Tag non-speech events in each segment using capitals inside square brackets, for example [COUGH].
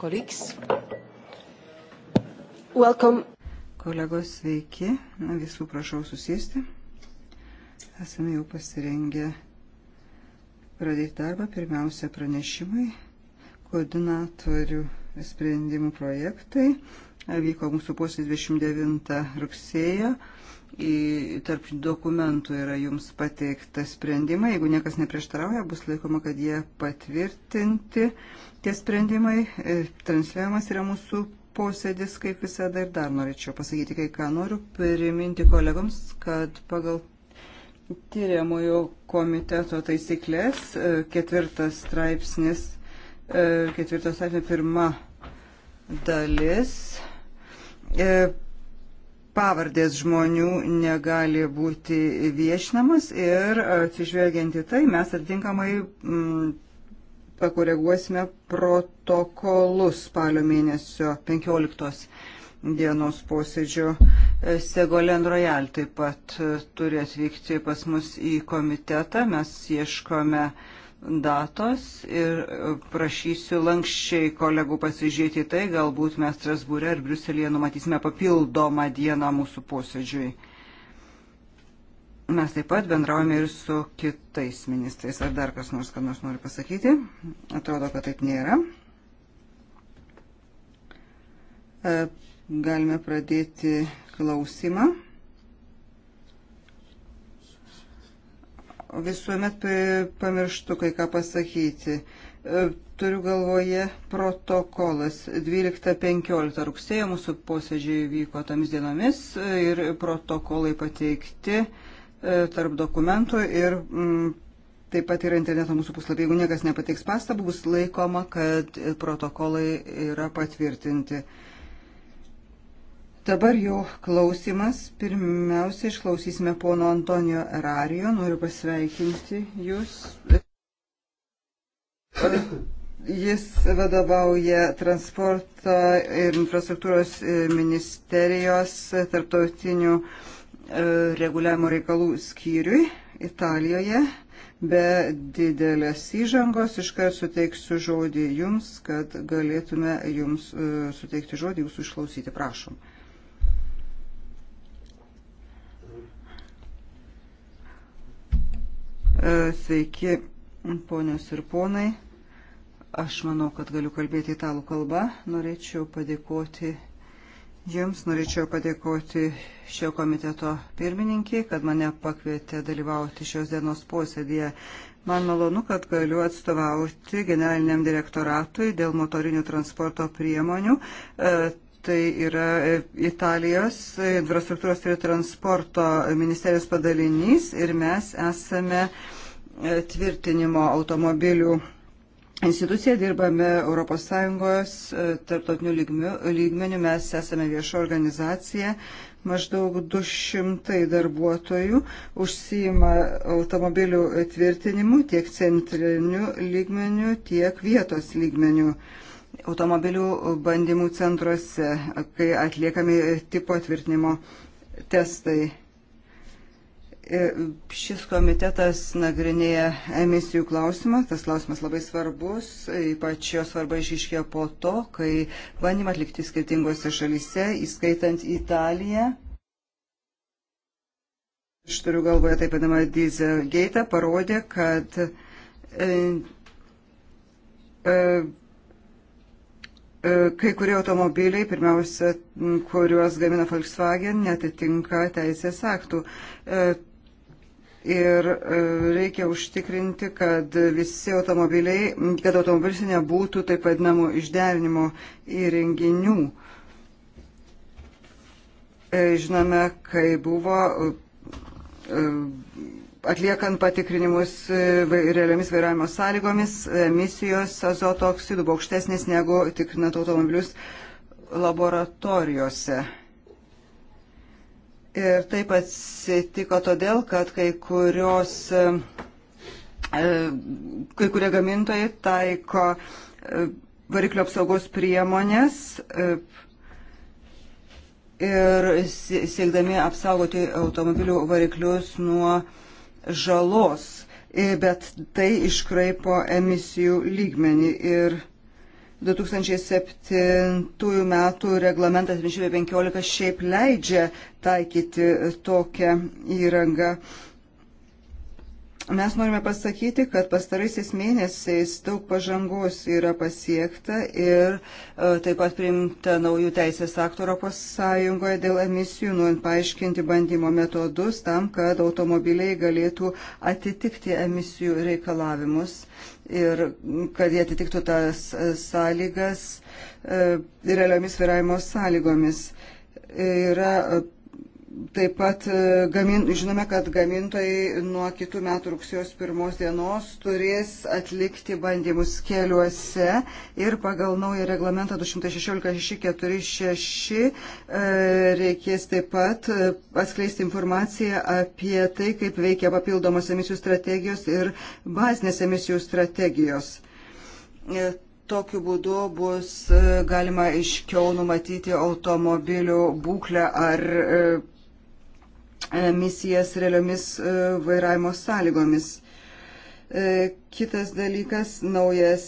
colleagues. Welcome. Kolegos, sveiki. Na, visų prašau susėsti. Esame jau pasirengę pradėti darbą. Pirmiausia, pranešimai koordinatorių sprendimų projektai. Vyko mūsų posėdis 29 rugsėjo. Į, tarp dokumentų yra jums pateikta sprendimai. Jeigu niekas neprieštarauja, bus laikoma, kad jie patvirtinti. Tie sprendimai, e, transliavimas yra mūsų posėdis, kaip visada ir dar norėčiau pasakyti, kai ką noriu priminti kolegoms, kad pagal tyriamųjų komiteto taisyklės e, ketvirtas straipsnis E, ketvirtos straipsnio pirma dalis. E, pavardės žmonių negali būti viešinamas ir atsižvelgiant į tai mes atitinkamai m, mm, pakoreguosime protokolus spalio mėnesio 15 dienos posėdžio. E, Segolen Royal taip pat turi atvykti pas mus į komitetą. Mes ieškome uh, datos ir e, prašysiu lankščiai kolegų pasižiūrėti tai, galbūt mes Strasbūrė ar Briuselėje numatysime papildomą dieną mūsų posėdžiui. Mes taip pat bendraujame ir su kitais ministrais. Ar dar kas nors, ką nors nori pasakyti? Atrodo, kad taip nėra. E, galime pradėti klausimą. visuomet pamirštu kai ką pasakyti. E, turiu galvoje protokolas. 12-15 rugsėjo mūsų posėdžiai vyko tomis dienomis e, ir protokolai pateikti e, tarp dokumentų ir m, mm, taip pat yra interneto mūsų puslapyje. Jeigu niekas nepateiks pastabų, bus laikoma, kad protokolai yra patvirtinti. Dabar jau klausimas. Pirmiausia, išklausysime pono Antonijo Erarijo. Noriu pasveikinti jūs. Jis vadovauja transporto ir infrastruktūros ministerijos tarptautinių e, reguliavimo reikalų skyriui Italijoje. Be didelės įžangos iškart suteiksiu žodį jums, kad galėtume jums e, suteikti žodį, jūsų išklausyti. Prašom. E, sveiki, ponios ir ponai. Aš manau, kad galiu kalbėti italų kalbą. Norėčiau padėkoti Jums, norėčiau padėkoti šio komiteto pirmininkiai, kad mane pakvietė dalyvauti šios dienos posėdėje. Man malonu, kad galiu atstovauti generaliniam direktoratui dėl motorinių transporto priemonių. E, tai yra e, Italijos infrastruktūros ir transporto ministerijos padalinys ir mes esame e, tvirtinimo automobilių institucija, dirbame ES e, tarptautinių lygmenių, mes esame vieša organizacija, maždaug 200 darbuotojų užsijima automobilių tvirtinimu tiek centriniu lygmeniu, tiek vietos lygmeniu. Uh, automobilių bandymų centruose, kai atliekami tipo tvirtinimo testai. E, šis komitetas nagrinėja emisijų klausimą. Tas klausimas labai svarbus, ypač jo svarba išiškėjo po to, kai bandymą atlikti skirtingose šalyse, įskaitant Italiją. Aš turiu galvoje taip vadinamą Dieselgate, parodė, kad e, e, E, kai kurie automobiliai, pirmiausia, kuriuos gamina Volkswagen, netitinka teisės aktų. E, ir e, reikia užtikrinti, kad visi automobiliai, kad automobilis nebūtų taip vadinamų išderinimo įrenginių. Žinome, kai buvo atliekant patikrinimus e, realiomis vairavimo sąlygomis, e, emisijos azoto oksidų buvo aukštesnės negu tikrinant automobilius laboratorijose. Ir taip atsitiko todėl, kad kai kurios, e, kai kurie gamintojai taiko variklio apsaugos priemonės ir siekdami apsaugoti automobilių variklius nuo uh, žalos, bet tai iškraipo emisijų lygmenį ir 2007 metų reglamentas 715 šiaip leidžia taikyti tokią įrangą Mes norime pasakyti, kad pastaraisiais mėnesiais daug pažangos yra pasiekta ir e, taip pat priimta naujų teisės aktų Europos Sąjungoje dėl emisijų, norint paaiškinti bandymo metodus tam, kad automobiliai galėtų atitikti emisijų reikalavimus ir kad jie atitiktų tas e, sąlygas e, realiomis vairavimo sąlygomis. Yra Taip pat e, gamin, žinome, kad gamintojai nuo kitų metų rugsėjos pirmos dienos turės atlikti bandymus keliuose ir pagal naują reglamentą 216.646 e, reikės taip pat e, atskleisti informaciją apie tai, kaip veikia papildomos emisijų strategijos ir bazinės emisijų strategijos. Tokiu būdu bus galima aiškiau numatyti automobilių būklę ar E, misijas realiomis e, vairavimo sąlygomis. E, kitas dalykas - naujas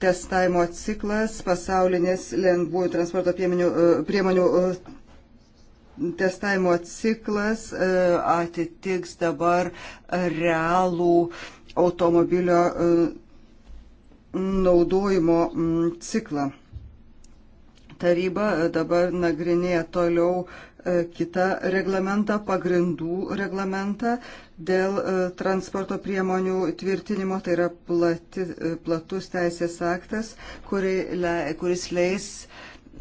testavimo ciklas pasaulinės lengvųjų transporto priemonių, priemonių testavimo ciklas atitiks dabar realų automobilio naudojimo ciklą. Taryba dabar nagrinėja toliau E, kitą reglamentą, pagrindų reglamentą dėl e, transporto priemonių tvirtinimo. Tai yra plati, e, platus teisės aktas, kuri, le, kuris leis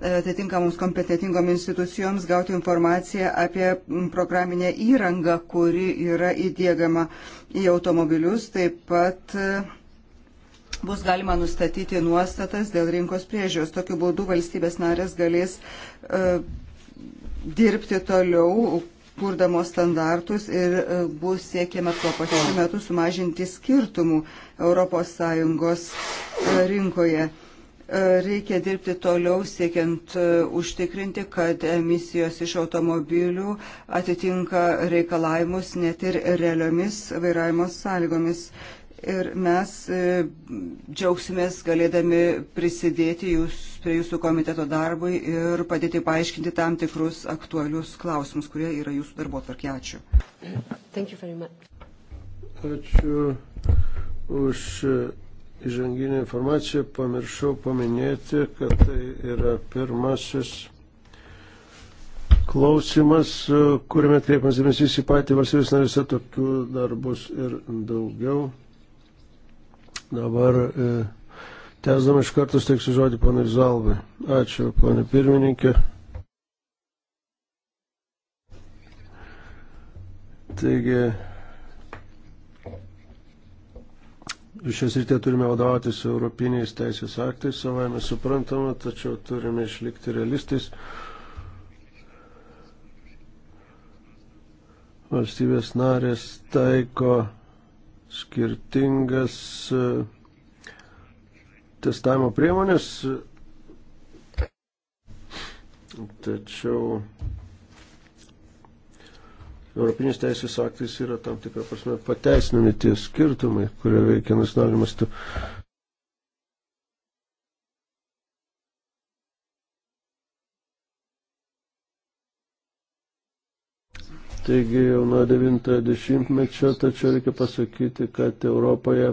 atitinkamoms kompetitingom institucijoms gauti informaciją apie programinę įrangą, kuri yra įdėgama į automobilius. Taip pat bus galima nustatyti nuostatas dėl rinkos priežiūros. Tokiu būdu valstybės narės galės dirbti toliau, kurdamos standartus ir e, bus siekiama tuo pačiu metu sumažinti skirtumų ES e, rinkoje. E, reikia dirbti toliau siekiant užtikrinti, kad emisijos iš automobilių atitinka reikalavimus net ir realiomis vairavimo sąlygomis ir mes e, džiaugsimės galėdami prisidėti jūs, prie jūsų komiteto darbui ir padėti paaiškinti tam tikrus aktualius klausimus, kurie yra jūsų darbo tvarkė. Ačiū. Ačiū už įžanginę informaciją. Pamiršau paminėti, kad tai yra pirmasis klausimas, kuriame kreipiamas dėmesys į patį valstybės narėse tokių dar bus ir daugiau. Dabar e, tęsdama iš karto steiksiu žodį ponai Zalbai. Ačiū, ponai pirmininkė. Taigi, šios rytė turime vadovautis europiniais teisės aktais, savame suprantama, tačiau turime išlikti realistais. Valstybės narės taiko skirtingas e, testavimo priemonės, tačiau Europinis teisės aktais yra tam tikrą prasme pateisinami tie skirtumai, kurie veikia nacionaliniu mastu. steigė jau nuo 90-mečio, tačiau reikia pasakyti, kad Europoje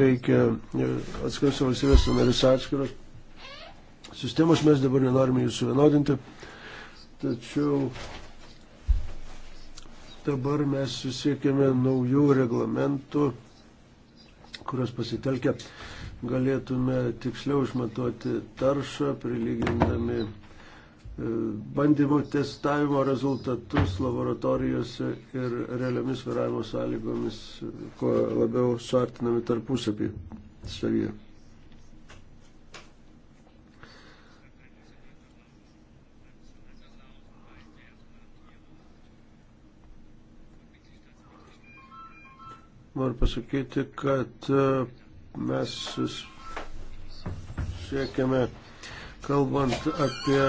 veikia atskiros valstybės numeris atskiros sistemos, mes dabar nenorime jų suvienodinti, tačiau dabar mes susiekėme naujų reglamentų kurios pasitelkia, galėtume tiksliau išmatuoti taršą, prilygindami e, bandymų testavimo rezultatus laboratorijose ir realiomis vairavimo sąlygomis, kuo labiau suartinami tarpusapį savyje. Noriu pasakyti, kad e, mes siekiame, kalbant apie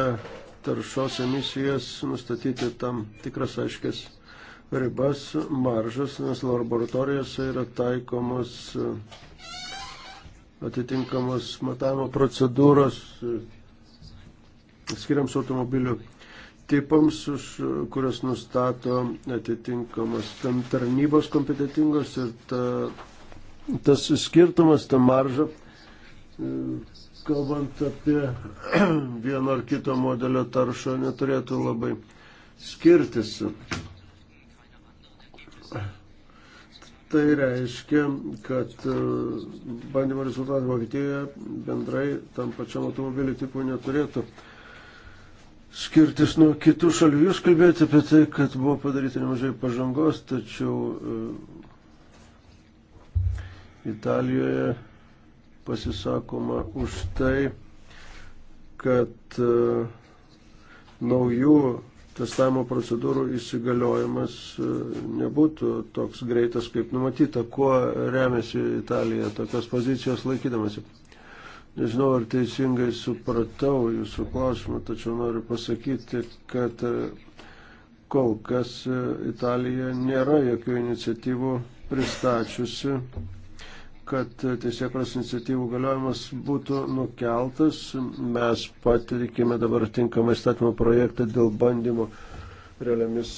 taršos emisijas, nustatyti tam tikras aiškės ribas, maržas, nes laboratorijose yra taikomos e, atitinkamos matavimo procedūros e, skiriams automobilių tipams, už, kurias nustato atitinkamos tam tarnybos kompetitingos ir ta, tas skirtumas, ta marža, e, kalbant apie [CLEARS THROAT] vieno ar kito modelio taršą, neturėtų labai skirtis. Tai reiškia, kad e, bandymo rezultatai Vokietijoje bendrai tam pačiam automobilių tipui neturėtų uh, skirtis nuo kitų šalių. Jūs kalbėjote apie tai, kad buvo padaryta nemažai pažangos, tačiau e, Italijoje pasisakoma už tai, kad e, naujų testavimo procedūrų įsigaliojimas e, nebūtų toks greitas, kaip numatyta, kuo remiasi Italija tokios pozicijos laikydamasi. Nežinau, ar teisingai supratau jūsų klausimą, tačiau noriu pasakyti, kad e, kol kas e, Italija nėra jokių iniciatyvų pristačiusi, kad e, teisėkros iniciatyvų galiojimas būtų nukeltas. Mes patikime dabar tinkamą įstatymo projektą dėl bandymo realiamis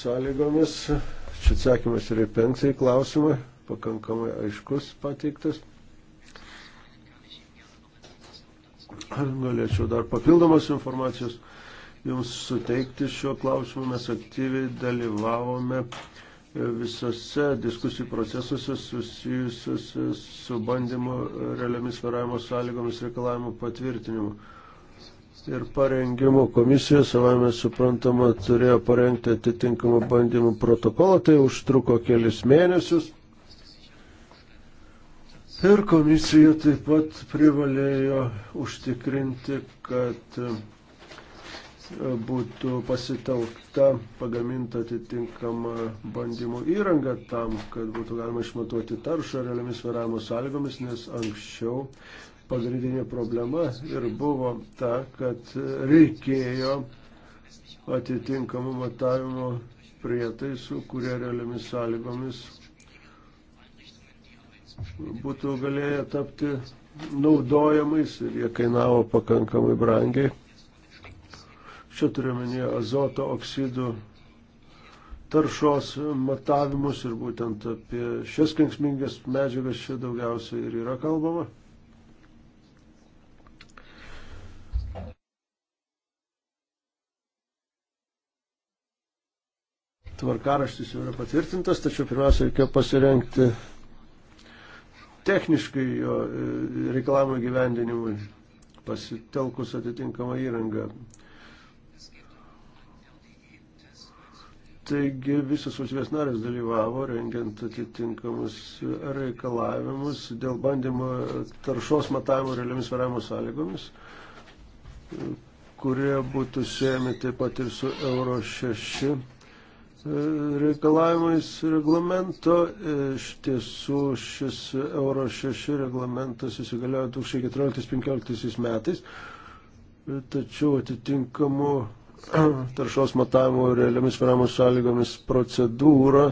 sąlygomis. Čia atsakymas yra į penktąjį klausimą, pakankamai aiškus pateiktas. Galėčiau dar papildomas informacijos jums suteikti šiuo klausimu. Mes aktyviai dalyvavome visose diskusijų procesuose susijusiuose su bandymu realiamis vairavimo sąlygomis reikalavimų patvirtinimu. Ir parengimo komisija savame suprantama turėjo parengti atitinkamą bandymų protokolą, tai užtruko kelis mėnesius. Ir komisija taip pat privalėjo užtikrinti, kad e, būtų pasitelkta pagaminta atitinkama bandymų įranga tam, kad būtų galima išmatuoti taršą realiomis vairavimo sąlygomis, nes anksčiau pagrindinė problema ir buvo ta, kad reikėjo atitinkamų matavimo prietaisų, kurie realiomis sąlygomis būtų galėję tapti naudojamais ir jie kainavo pakankamai brangiai. Čia turiuomenėje azoto oksidų taršos matavimus ir būtent apie šias kenksmingas medžiagas čia daugiausiai ir yra kalbama. Tvarkaraštis jau yra patvirtintas, tačiau pirmiausia reikia pasirenkti techniškai jo e, reikalavimo gyvendinimui pasitelkus atitinkamą įrangą. Taigi visas valstybės narės dalyvavo rengiant atitinkamus reikalavimus dėl bandymo taršos matavimo realiomis varavimo sąlygomis, kurie būtų siejami taip pat ir su Euro 6 reikalavimais reglamento. Iš tiesų šis Euro 6 reglamentas įsigaliojo 2014-2015 metais, tačiau atitinkamų [CLEARS THROAT] taršos matavimo realiamis varamų sąlygomis procedūra,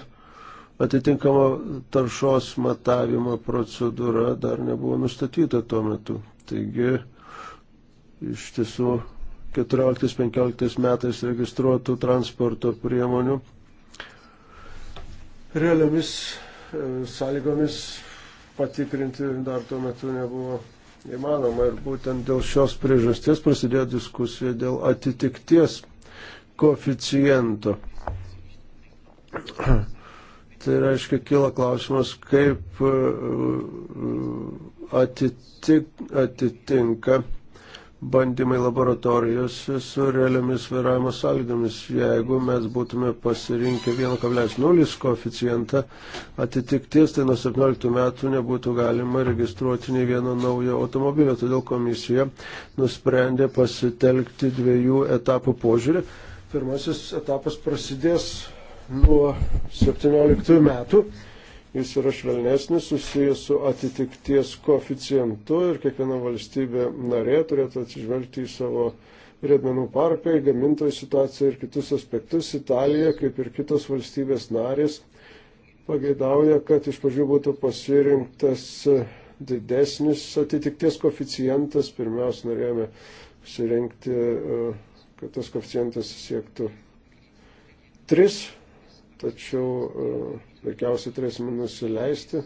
atitinkama taršos matavimo procedūra dar nebuvo nustatyta tuo metu. Taigi iš tiesų 14-15 metais registruotų transporto priemonių realiomis e, sąlygomis patikrinti dar tuo metu nebuvo įmanoma. Ir būtent dėl šios priežasties prasidėjo diskusija dėl atitikties koficijento. [CLEARS THROAT] Tai reiškia, kyla klausimas, kaip e, e, atitik, atitinka bandymai laboratorijose su realiomis vairavimo sąlygomis. Jeigu mes būtume pasirinkę 1,0 koeficientą atitikties, tai nuo 17 metų nebūtų galima registruoti nei vieno naujo automobilio. Todėl komisija nusprendė pasitelkti dviejų etapų požiūrį. Pirmasis etapas prasidės nuo 17 metų jis yra švelnesnis, susijęs su atitikties koficijantu ir kiekviena valstybė narė turėtų atsižvelgti į savo riedmenų parką, į gamintojų situaciją ir kitus aspektus. Italija, kaip ir kitos valstybės narės, pageidauja, kad iš pradžių būtų pasirinktas didesnis atitikties koficijantas. Pirmiausia, norėjome pasirinkti, kad tas koficijantas siektų 3, tačiau veikiausiai turėsime nusileisti,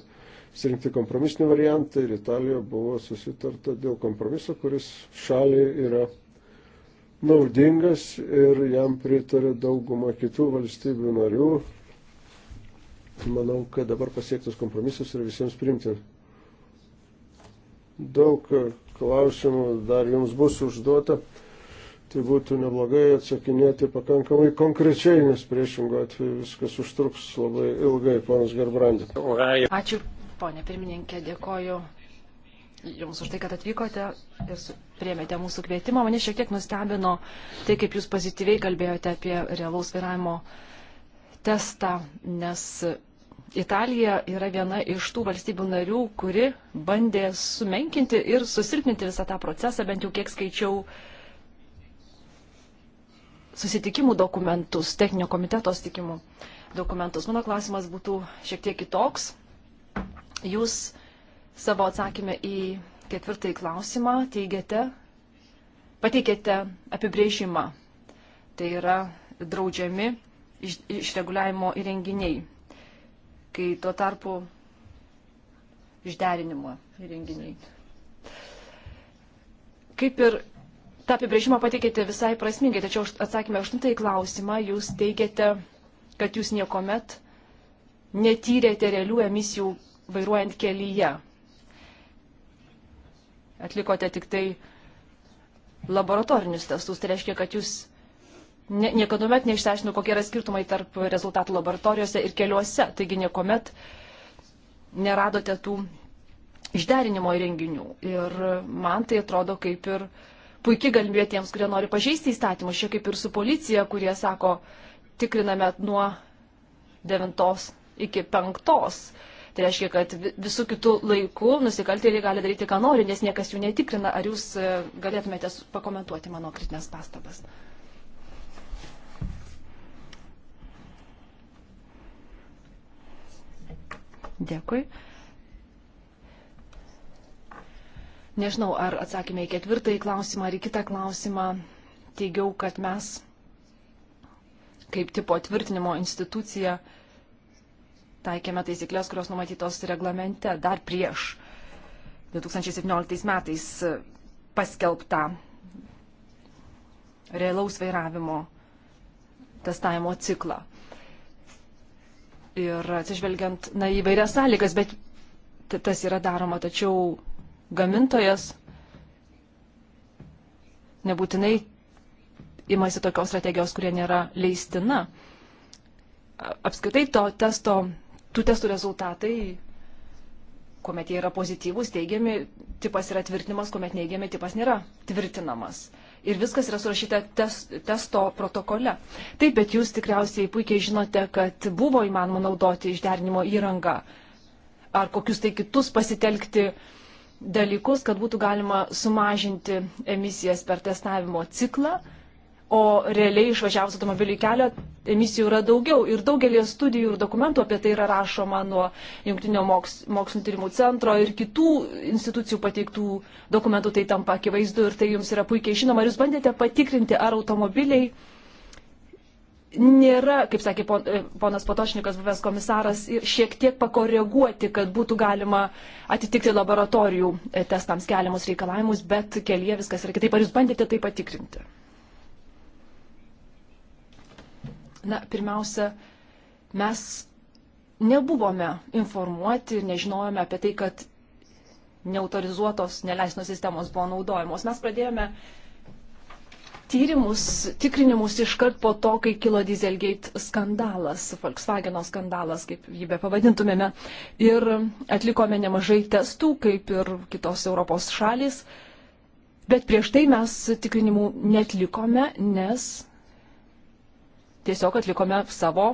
surinkti kompromisinį variantą ir Italijoje buvo susitarta dėl kompromiso, kuris šaliai yra naudingas ir jam pritarė dauguma kitų valstybių narių. Manau, kad dabar pasiektas kompromisas yra visiems primtinas daug klausimų dar jums bus užduota tai būtų neblogai atsakinėti pakankamai konkrečiai, nes priešingų atveju viskas užtruks labai ilgai, ponas Gerbrandė. Ačiū, ponė pirmininkė, dėkoju Jums už tai, kad atvykote ir priemėte mūsų kvietimą. Mane šiek tiek nustebino tai, kaip Jūs pozityviai kalbėjote apie realaus vairavimo testą, nes Italija yra viena iš tų valstybių narių, kuri bandė sumenkinti ir susilpninti visą tą procesą, bent jau kiek skaičiau uh, susitikimų dokumentus, techninio komiteto susitikimų dokumentus. Mano klausimas būtų šiek tiek kitoks. Jūs savo atsakymę į ketvirtąjį klausimą teigiate, pateikėte apibrėžimą. Tai yra draudžiami išreguliavimo įrenginiai, kai tuo tarpu išderinimo įrenginiai. Kaip ir tą apibrėžimą pateikėte visai prasmingai, tačiau atsakymę aštuntai klausimą jūs teigiate, kad jūs niekuomet netyrėte realių emisijų vairuojant kelyje. Atlikote tik tai laboratorinius testus, tai reiškia, kad jūs ne, niekada met neišsiaiškinu, kokie yra skirtumai tarp rezultatų laboratorijose ir keliuose. Taigi niekuomet neradote tų išderinimo įrenginių. Ir man tai atrodo kaip ir puikia galimybė tiems, kurie nori pažeisti įstatymus, šiek kaip ir su policija, kurie sako, tikriname nuo 9 iki 5. Tai reiškia, kad visų kitų laikų nusikaltėliai gali daryti, ką nori, nes niekas jų netikrina. Ar jūs e, galėtumėte pakomentuoti mano kritinės pastabas? Dėkui. Nežinau, ar atsakėme į ketvirtąjį klausimą ar į kitą klausimą. Teigiau, kad mes kaip tipo tvirtinimo institucija taikėme taisyklės, kurios numatytos reglamente dar prieš 2017 metais paskelbtą realaus vairavimo testavimo ciklą. Ir atsižvelgiant na, įvairias sąlygas, bet tas yra daroma, tačiau gamintojas nebūtinai imasi tokios strategijos, kurie nėra leistina. Apskritai to testo, tų testų rezultatai, kuomet jie yra pozityvūs, teigiami, tipas yra tvirtinamas, kuomet neigiami, tipas nėra tvirtinamas. Ir viskas yra surašyta tes, testo protokole. Taip, bet jūs tikriausiai puikiai žinote, kad buvo įmanoma naudoti išderinimo įrangą ar kokius tai kitus pasitelkti uh, dalykus, kad būtų galima sumažinti emisijas per testavimo ciklą, o realiai išvažiavus automobilį į kelią emisijų yra daugiau. Ir daugelį studijų ir dokumentų apie tai yra rašoma nuo Junktinio moks, mokslinio tyrimų centro ir kitų institucijų pateiktų dokumentų, tai tampa akivaizdu ir tai jums yra puikiai žinoma. Ar jūs bandėte patikrinti, ar automobiliai nėra, kaip sakė e, ponas Patošnikas, buvęs komisaras, šiek tiek pakoreguoti, kad būtų galima atitikti laboratorijų e, testams keliamus reikalavimus, bet kelyje viskas yra kitaip. Ar jūs bandėte tai patikrinti? Na, pirmiausia, mes nebuvome informuoti ir nežinojome apie tai, kad neautorizuotos neleisnos sistemos buvo naudojamos. Mes pradėjome uh, tyrimus, tikrinimus iškart po to, kai kilo Dieselgate skandalas, Volkswageno skandalas, kaip jį be pavadintumėme. Ir atlikome nemažai testų, kaip ir kitos Europos šalis. Bet prieš tai mes tikrinimų netlikome, nes tiesiog atlikome savo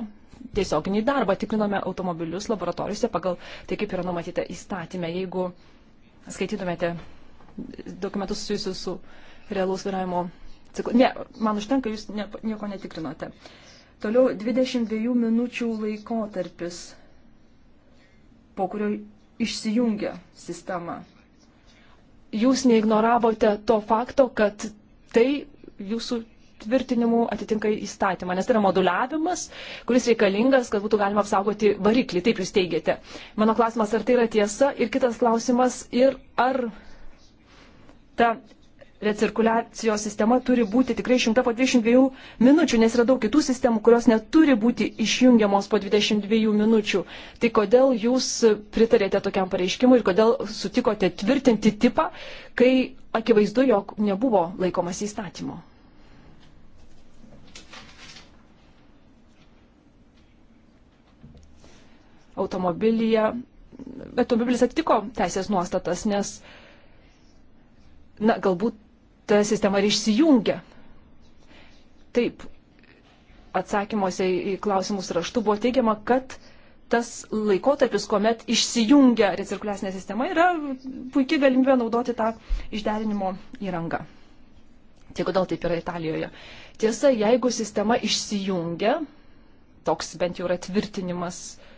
tiesioginį darbą, tikrinome automobilius laboratorijose pagal tai, kaip yra numatyta įstatymė. Jeigu skaitytumėte dokumentus susijusius su realaus vairavimo Sakau, ne, man užtenka, jūs ne, nieko netikrinote. Toliau 22 minučių laikotarpis, po kurio išsijungia sistema. Jūs neignoravote to fakto, kad tai jūsų tvirtinimu atitinka įstatymą, nes tai yra moduliavimas, kuris reikalingas, kad būtų galima apsaugoti variklį, taip jūs teigiate. Mano klausimas, ar tai yra tiesa ir kitas klausimas, ir ar ta recirkuliacijos sistema turi būti tikrai šimta po 22 minučių, nes yra daug kitų sistemų, kurios neturi būti išjungiamos po 22 minučių. Tai kodėl jūs pritarėte tokiam pareiškimui ir kodėl sutikote tvirtinti tipą, kai akivaizdu, jog nebuvo laikomas įstatymo? Automobilyje, bet automobilis atitiko teisės nuostatas, nes na, galbūt ta sistema ir išsijungia. Taip, atsakymuose į klausimus raštu buvo teigiama, kad tas laikotarpis, kuomet išsijungia recirkuliacinė sistema, yra puikia galimybė naudoti tą išderinimo įrangą. Tai kodėl taip yra Italijoje? Tiesa, jeigu sistema išsijungia, toks bent jau yra tvirtinimas uh,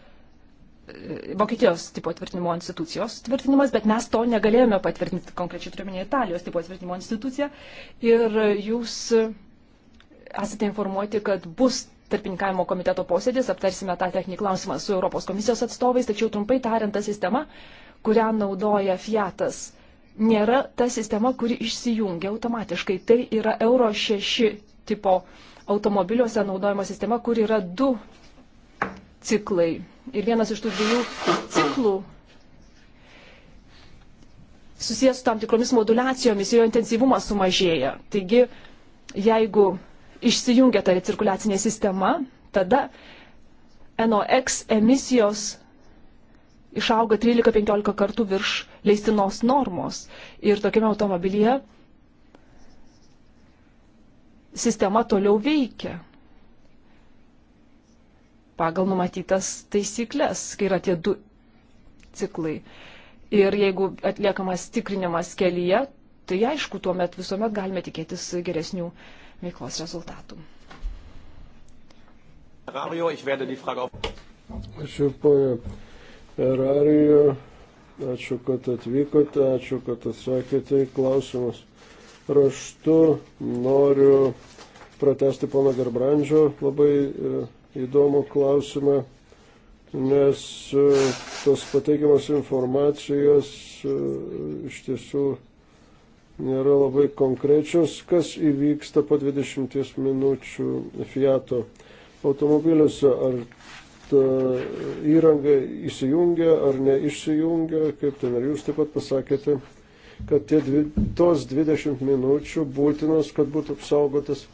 Vokietijos tipo tvirtinimo institucijos tvirtinimas, bet mes to negalėjome patvirtinti, konkrečiai turiuomenė Italijos tipo tvirtinimo institucija. Ir jūs esate informuoti, kad bus tarpininkavimo komiteto posėdis, aptarsime tą techninį klausimą su Europos komisijos atstovais, tačiau trumpai tariant, ta sistema, kurią naudoja Fiatas, nėra ta sistema, kuri išsijungia automatiškai. Tai yra Euro 6 tipo automobiliuose naudojama sistema, kur yra du ciklai ir vienas iš tų dviejų ciklų susijęs su tam tikromis modulacijomis, jo intensyvumas sumažėja. Taigi, jeigu išsijungia ta recirkuliacinė sistema, tada NOx emisijos išauga 13-15 kartų virš leistinos normos. Ir tokiame automobilyje sistema toliau veikia pagal numatytas taisyklės, kai yra tie du ciklai. Ir jeigu atliekamas tikrinimas kelyje, tai aišku, tuomet visuomet galime tikėtis geresnių veiklos rezultatų. Ačiū, poje Ferrarijo, ačiū, kad atvykote, ačiū, kad atsakėte į klausimus. Raštu noriu pratesti pono Gerbrandžio labai e, įdomų klausimą, nes e, tos pateikiamas informacijos e, iš tiesų nėra labai konkrečios, kas įvyksta po 20 minučių Fiato automobiliuose, ar ta įranga įsijungia ar neišsijungia, kaip ten ir jūs taip pat pasakėte, kad tie dvi, tos 20 minučių būtinos, kad būtų apsaugotas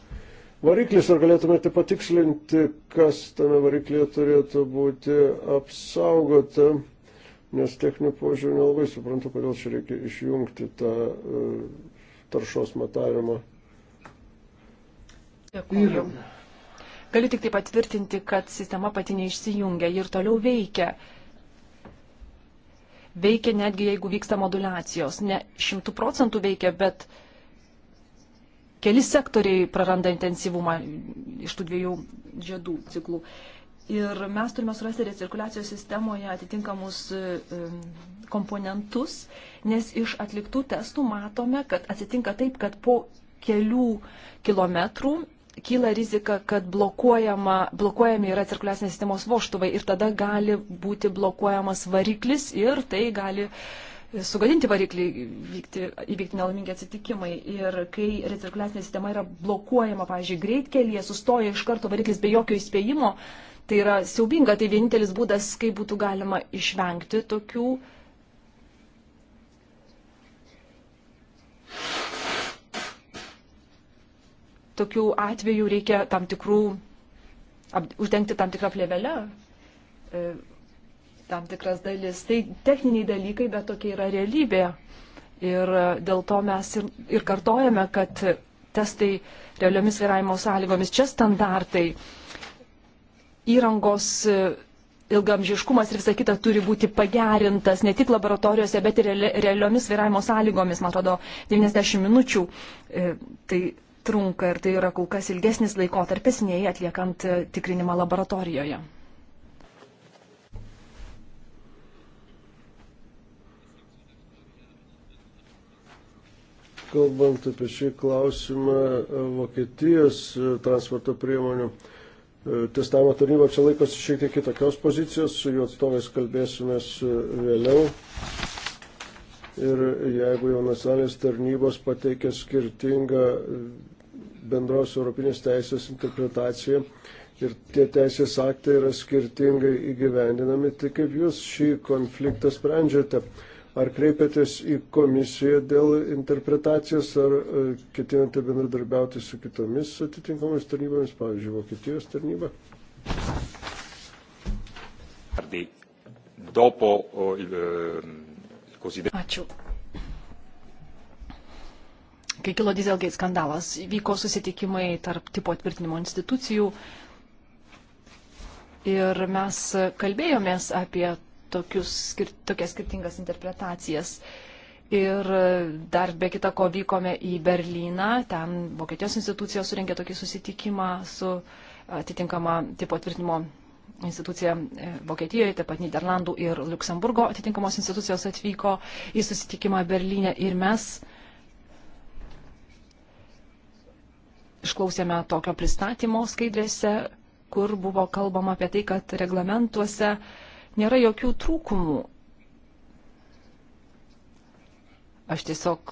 variklis, ar galėtumėte patikslinti, kas tame variklyje turėtų būti apsaugota, nes techninių požiūrį nelabai suprantu, kodėl čia reikia išjungti tą e, taršos matavimą. Dėkuoju. Galiu tik tai patvirtinti, kad sistema pati neišsijungia ir toliau veikia veikia netgi jeigu vyksta modulacijos. Ne šimtų procentų veikia, bet keli sektoriai praranda intensyvumą iš tų dviejų žiedų ciklų. Ir mes turime surasti recirkuliacijos sistemoje atitinkamus komponentus, nes iš atliktų testų matome, kad atsitinka taip, kad po kelių kilometrų kyla rizika, kad blokuojami yra cirkuliacinės sistemos voštuvai ir tada gali būti blokuojamas variklis ir tai gali uh, sugadinti variklį, vykti, įvykti nelaimingi atsitikimai. Ir kai recirkuliacinė sistema yra blokuojama, pavyzdžiui, greitkelyje, sustoja iš karto variklis be jokio įspėjimo, tai yra siaubinga, tai vienintelis būdas, kaip būtų galima išvengti tokių. Tokių atvejų reikia tam tikrų, uždengti tam tikrą plėvelę e, tam tikras dalis. Tai techniniai dalykai, bet tokia yra realybė. Ir e, dėl to mes ir, ir kartojame, kad testai realiomis vairavimo sąlygomis čia standartai, įrangos e, ilgamžiškumas ir visa kita turi būti pagerintas ne tik laboratorijose, bet ir realiomis vairavimo sąlygomis, man atrodo, 90 minučių. E, tai trunka ir tai yra kol kas ilgesnis laikotarpis nei atliekant tikrinimą laboratorijoje. kalbant apie šį klausimą, e, Vokietijos e, transporto priemonių e, testavimo tarnyba čia laikosi šiek tiek kitokios pozicijos, su jų atstovais kalbėsime vėliau. Ir jeigu jau nacionalinės tarnybos pateikia skirtingą bendros europinės teisės interpretaciją ir tie teisės aktai yra skirtingai įgyvendinami, tai kaip jūs šį konfliktą sprendžiate? Ar kreipėtės į komisiją dėl interpretacijos, ar e, ketinate bendradarbiauti su kitomis atitinkamomis tarnybomis, pavyzdžiui, Vokietijos tarnyba? E, Ačiū. Kai kilo Dieselgate skandalas, vyko susitikimai tarp tipo atvirtinimo institucijų ir mes kalbėjomės apie tokius, skir, tokias skirtingas interpretacijas. Ir e, dar be kita ko vykome į Berliną, ten Vokietijos institucijos surinkė tokį susitikimą su e, atitinkama tipo tvirtinimo institucija e, Vokietijoje, taip pat Niderlandų ir Luksemburgo atitinkamos institucijos atvyko į susitikimą Berlyne ir mes išklausėme tokio pristatymo skaidrėse, kur buvo kalbama apie tai, kad reglamentuose uh, nėra jokių trūkumų. Aš tiesiog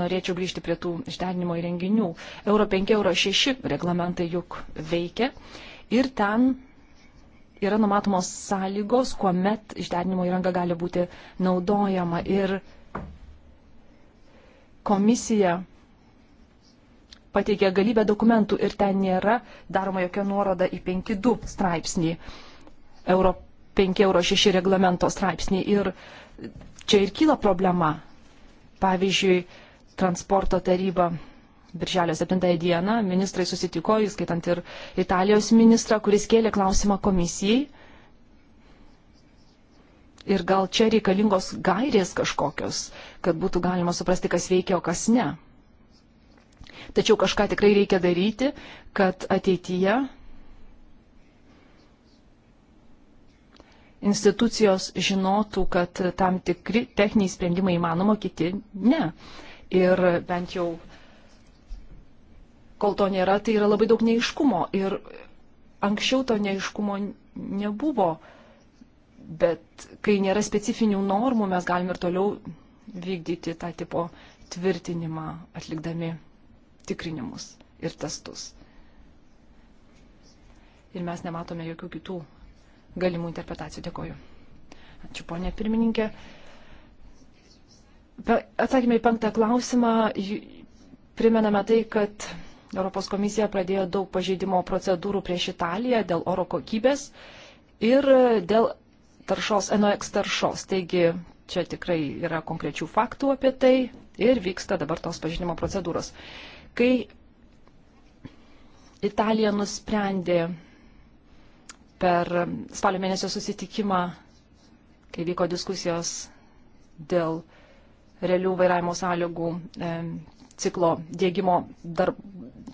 norėčiau grįžti prie tų išderinimo įrenginių. Euro 5, Euro 6 reglamentai juk veikia ir ten yra numatomos sąlygos, kuomet išderinimo įranga gali būti naudojama ir komisija pateikė galybę dokumentų ir ten nėra daroma jokia nuoroda į 5.2 straipsnį. Euro 5 euro 6 reglamento straipsnį. Ir čia ir kyla problema. Pavyzdžiui, transporto taryba Birželio 7 dieną ministrai susitiko, įskaitant ir Italijos ministrą, kuris kėlė klausimą komisijai. Ir gal čia reikalingos gairės kažkokios, kad būtų galima suprasti, kas veikia, o kas ne. Tačiau kažką tikrai reikia daryti, kad ateityje institucijos žinotų, kad tam tikri techniniai sprendimai įmanoma, kiti ne. Ir bent jau, kol to nėra, tai yra labai daug neiškumo. Ir anksčiau to neiškumo nebuvo, bet kai nėra specifinių normų, mes galime ir toliau vykdyti tą tipo tvirtinimą, atlikdami tikrinimus ir testus. Ir mes nematome jokių kitų galimų interpretacijų. Dėkoju. Ačiū, ponė pirmininkė. Atsakymai į penktą klausimą. Primename tai, kad Europos komisija pradėjo daug pažeidimo procedūrų prieš Italiją dėl oro kokybės ir dėl taršos, NOX taršos. Taigi čia tikrai yra konkrečių faktų apie tai ir vyksta dabar tos pažinimo procedūros. Kai Italija nusprendė per spalio mėnesio susitikimą, kai vyko diskusijos dėl realių vairavimo sąlygų e, ciklo dėgymo dar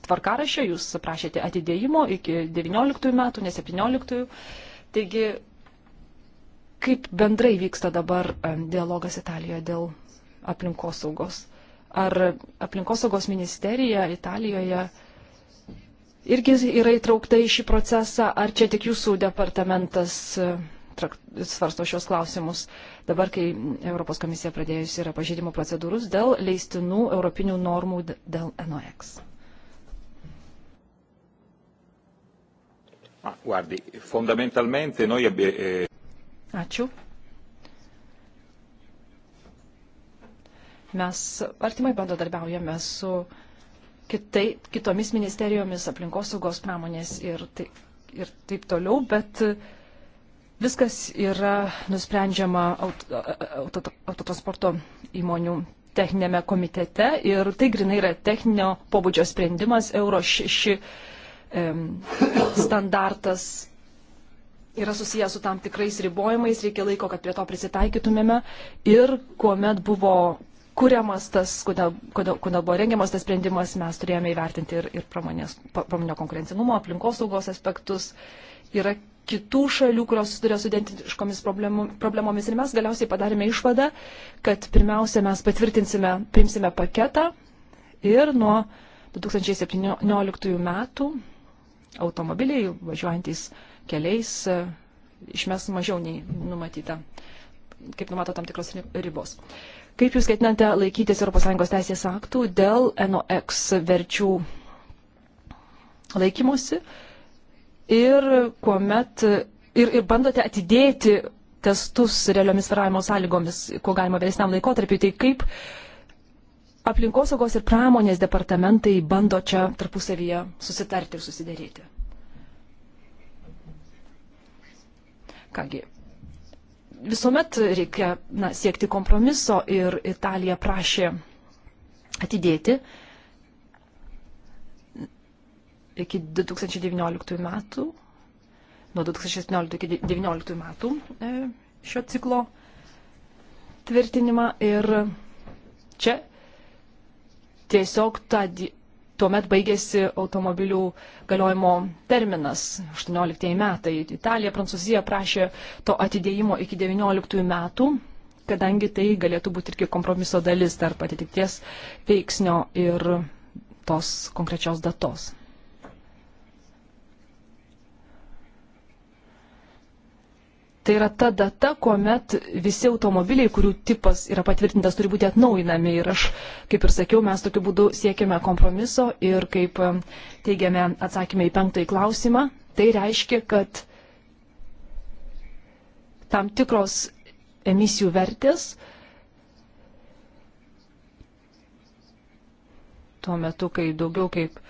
tvarkarašio, jūs prašėte atidėjimo iki 19 metų, ne 17. Taigi, kaip bendrai vyksta dabar e, dialogas Italijoje dėl aplinkosaugos? Ar aplinkosaugos ministerija Italijoje uh, irgi yra įtraukta į šį procesą, ar čia tik jūsų departamentas e, trakt, svarsto šios klausimus dabar, kai Europos komisija pradėjusi yra pažeidimo procedūrus dėl leistinų europinių normų dėl NOX. Guardi, fondamentalmente noi abbiamo... Eh, Ačiū. Mes artimai bendradarbiaujame su kitai, kitomis ministerijomis, aplinkosaugos pramonės ir, tai, ir taip toliau, bet viskas yra nusprendžiama auto, auto, autotransporto įmonių techninėme komitete ir tai grinai yra techninio pobūdžio sprendimas, euro 6 um, standartas yra susijęs su tam tikrais ribojimais, reikia laiko, kad prie to prisitaikytumėme. Ir kuomet buvo kuriamas tas, kodėl, kodėl, kodėl buvo rengiamas tas sprendimas, mes turėjome įvertinti ir, ir pramonės, pramonio konkurencingumo, aplinkosaugos aspektus. Yra kitų šalių, kurios susiduria su identiškomis problemomis ir mes galiausiai padarėme išvadą, kad pirmiausia mes patvirtinsime, priimsime paketą ir nuo 2017 metų automobiliai važiuojantys keliais e, išmes mažiau nei numatyta, kaip numato tam tikros ribos. Kaip Jūs ketinate laikytis ES teisės aktų dėl NOX verčių laikymosi ir kuomet ir, ir bandote atidėti testus realiomis vairavimo sąlygomis, kuo galima vėlesniam laikotarpiu, tai kaip aplinkosaugos ir pramonės departamentai bando čia tarpusavyje susitarti ir susidėrėti. Kągi, visuomet reikia na, siekti kompromiso ir Italija prašė atidėti iki 2019 metų, nuo 2017 iki 2019 metų e, šio ciklo tvirtinimą ir čia tiesiog tą tuomet baigėsi automobilių galiojimo terminas 18 metai. Italija, Prancūzija prašė to atidėjimo iki 19 metų, kadangi tai galėtų būti irgi kompromiso dalis tarp atitikties veiksnio ir tos konkrečios datos. Tai yra ta data, kuomet visi automobiliai, kurių tipas yra patvirtintas, turi būti atnaujinami. Ir aš, kaip ir sakiau, mes tokiu būdu siekiame kompromiso ir kaip teigiame atsakymę į penktąjį klausimą, tai reiškia, kad tam tikros emisijų vertės tuo metu, kai daugiau kaip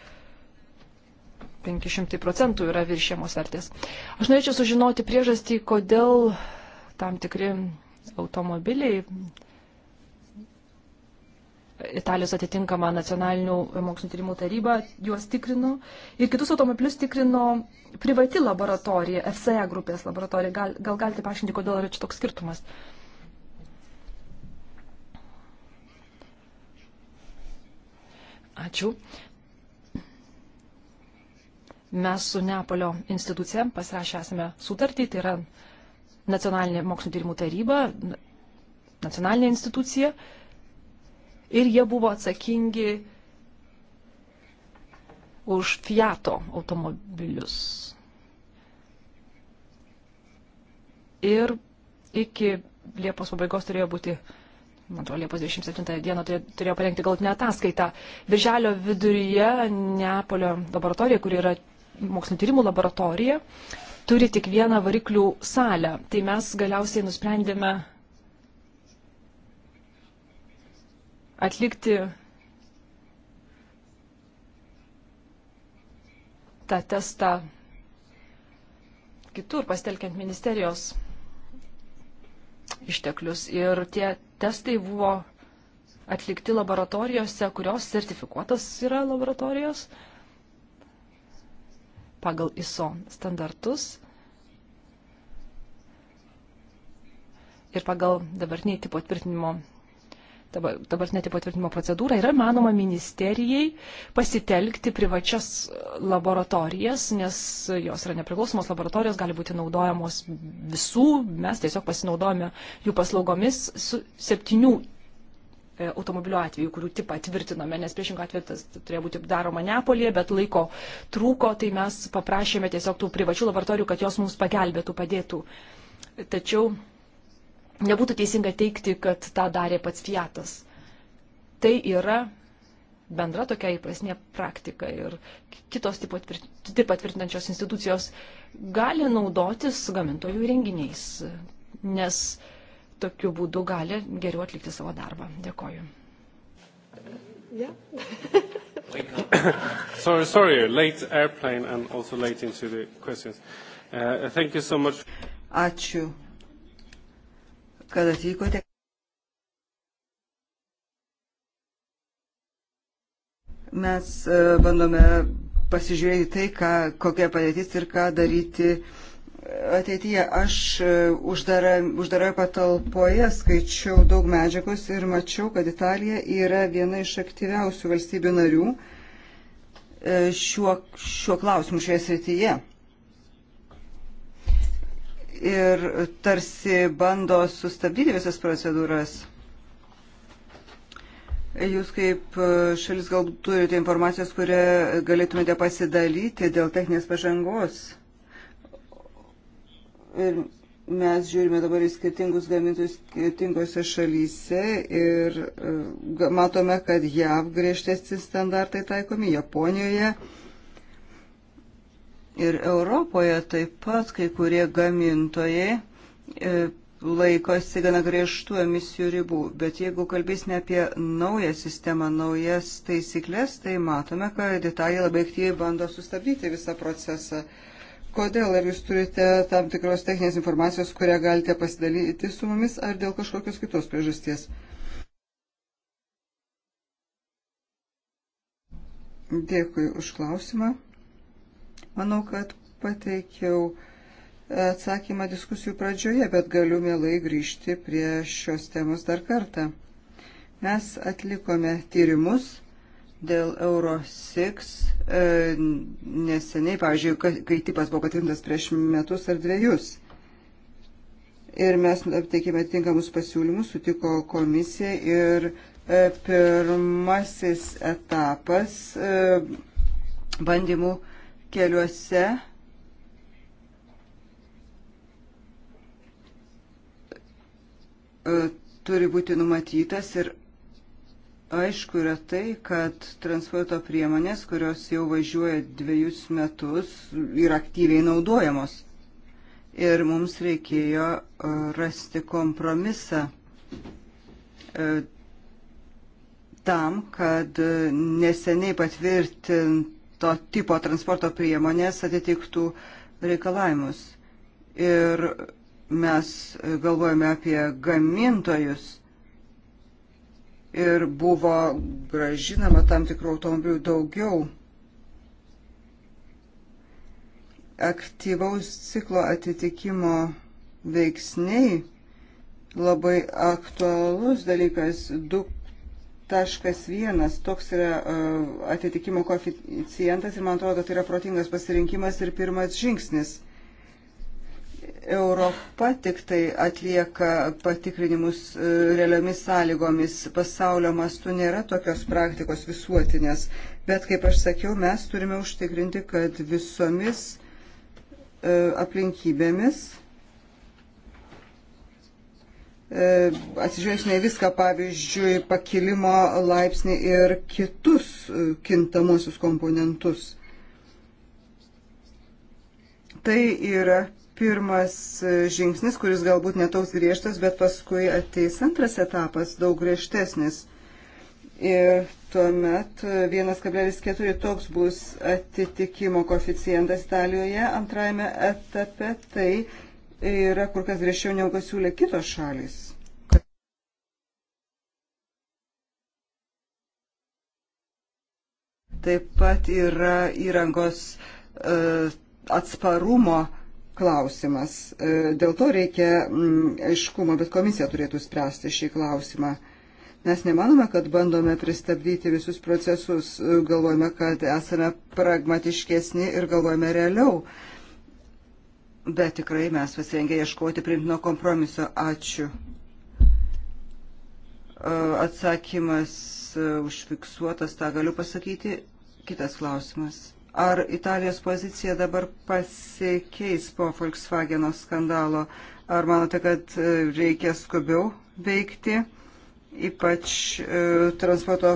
500 procentų yra viršėmos vertės. Aš norėčiau sužinoti priežastį, kodėl tam tikri automobiliai Italijos atitinkama nacionalinių mokslinio tyrimų taryba juos tikrino ir kitus automobilius tikrino privati laboratorija, FCE grupės laboratorija. Gal, gal galite paaiškinti, kodėl yra čia toks skirtumas? Ačiū. Uh, Mes su Neapolio institucija pasirašę esame sutartį, tai yra nacionalinė mokslo tyrimų taryba, nacionalinė institucija. Ir jie buvo atsakingi už Fiato automobilius. Ir iki Liepos pabaigos turėjo būti, man atrodo, Liepos 27 dieną turėjo parengti galtinę ataskaitą. Birželio viduryje Neapolio laboratorija, kuri yra mokslinio tyrimų laboratorija turi tik vieną variklių salę. Tai mes galiausiai nusprendėme atlikti tą testą kitur, pastelkiant ministerijos išteklius. Ir tie testai buvo atlikti laboratorijose, kurios sertifikuotas yra laboratorijos. Uh, pagal ISO standartus ir pagal dabartinį tipo tvirtinimo dabartinio tipo tvirtinimo procedūrą yra manoma ministerijai pasitelkti privačias laboratorijas, nes jos yra nepriklausomos laboratorijos, gali būti naudojamos visų, mes tiesiog pasinaudojame jų paslaugomis su septynių E, automobilio atveju, kurių tipą tvirtinome, nes priešingų atveju tas turėjo būti daroma Neapolėje, bet laiko trūko, tai mes paprašėme tiesiog tų privačių laboratorijų, kad jos mums pagelbėtų, padėtų. Tačiau nebūtų teisinga teikti, kad tą darė pats Fiatas. Tai yra bendra tokia įprasnė praktika ir kitos tipo tvirtinančios institucijos gali naudotis gamintojų renginiais, nes uh, tokiu būdu gali geriau atlikti savo darbą. Dėkoju. Yeah. [COUGHS] sorry, sorry, late airplane and also late into the questions. Uh, thank you so much. Ačiū, kad atvykote. Mes uh, bandome pasižiūrėti tai, ką, kokia padėtis ir ką daryti uh, ateityje aš e, uždara, uždaroje patalpoje skaičiau daug medžiagos ir mačiau, kad Italija yra viena iš aktyviausių valstybių narių e, šiuo, šiuo klausimu šioje srityje. Ir tarsi bando sustabdyti visas procedūras. Jūs kaip e, šalis galbūt turite informacijos, kurią galėtumėte pasidalyti dėl techninės pažangos Ir mes žiūrime dabar į skirtingus gamintojus skirtingose šalyse ir e, matome, kad JAV griežtesni standartai taikomi Japonijoje. Ir Europoje taip pat kai kurie gamintojai e, laikosi gana griežtų emisijų ribų. Bet jeigu kalbėsime apie naują sistemą, naujas taisyklės, tai matome, kad Italija labai aktyviai bando sustabdyti visą procesą. Uh, Kodėl? Ar jūs turite tam tikros techninės informacijos, kurią galite pasidalyti su mumis, ar dėl kažkokios kitos priežasties? Dėkui už klausimą. Manau, kad pateikiau atsakymą diskusijų pradžioje, bet galiu mielai grįžti prie šios temos dar kartą. Mes atlikome tyrimus dėl Euro 6 e, neseniai, pavyzdžiui, kai tipas buvo patvirtintas prieš metus ar dviejus. Ir mes teikėme tinkamus pasiūlymus, sutiko komisija ir e, pirmasis etapas e, bandymų keliuose e, turi būti numatytas ir aišku yra tai, kad transporto priemonės, kurios jau važiuoja dviejus metus, yra aktyviai naudojamos. Ir mums reikėjo e, rasti kompromisą e, tam, kad e, neseniai patvirtinto tipo transporto priemonės atitiktų reikalavimus. Ir mes galvojame apie gamintojus ir buvo gražinama tam tikrų automobilių daugiau. Aktyvaus ciklo atitikimo veiksniai labai aktualus dalykas 2.1. Toks yra uh, atitikimo koeficientas ir man atrodo, tai yra protingas pasirinkimas ir pirmas žingsnis. Europa tik tai atlieka patikrinimus e, realiomis sąlygomis. Pasaulio mastu nėra tokios praktikos visuotinės. Bet, kaip aš sakiau, mes turime užtikrinti, kad visomis e, aplinkybėmis e, atsižvelgsime į viską, pavyzdžiui, pakilimo laipsnį ir kitus kintamosius komponentus. Tai yra pirmas žingsnis, kuris galbūt netoks griežtas, bet paskui ateis antras etapas, daug griežtesnis. Ir tuomet 1,4 toks bus atitikimo koficijantas Italijoje antrajame etape, tai yra kur kas griežčiau negu siūlė kitos šalis. Taip pat yra įrangos uh, atsparumo klausimas. E, dėl to reikia mm, aiškumo, bet komisija turėtų spręsti šį klausimą. Mes nemanome, kad bandome pristabdyti visus procesus, e, galvojame, kad esame pragmatiškesni ir galvojame realiau. Bet tikrai mes pasirengę ieškoti primtino kompromiso. Ačiū. E, atsakymas užfiksuotas, tą galiu pasakyti. Kitas klausimas. Ar Italijos pozicija dabar pasikeis po Volkswageno skandalo? Ar manote, kad e, reikia skubiau veikti, ypač e, transporto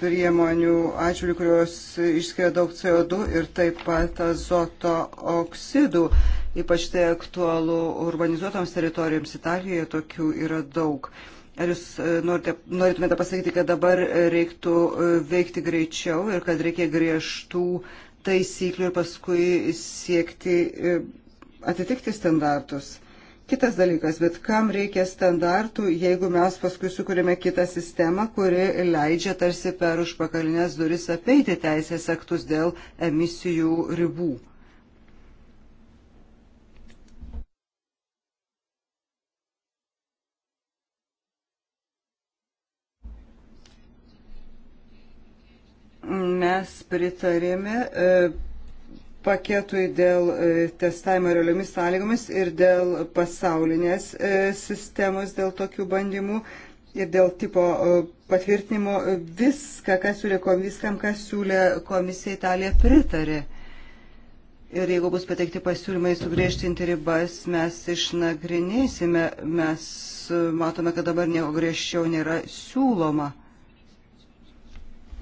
priemonių atžvilgių, kurios išskiria daug CO2 ir taip pat azoto oksidų? Ypač tai aktualu urbanizuotoms teritorijoms Italijoje, tokių yra daug. Ar jūs e, norite, norėtumėte pasakyti, kad dabar reiktų veikti greičiau ir kad reikia griežtų taisyklių ir paskui siekti e, atitikti standartus. Kitas dalykas, bet kam reikia standartų, jeigu mes paskui sukūrėme kitą sistemą, kuri leidžia tarsi per užpakalinės duris apeiti teisės aktus dėl emisijų ribų. mes pritarėme e, paketui dėl e, testavimo realiomis sąlygomis ir dėl pasaulinės e, sistemos dėl tokių bandymų ir dėl tipo patvirtinimo viską, kas siūlė komisijam, kas siūlė komisija Italija pritarė. Ir jeigu bus pateikti pasiūlymai sugriežtinti ribas, mes išnagrinėsime, mes matome, kad dabar nieko griežčiau nėra siūloma.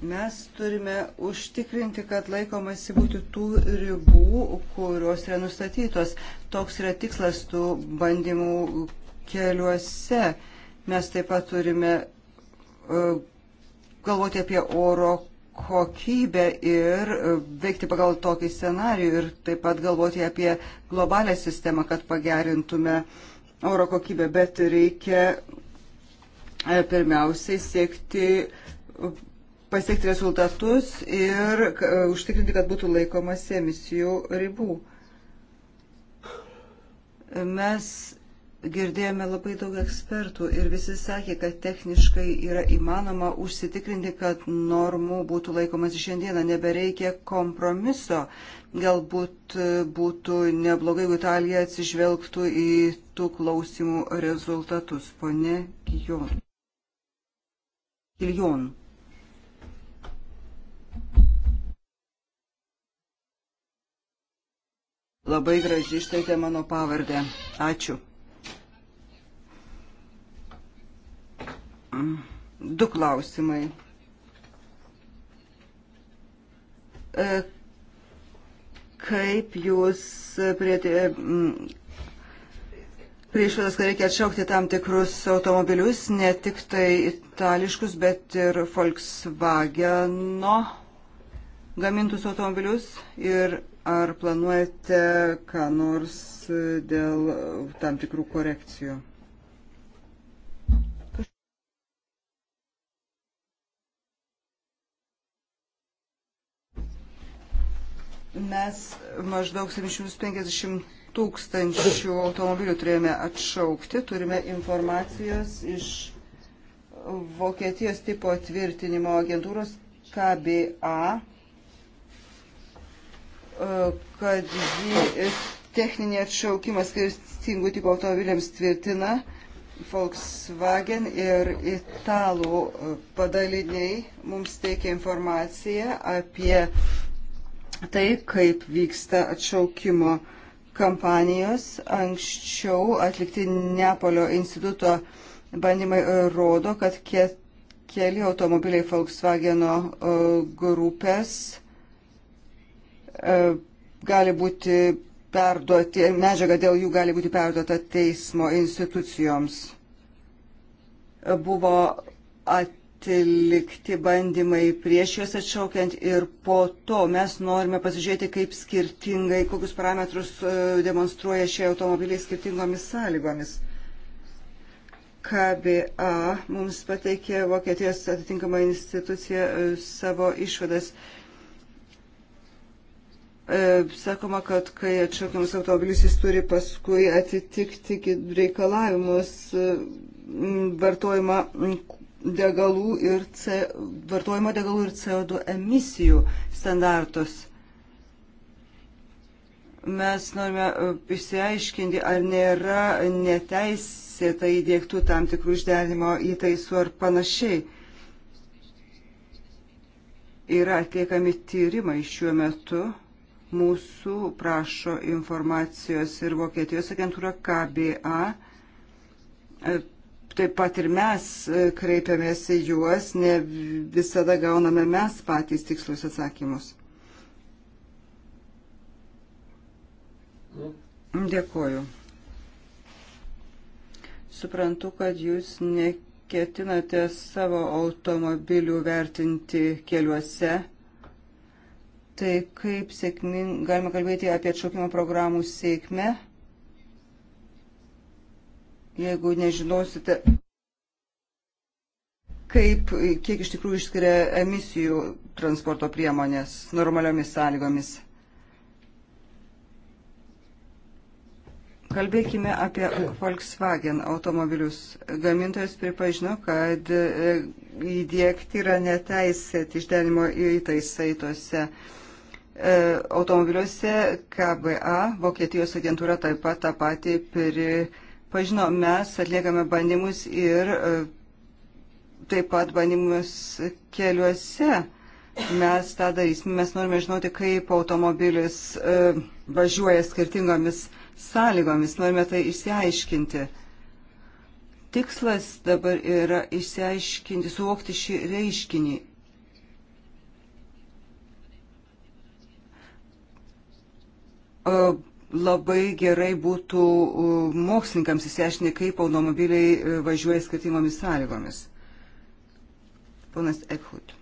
Mes turime užtikrinti, kad laikomasi būtų tų ribų, kurios yra nustatytos. Toks yra tikslas tų bandymų keliuose. Mes taip pat turime e, galvoti apie oro kokybę ir e, veikti pagal tokį scenarijų ir taip pat galvoti apie globalę sistemą, kad pagerintume oro kokybę, bet reikia e, pirmiausiai siekti pasiekti rezultatus ir e, užtikrinti, kad būtų laikomasi emisijų ribų. Mes girdėjome labai daug ekspertų ir visi sakė, kad techniškai yra įmanoma užsitikrinti, kad normų būtų laikomas šiandieną, nebereikia kompromiso. Galbūt e, būtų neblogai, jeigu Italija atsižvelgtų į tų klausimų rezultatus. Pone Gijon. Giljon. Labai gražiai ištaitė mano pavardę. Ačiū. Du klausimai. E, kaip jūs prie, e, prie išvados, kad reikia atšaukti tam tikrus automobilius, ne tik tai itališkus, bet ir Volkswageno? gamintus automobilius ir ar planuojate ką nors dėl tam tikrų korekcijų? Mes maždaug 750 tūkstančių automobilių turėjome atšaukti, turime informacijos iš Vokietijos tipo tvirtinimo agentūros KBA kad jį techninį atšaukimą skirtingų tipo automobiliams tvirtina Volkswagen ir italų e, padaliniai mums teikia informaciją apie tai, kaip vyksta atšaukimo kampanijos. Anksčiau atlikti Neapolio instituto bandymai rodo, kad keli automobiliai Volkswageno e, grupės E, gali būti perduoti, medžiaga dėl jų gali būti perduota teismo institucijoms. Buvo atlikti bandymai prieš juos atšaukiant ir po to mes norime pasižiūrėti, kaip skirtingai, kokius parametrus e, demonstruoja šie automobiliai skirtingomis sąlygomis. KBA mums pateikė Vokietijos atitinkama institucija e, savo išvadas. Uh, E, sakoma, kad kai atšaukiamas automobilis, jis turi paskui atitikti reikalavimus e, vartojimą degalų ir C, vartojimo degalų ir CO2 emisijų standartus. Mes norime e, išsiaiškinti, ar nėra neteisėtai įdėktų tam tikrų išderinimo įtaisų ar panašiai yra atliekami tyrimai šiuo metu Mūsų prašo informacijos ir Vokietijos agentūra KBA. E, taip pat ir mes e, kreipiamės į juos, ne visada gauname mes patys tikslus atsakymus. Dėkoju. Suprantu, kad jūs nekėtinate savo automobilių vertinti keliuose tai kaip sėkming, galima kalbėti apie atšaukimo programų sėkmę, jeigu nežinosite, kaip, kiek iš tikrųjų išskiria emisijų transporto priemonės normaliomis sąlygomis. Kalbėkime apie Volkswagen automobilius. Gamintojas pripažino, kad e, įdėkti yra neteisėti išdenimo įtaisai tose E, automobiliuose KBA, Vokietijos agentūra taip pat tą patį pripažino. Mes atliekame bandymus ir e, taip pat bandymus keliuose. Mes tą darysime, mes norime žinoti, kaip automobilis e, važiuoja skirtingomis sąlygomis, norime tai išsiaiškinti. Tikslas dabar yra išsiaiškinti, suvokti šį reiškinį E, labai gerai būtų e, mokslininkams įsiaiškinti, kaip automobiliai e, važiuoja skirtingomis sąlygomis. Ponas Ekhut.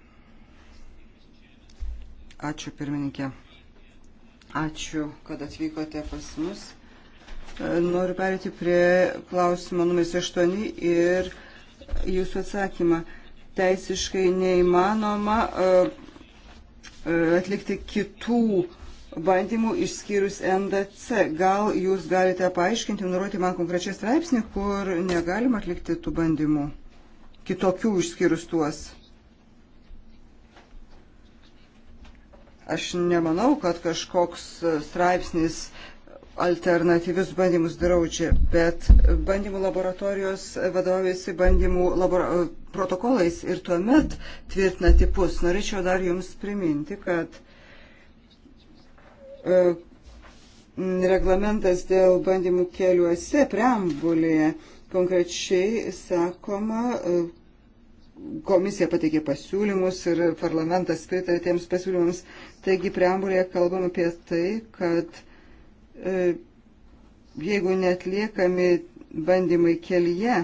Ačiū pirmininkė. Ačiū, kad atvykote pas mus. Noriu perėti prie klausimo numeris 8 ir jūsų atsakymą. Teisiškai neįmanoma atlikti kitų uh, bandymų išskyrus NDC. Gal jūs galite paaiškinti, nurodyti man konkrečiai straipsnį, kur negalima atlikti tų bandymų, kitokių išskyrus tuos. Aš nemanau, kad kažkoks straipsnis alternatyvius bandymus draudžia, bet bandymų laboratorijos vadovėsi bandymų labora protokolais ir tuomet tvirtina tipus. Norėčiau dar Jums priminti, kad E, reglamentas dėl bandymų keliuose preambulėje konkrečiai sakoma, e, komisija pateikė pasiūlymus ir parlamentas pritarė tiems pasiūlymams. Taigi preambulėje kalbam apie tai, kad e, jeigu netliekami bandymai kelyje,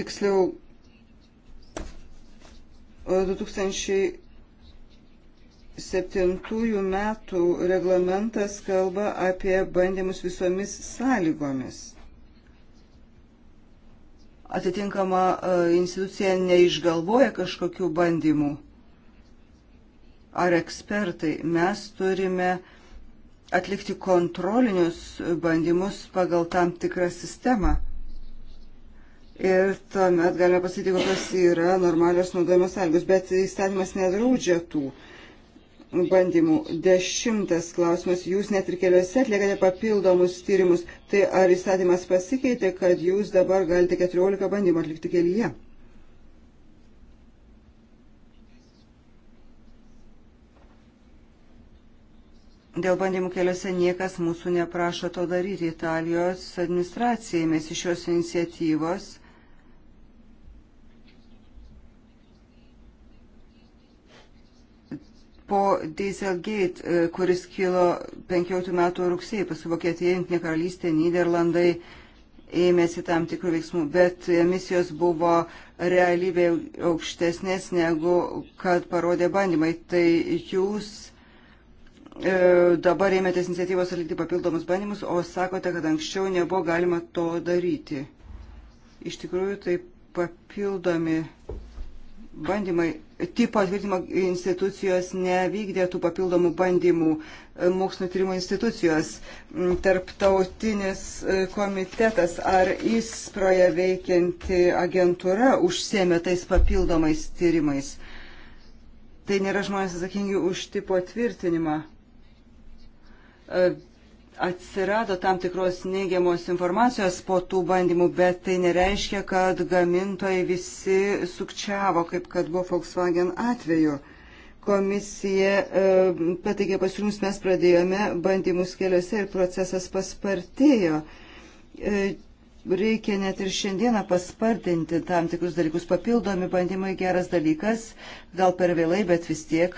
tiksliau 2000 2007 metų reglamentas kalba apie bandymus visomis sąlygomis. Atitinkama e, institucija neišgalvoja kažkokių bandymų ar ekspertai. Mes turime atlikti kontrolinius bandymus pagal tam tikrą sistemą. Ir tuomet galime pasakyti, kokios yra normalios naudojimo sąlygos, bet įstatymas nedraudžia tų. Uh, bandymų. Dešimtas klausimas. Jūs net ir keliuose atliekate papildomus tyrimus. Tai ar įstatymas pasikeitė, kad jūs dabar galite 14 bandymų atlikti kelyje? Dėl bandymų keliuose niekas mūsų neprašo to daryti. Italijos administracijai mes iš šios iniciatyvos po Dieselgate, e, kuris kilo 15 metų rugsėjai, paskui Vokietija, Junktinė karalystė, Niderlandai ėmėsi tam tikrų veiksmų, bet emisijos buvo realybė aukštesnės negu kad parodė bandymai. Tai jūs e, dabar ėmėtės iniciatyvos atlikti papildomus bandymus, o sakote, kad anksčiau nebuvo galima to daryti. Iš tikrųjų, tai papildomi bandymai, tipo atvirtimo institucijos nevykdė tų papildomų bandymų e, mokslinio tyrimo institucijos, mm, tarptautinis e, komitetas ar įsproje veikianti agentūra užsėmė tais papildomais tyrimais. Tai nėra žmonės atsakingi už tipo tvirtinimą e, atsirado tam tikros neigiamos informacijos po tų bandymų, bet tai nereiškia, kad gamintojai visi sukčiavo, kaip kad buvo Volkswagen atveju. Komisija e, pateikė pasiūlymus, mes pradėjome bandymus keliuose ir procesas paspartėjo. E, reikia net ir šiandieną paspartinti tam tikrus dalykus. Papildomi bandymai geras dalykas, gal per vėlai, bet vis tiek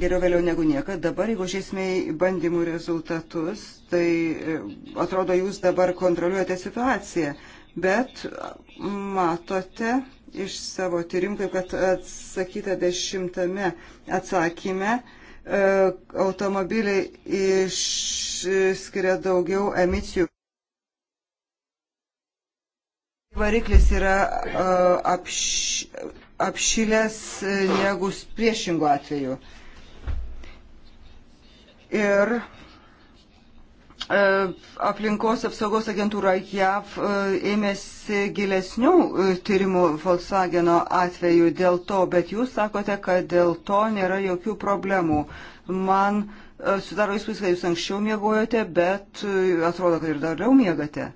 geriau vėliau negu niekad. Dabar, jeigu žiūrėsime į bandymų rezultatus, tai e, atrodo jūs dabar kontroliuojate situaciją, bet matote iš savo tyrimų, kaip kad atsakyta dešimtame atsakyme, e, automobiliai išskiria daugiau emisijų. Variklis yra e, apš, apšilęs negu priešingų atveju. Ir E, aplinkos apsaugos agentūra JAV e, ėmėsi gilesnių e, tyrimų Volkswageno atveju dėl to, bet jūs sakote, kad dėl to nėra jokių problemų. Man sudaro įspūdis, kad jūs anksčiau miegojote, bet atrodo, kad ir dariau miegate.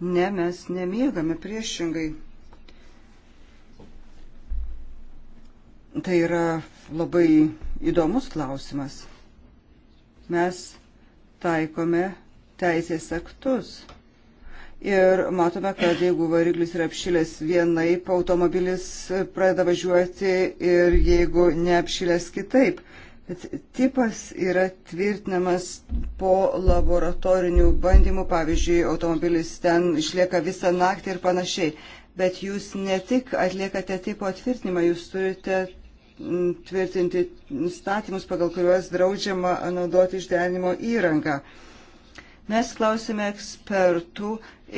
Ne, mes nemiegame priešingai. Tai yra labai įdomus klausimas. Mes taikome teisės aktus. Ir matome, kad jeigu variklis yra apšilęs vienaip, automobilis pradeda važiuoti ir jeigu neapšilęs kitaip. Bet tipas yra tvirtinamas po laboratorinių bandymų, pavyzdžiui, automobilis ten išlieka visą naktį ir panašiai. Bet jūs ne tik atliekate tipo atvirtinimą, jūs turite tvirtinti statymus, pagal kuriuos draudžiama naudoti išdenimo įrangą. Mes klausėme ekspertų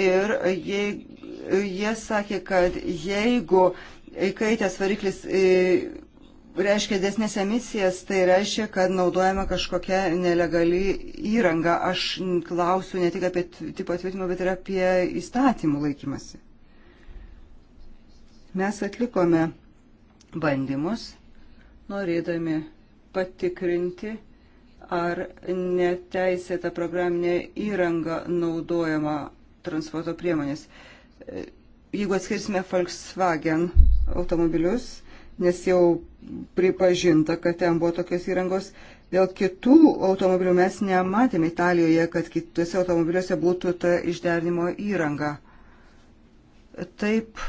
ir jie, jie sakė, kad jeigu įkaitęs variklis e, reiškia desnės emisijas, tai reiškia, kad naudojama kažkokia nelegali įranga. Aš klausiu ne tik apie tipo atvirtimą, bet ir apie įstatymų laikymasi. Mes atlikome bandymus norėdami patikrinti, ar neteisėta programinė įranga naudojama transporto priemonės. Jeigu atskirsime Volkswagen automobilius, nes jau pripažinta, kad ten buvo tokios įrangos, dėl kitų automobilių mes nematėme Italijoje, kad kitose automobiliuose būtų ta išderinimo įranga. Taip,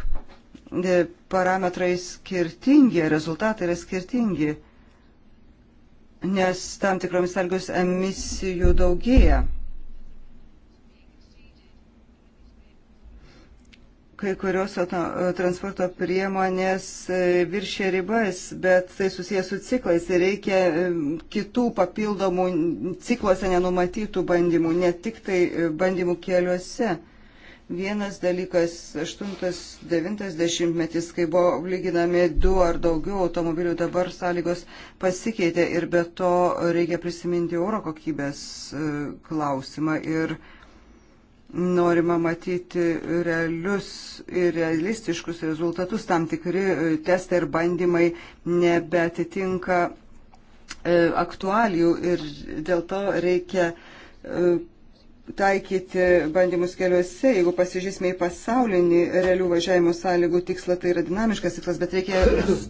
e, parametrai skirtingi, rezultatai yra skirtingi, nes tam tikromis sąlygos emisijų daugėja. Kai kurios e, transporto priemonės e, viršė ribas, bet tai susijęs su ciklais ir reikia e, kitų papildomų cikluose nenumatytų bandymų, ne tik tai bandymų keliuose. Vienas dalykas, 8-90 metys, kai buvo lyginami du ar daugiau automobilių, dabar sąlygos pasikeitė ir be to reikia prisiminti oro kokybės e, klausimą ir norima matyti realius ir realistiškus rezultatus, tam tikri e, testai ir bandymai nebetitinka e, aktualijų ir dėl to reikia taikyti bandymus keliuose, jeigu pasižiūrėsime į pasaulinį realių važiavimo sąlygų tikslą, tai yra dinamiškas tikslas, bet reikia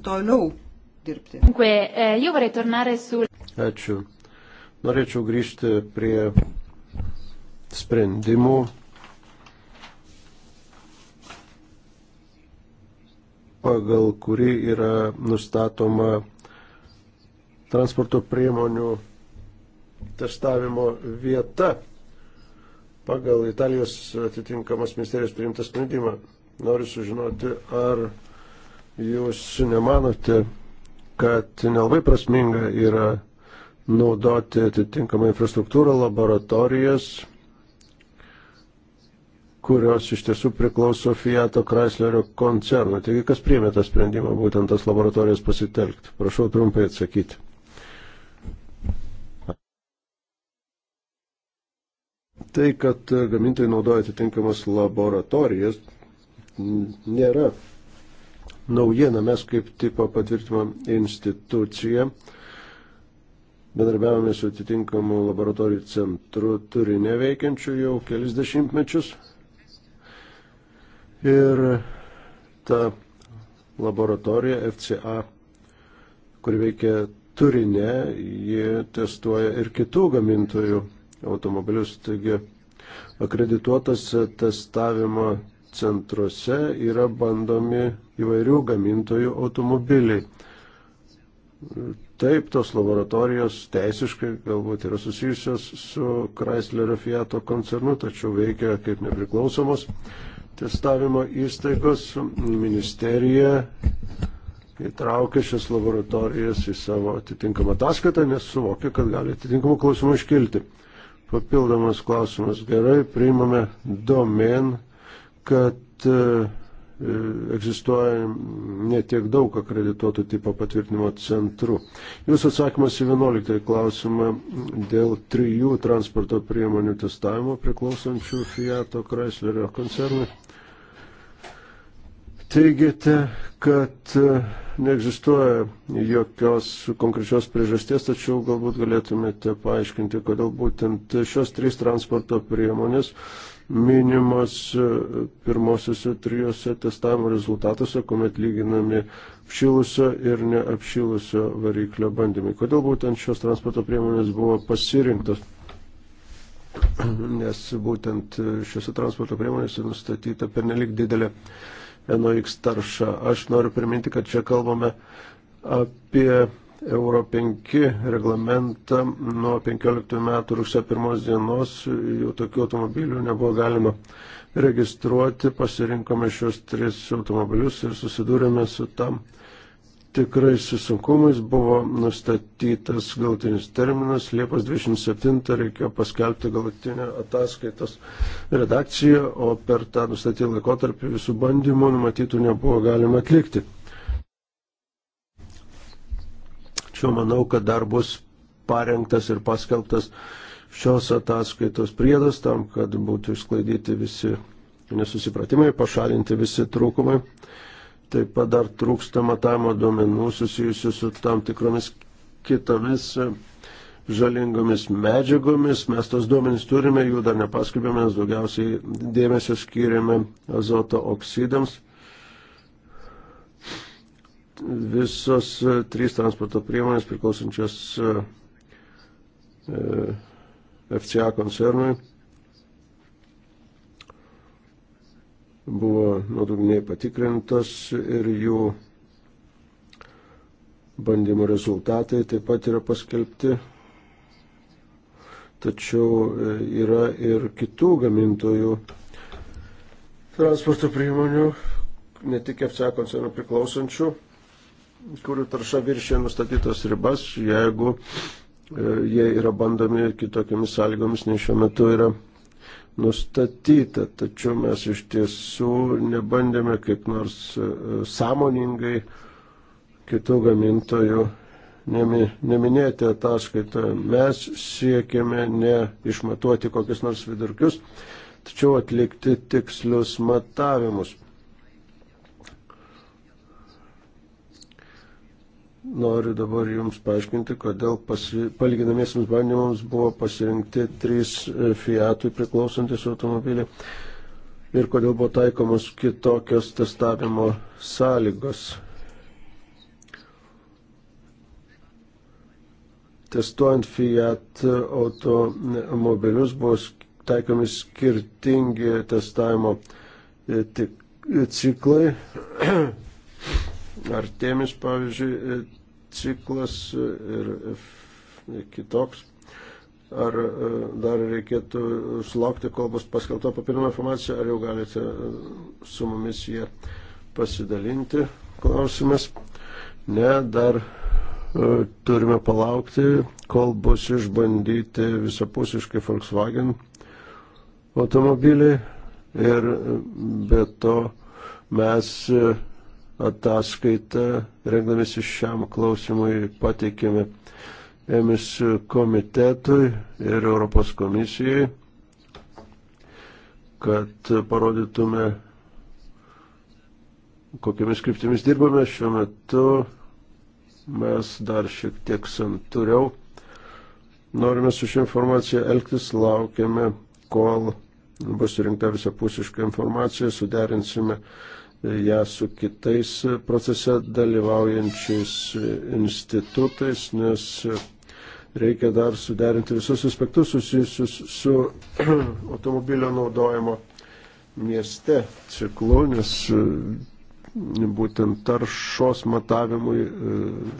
toliau dirbti. Eh, Ačiū. Norėčiau grįžti prie sprendimų. pagal kurį yra nustatoma transporto priemonių testavimo vieta pagal Italijos atitinkamas ministerijos priimtą sprendimą. Noriu sužinoti, ar jūs nemanote, kad nelabai prasminga yra naudoti atitinkamą infrastruktūrą, laboratorijas, kurios iš tiesų priklauso Fiato Chryslerio koncernui. Taigi, kas priėmė tą sprendimą būtent tas laboratorijas pasitelkti? Prašau trumpai atsakyti. Tai, kad gamintojai naudoja atitinkamas laboratorijas, nėra naujiena. Mes kaip tipo patvirtimam instituciją, bendarbiavame su atitinkamu laboratorijų centru turinė veikiančių jau kelis dešimtmečius. Ir ta laboratorija FCA, kuri veikia turinė, ji testuoja ir kitų gamintojų automobilius. Taigi akredituotas testavimo centruose yra bandomi įvairių gamintojų automobiliai. Taip, tos laboratorijos teisiškai galbūt yra susijusios su Chryslerio Fiato koncernu, tačiau veikia kaip nepriklausomos testavimo įstaigos. Ministerija įtraukė šias laboratorijas į savo atitinkamą ataskaitą, nes suvokė, kad gali atitinkamų klausimų iškilti. Papildomas klausimas. Gerai, priimame domen, kad e, e, egzistuoja netiek daug akredituotų tipo patvirtinimo centrų. Jūsų atsakymas į 11 klausimą dėl trijų transporto priemonių testavimo priklausančių Fiato Chryslerio koncernui. Teigite, kad e, neegzistuoja jokios konkrečios priežasties, tačiau galbūt galėtumėte paaiškinti, kodėl būtent šios trys transporto priemonės minimos e, pirmosiuose trijuose testavimo rezultatuose, kuomet lyginami apšilusio ir neapšilusio variklio bandymai. Kodėl būtent šios transporto priemonės buvo pasirinktos? Nes būtent šiuose transporto priemonėse nustatyta pernelik didelė NOX taršą. Aš noriu priminti, kad čia kalbame apie Euro 5 reglamentą nuo 15 metų rugsėjo pirmos dienos jau tokių automobilių nebuvo galima registruoti, pasirinkome šios tris automobilius ir susidūrėme su tam tikrais sunkumais buvo nustatytas galtinis terminas, Liepos 27 reikėjo paskelbti galutinę ataskaitos redakciją, o per tą nustatytą laikotarpį visų bandymų numatytų nebuvo galima atlikti. Čia manau, kad dar bus parengtas ir paskelbtas šios ataskaitos priedas tam, kad būtų išsklaidyti visi nesusipratimai, pašalinti visi trūkumai. Taip pat dar trūksta matavimo duomenų susijusių su tam tikromis kitomis e, žalingomis medžiagomis. Mes tos duomenys turime, jų dar nepaskelbėme, nes daugiausiai dėmesio skiriame azoto oksidams. Visos e, trys transporto priemonės priklausančios e, FCA koncernui buvo nuodugniai patikrintos ir jų bandymų rezultatai taip pat yra paskelbti. Tačiau e, yra ir kitų gamintojų transporto priemonių, ne tik FCA koncernų priklausančių, kurių tarša viršė nustatytas ribas, jeigu e, jie yra bandomi kitokiamis sąlygomis, nei šiuo metu yra nustatyta, tačiau mes iš tiesų nebandėme kaip nors e, sąmoningai kitų gamintojų neminėti ataskaitoje. Mes siekėme ne išmatuoti kokius nors vidurkius, tačiau atlikti tikslius matavimus. Noriu dabar Jums paaiškinti, kodėl pasi... palyginamiesiams bandymams buvo pasirinkti trys e, Fiatui priklausantis automobiliai ir kodėl buvo taikomos kitokios testavimo sąlygos. Testuojant Fiat automobilius buvo taikomi skirtingi testavimo e, tik ciklai [CLEARS THROAT] Artemis, pavyzdžiui, e, ciklas e, ir e, kitoks. Ar dar reikėtų sulaukti, kol bus paskelbta papildoma informacija, ar jau galite su mumis jie pasidalinti? Klausimas. Ne, dar turime palaukti, kol bus išbandyti visapusiškai Volkswagen automobiliai ir be to mes ataskaitą, rengdamėsi šiam klausimui, pateikėme emis komitetui ir Europos komisijai, kad parodytume, kokiamis kryptimis dirbame šiuo metu. Mes dar šiek tiek santūriau norime su šią informaciją elgtis, laukiame, kol bus surinkta visapusiška informacija, suderinsime ją su kitais procese dalyvaujančiais institutais, nes reikia dar suderinti visus aspektus susijusius su [CLEARS THROAT] automobilio naudojimo mieste ciklu, nes e, būtent taršos matavimui e,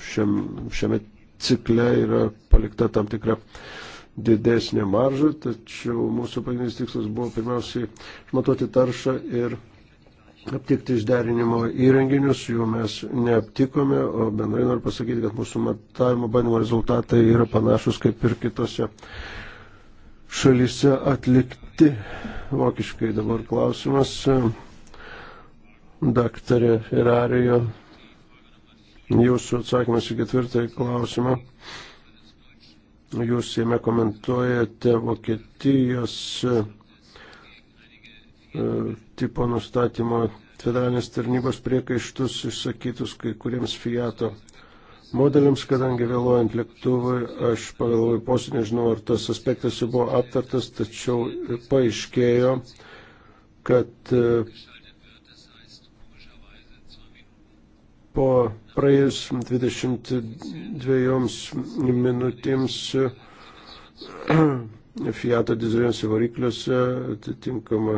šiam, šiame cikle yra palikta tam tikra didesnė marža, tačiau mūsų pagrindinis tikslas buvo pirmiausiai išmatuoti taršą ir aptikti išderinimo įrenginius, jų mes neaptikome, o bendrai noriu pasakyti, kad mūsų matavimo bandymo rezultatai yra panašus kaip ir kitose šalyse atlikti. Vokiškai dabar klausimas. Daktarė Ferrarijo, jūsų atsakymas į ketvirtąjį klausimą. Jūs jame komentuojate Vokietijos E, tipo nustatymo federalinės tarnybos priekaištus išsakytus kai kuriems Fiato modeliams, kadangi vėluojant lėktuvui aš pavėlavau posėdį, nežinau, ar tas aspektas jau buvo aptartas, tačiau paaiškėjo, kad e, po praėjus 22 minutėms e, Fiato dizeliuose varikliuose atitinkama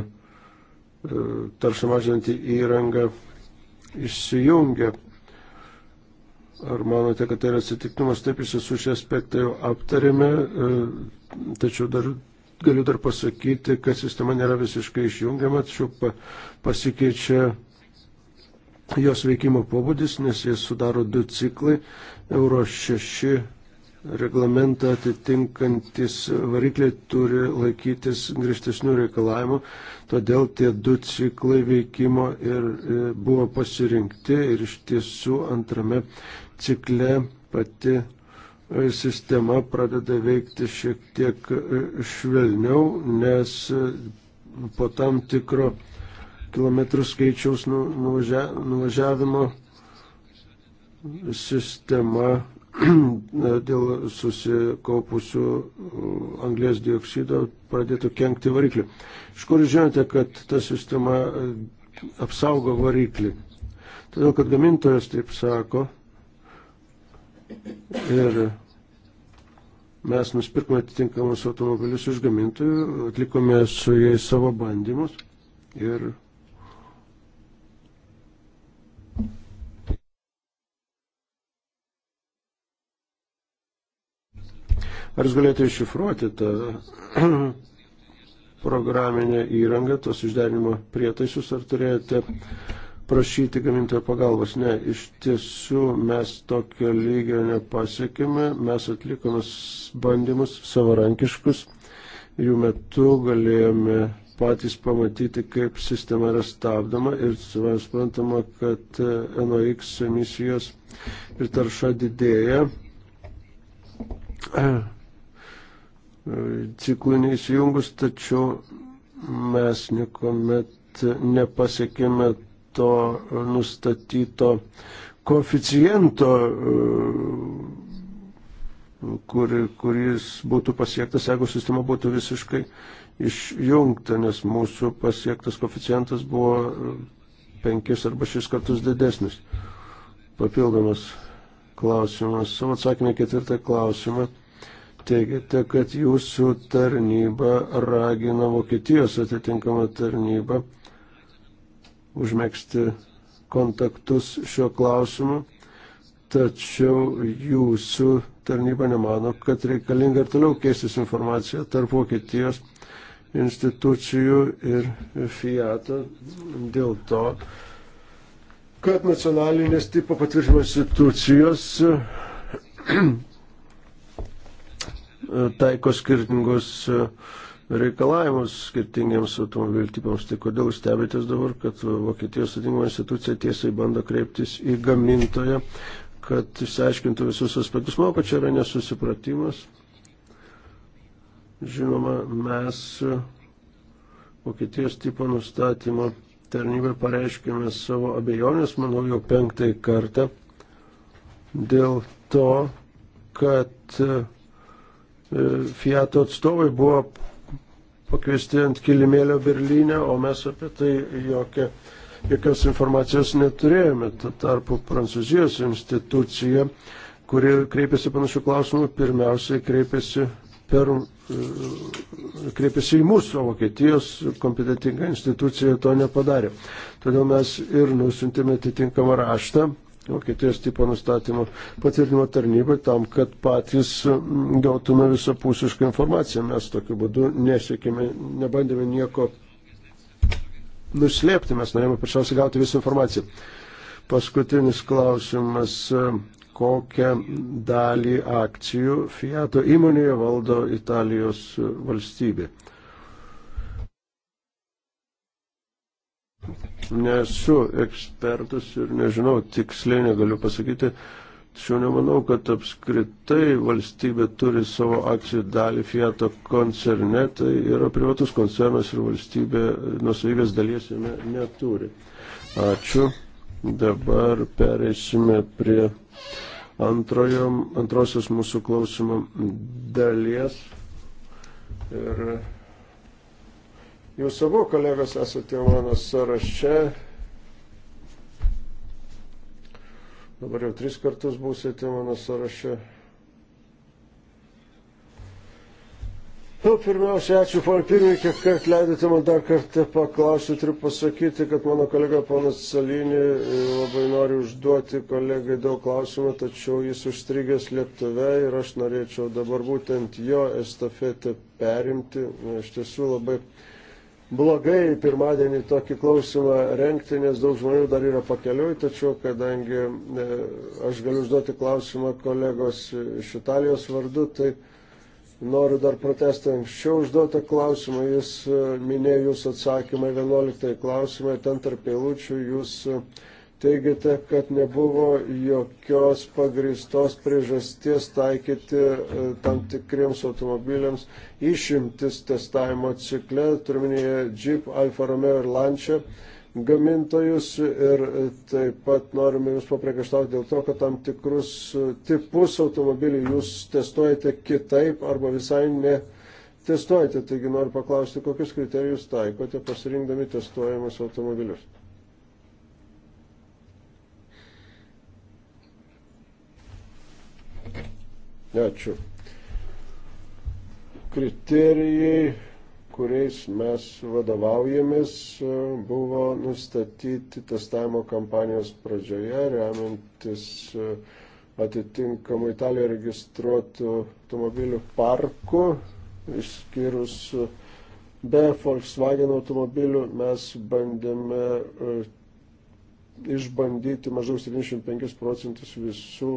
E, taršą mažinantį įrangą išsijungia. Ar manote, kad tai yra atsitiktimas? Taip, jūs visų šį aspektą jau aptarėme, e, tačiau dar, galiu dar pasakyti, kad sistema nėra visiškai išjungiama, tačiau pa, pasikeičia jos veikimo pobūdis, nes jis sudaro du ciklai, euro 6 reglamentą atitinkantis varikliai turi laikytis grįžtesnių reikalavimų, todėl tie du ciklai veikimo ir e, buvo pasirinkti ir iš tiesų antrame cikle pati e, sistema pradeda veikti šiek tiek e, švelniau, nes po tam tikro kilometrų skaičiaus nu, nuvažiavimo sistema [CLEARS THROAT] dėl susikaupusių uh, anglės dioksido pradėtų kenkti variklį. Iš kur žinote, kad ta sistema uh, apsaugo variklį? Todėl, kad gamintojas taip sako ir mes nusipirkome atitinkamus automobilius iš gamintojų, atlikome su jais savo bandymus ir Ar jūs galėtumėte iššifruoti tą [CLEARS THROAT] programinę įrangą, tos išderinimo prietaisus, ar turėjote prašyti gamintojo pagalbos? Ne, iš tiesų mes tokio lygio nepasiekime, mes atlikome bandymus savarankiškus, jų metu galėjome patys pamatyti, kaip sistema yra stabdoma ir savai suprantama, kad e, NOx emisijos ir tarša didėja. [CLEARS THROAT] E, ciklų neįsijungus, tačiau mes niekuomet nepasiekėme to nustatyto koeficiento, e, kur, kuris būtų pasiektas, jeigu sistema būtų visiškai išjungta, nes mūsų pasiektas koeficientas buvo penkis arba šis kartus didesnis. Papildomas klausimas. Savo atsakymę ketvirtą klausimą Teigite, kad jūsų tarnyba ragina Vokietijos atitinkamą tarnybą užmėgsti kontaktus šiuo klausimu, tačiau jūsų tarnyba nemano, kad reikalinga ir toliau keistis informacija tarp Vokietijos institucijų ir Fiato dėl to, kad nacionalinės tipo patvirtinimo institucijos taiko skirtingus e, reikalavimus skirtingiems automobilių tipams. Tai kodėl stebėtės dabar, kad Vokietijos atitinkama institucija tiesiai bando kreiptis į gamintoją, kad išsiaiškintų visus aspektus. Manau, kad čia yra nesusipratimas. Žinoma, mes e, Vokietijos tipo nustatymo tarnybai pareiškėme savo abejonės, manau, jau penktąjį kartą dėl to, kad e, E, Fiato atstovai buvo pakviesti ant kilimėlio Berlyne, o mes apie tai jokia, jokios informacijos neturėjome. Tuo tarpu Prancūzijos institucija, kuri kreipėsi panašių klausimų, pirmiausiai kreipėsi, per, e, kreipėsi į mūsų, o Vokietijos kompetentinga institucija to nepadarė. Todėl mes ir nusintėme atitinkamą raštą Vokietijos tipo nustatymo patvirtinimo tarnybai tam, kad patys mm, gautume visapusišką informaciją. Mes tokiu būdu nesiekime, nebandėme nieko nuslėpti, mes norėjome pačiausiai gauti visą informaciją. Paskutinis klausimas, kokią dalį akcijų Fiato įmonėje valdo Italijos valstybė. Nesu ekspertas ir nežinau, tiksliai negaliu pasakyti, tačiau nemanau, kad apskritai valstybė turi savo akcijų dalį Fiato koncerne, tai yra privatus koncernas ir valstybė nusavybės dalies jame neturi. Ačiū. Dabar pereisime prie antrojo, antrosios mūsų klausimo dalies. Ir Jūs abu kolegos esate mano sąraše. Dabar jau tris kartus būsite mano sąraše. Nu, pirmiausia, ačiū, pana pirmininkė, kad leidote man dar kartą paklausyti. Turiu pasakyti, kad mano kolega panas Salinį e, labai nori užduoti kolegai daug klausimų, tačiau jis užstrigęs lėktuve ir aš norėčiau dabar būtent jo estafetę perimti. Iš tiesų labai blogai pirmadienį tokį klausimą renkti, nes daug žmonių dar yra pakeliui, tačiau kadangi e, aš galiu užduoti klausimą kolegos iš Italijos vardu, tai noriu dar pratesti anksčiau užduotą klausimą. Jis e, minėjo jūsų atsakymą 11 klausimą, ten tarp eilučių jūs. Uh, teigiate, kad nebuvo jokios pagristos priežasties taikyti e, tam tikriems automobiliams išimtis testavimo cikle, turminėje Jeep, Alfa Romeo ir Lancia gamintojus ir e, taip pat norime Jūs papriekaštauti dėl to, kad tam tikrus e, tipus automobilių Jūs testuojate kitaip arba visai ne testuojate. Taigi noriu paklausti, kokius kriterijus taikote pasirinkdami testuojamus automobilius. Ačiū. Kriterijai, kuriais mes vadovaujamės, buvo nustatyti testavimo kampanijos pradžioje, remiantis atitinkamų Italijoje registruotų automobilių parkų, išskyrus be Volkswagen automobilių, mes bandėme e, išbandyti maždaug 75 procentus visų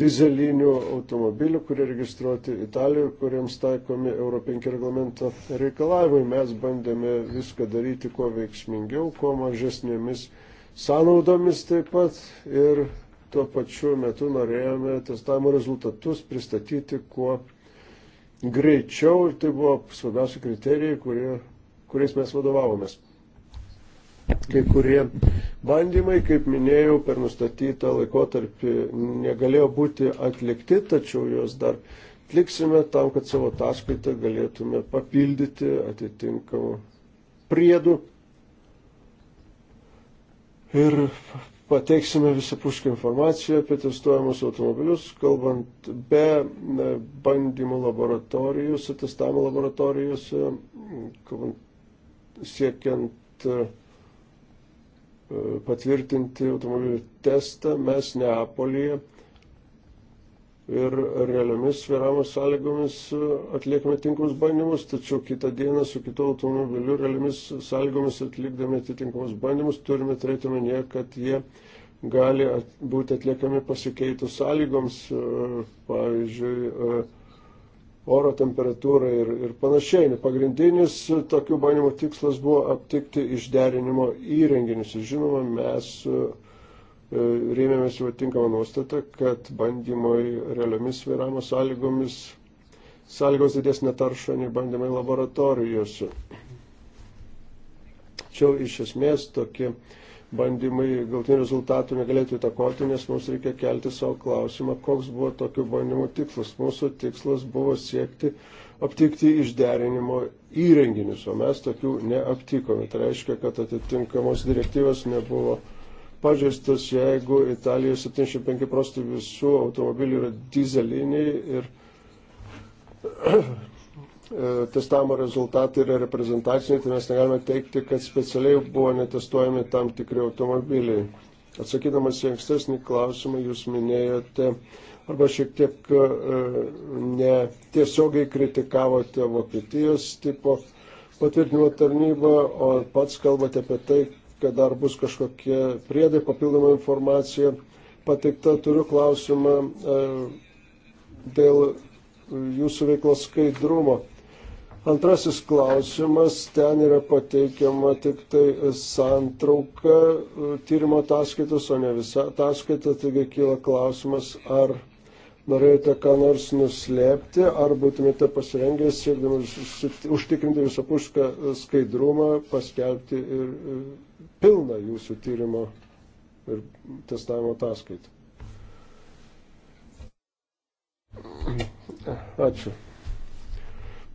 dizelinių automobilių, kurie registruoti Italijoje, kuriems taikomi Euro 5 reglamento reikalavimai. Mes bandėme viską daryti kuo veiksmingiau, kuo mažesnėmis sąnaudomis taip pat ir tuo pačiu metu norėjome testavimo rezultatus pristatyti kuo greičiau ir tai buvo svarbiausi kriterijai, kurie, kuriais mes vadovavomės kai kurie bandymai, kaip minėjau, per nustatytą laikotarpį negalėjo būti atlikti, tačiau juos dar atliksime tam, kad savo ataskaitą galėtume papildyti atitinkamų priedų ir pateiksime visapušką informaciją apie testuojamus automobilius, kalbant be bandymų laboratorijose, testavimo laboratorijose, kalbant, siekiant patvirtinti automobilių testą mes Neapolyje ir realiomis sviramos sąlygomis atliekame tinkamus bandymus, tačiau kitą dieną su kitu automobiliu realiomis sąlygomis atlikdami atitinkamus bandymus turime turėti omenyje, kad jie gali būti atliekami pasikeitus sąlygoms, pavyzdžiui, oro temperatūrą ir, ir panašiai. Nu, pagrindinis tokių bandymų tikslas buvo aptikti išderinimo įrenginius. Ir žinoma, mes e, rėmėmės jau tinkamą nuostatą, kad bandymai realiomis vairavimo sąlygomis sąlygos didesnė tarša nei bandymai laboratorijose. Čia iš esmės tokie uh, bandymai galtinių rezultatų negalėtų įtakoti, nes mums reikia kelti savo klausimą, koks buvo tokių bandymų tikslas. Mūsų tikslas buvo siekti aptikti išderinimo įrenginius, o mes tokių neaptikome. Tai reiškia, kad atitinkamos direktyvos nebuvo pažeistas, jeigu Italijoje 75 procentų visų automobilių yra dizeliniai ir E, testavimo rezultatai yra reprezentaciniai, tai mes negalime teikti, kad specialiai buvo netestuojami tam tikri automobiliai. Atsakydamas į ankstesnį klausimą, jūs minėjote arba šiek tiek e, netiesiogiai kritikavote Vokietijos tipo patvirtinimo tarnybą, o pats kalbate apie tai, kad dar bus kažkokie priedai, papildoma informacija pateikta. Turiu klausimą e, dėl jūsų veiklos skaidrumo. Antrasis klausimas, ten yra pateikiama tik tai santrauka e, tyrimo ataskaitos, o ne visa ataskaita, taigi kyla klausimas, ar norėjote ką nors nuslėpti, ar būtumėte pasirengę, siekdami užtikrinti visapušką skaidrumą, paskelbti ir e, pilną jūsų tyrimo ir testavimo ataskaitą. Ačiū.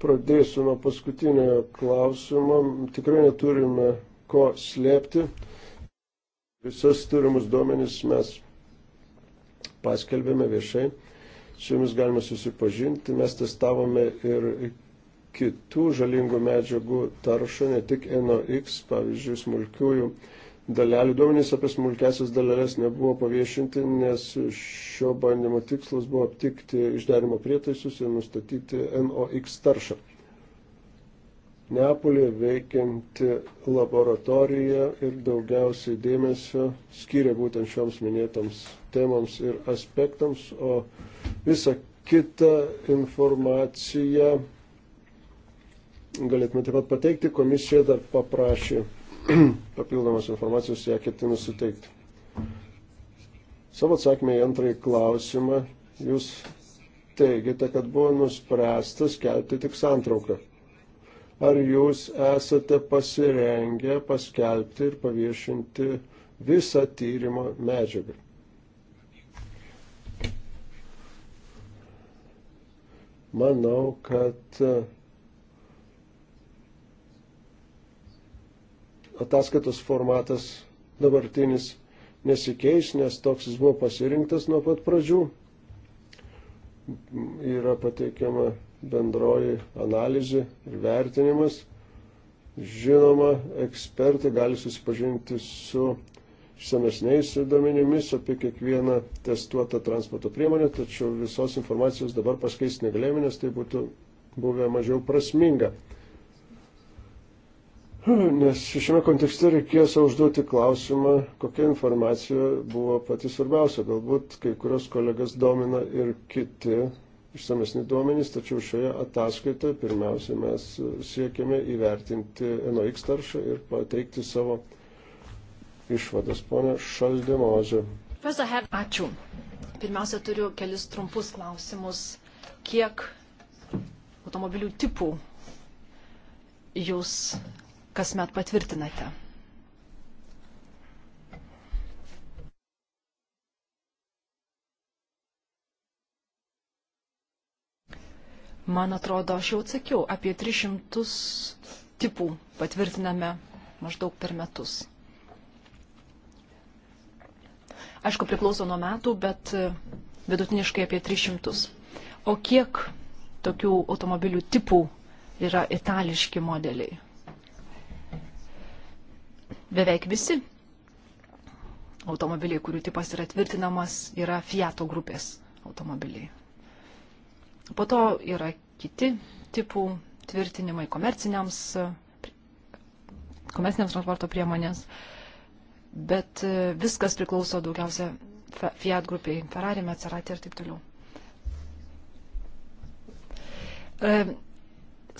Pradėsiu nuo paskutinio klausimo. Tikrai neturime ko slėpti. Visas turimus duomenys mes paskelbėme viešai. Su jumis galime susipažinti. Mes testavome ir kitų žalingų medžiagų taršą, ne tik NOx, pavyzdžiui, smulkiųjų dalelių. Duomenys apie smulkesias dalelės nebuvo paviešinti, nes šio bandymo tikslas buvo aptikti išdarimo prietaisus ir nustatyti NOx taršą. Neapolė veikianti laboratorija ir daugiausiai dėmesio skiria būtent šioms minėtams temams ir aspektams, o visa kita informacija galėtume taip pat pateikti, komisija dar paprašė [CLEARS THROAT] papildomos informacijos ją ketinu suteikti. Savo atsakymę į antrąjį klausimą jūs teigiate, kad buvo nuspręsta skelbti tik santrauką. Ar jūs esate pasirengę paskelbti ir paviešinti visą tyrimo medžiagą? Manau, kad ataskaitos formatas dabartinis nesikeis, nes toks jis buvo pasirinktas nuo pat pradžių. Yra pateikiama bendroji analizė ir vertinimas. Žinoma, ekspertai gali susipažinti su išsamesniais duomenimis apie kiekvieną testuotą transporto priemonę, tačiau visos informacijos dabar paskeisti negalėjome, nes tai būtų buvę mažiau prasminga. Hmm, nes šiame kontekste reikėjo savo užduoti klausimą, kokia informacija buvo pati svarbiausia. Galbūt kai kurios kolegas domina ir kiti išsamesni duomenys, tačiau šioje ataskaitoje pirmiausia mes siekiame įvertinti NOX taršą ir pateikti savo išvadas. Pone Šaldemozė. Ačiū. Pirmiausia, turiu kelis trumpus klausimus. Kiek automobilių tipų jūs kasmet patvirtinate. Man atrodo, aš jau atsakiau, apie 300 tipų patvirtiname maždaug per metus. Aišku, priklauso nuo metų, bet e, vidutiniškai apie 300. O kiek tokių automobilių tipų yra itališki modeliai? beveik visi automobiliai, kurių tipas yra tvirtinamas, yra Fiato grupės automobiliai. Po to yra kiti tipų tvirtinimai komerciniams, komerciniams transporto priemonės, bet e, viskas priklauso daugiausia Fiat grupiai, Ferrari, Maserati ir taip toliau. E,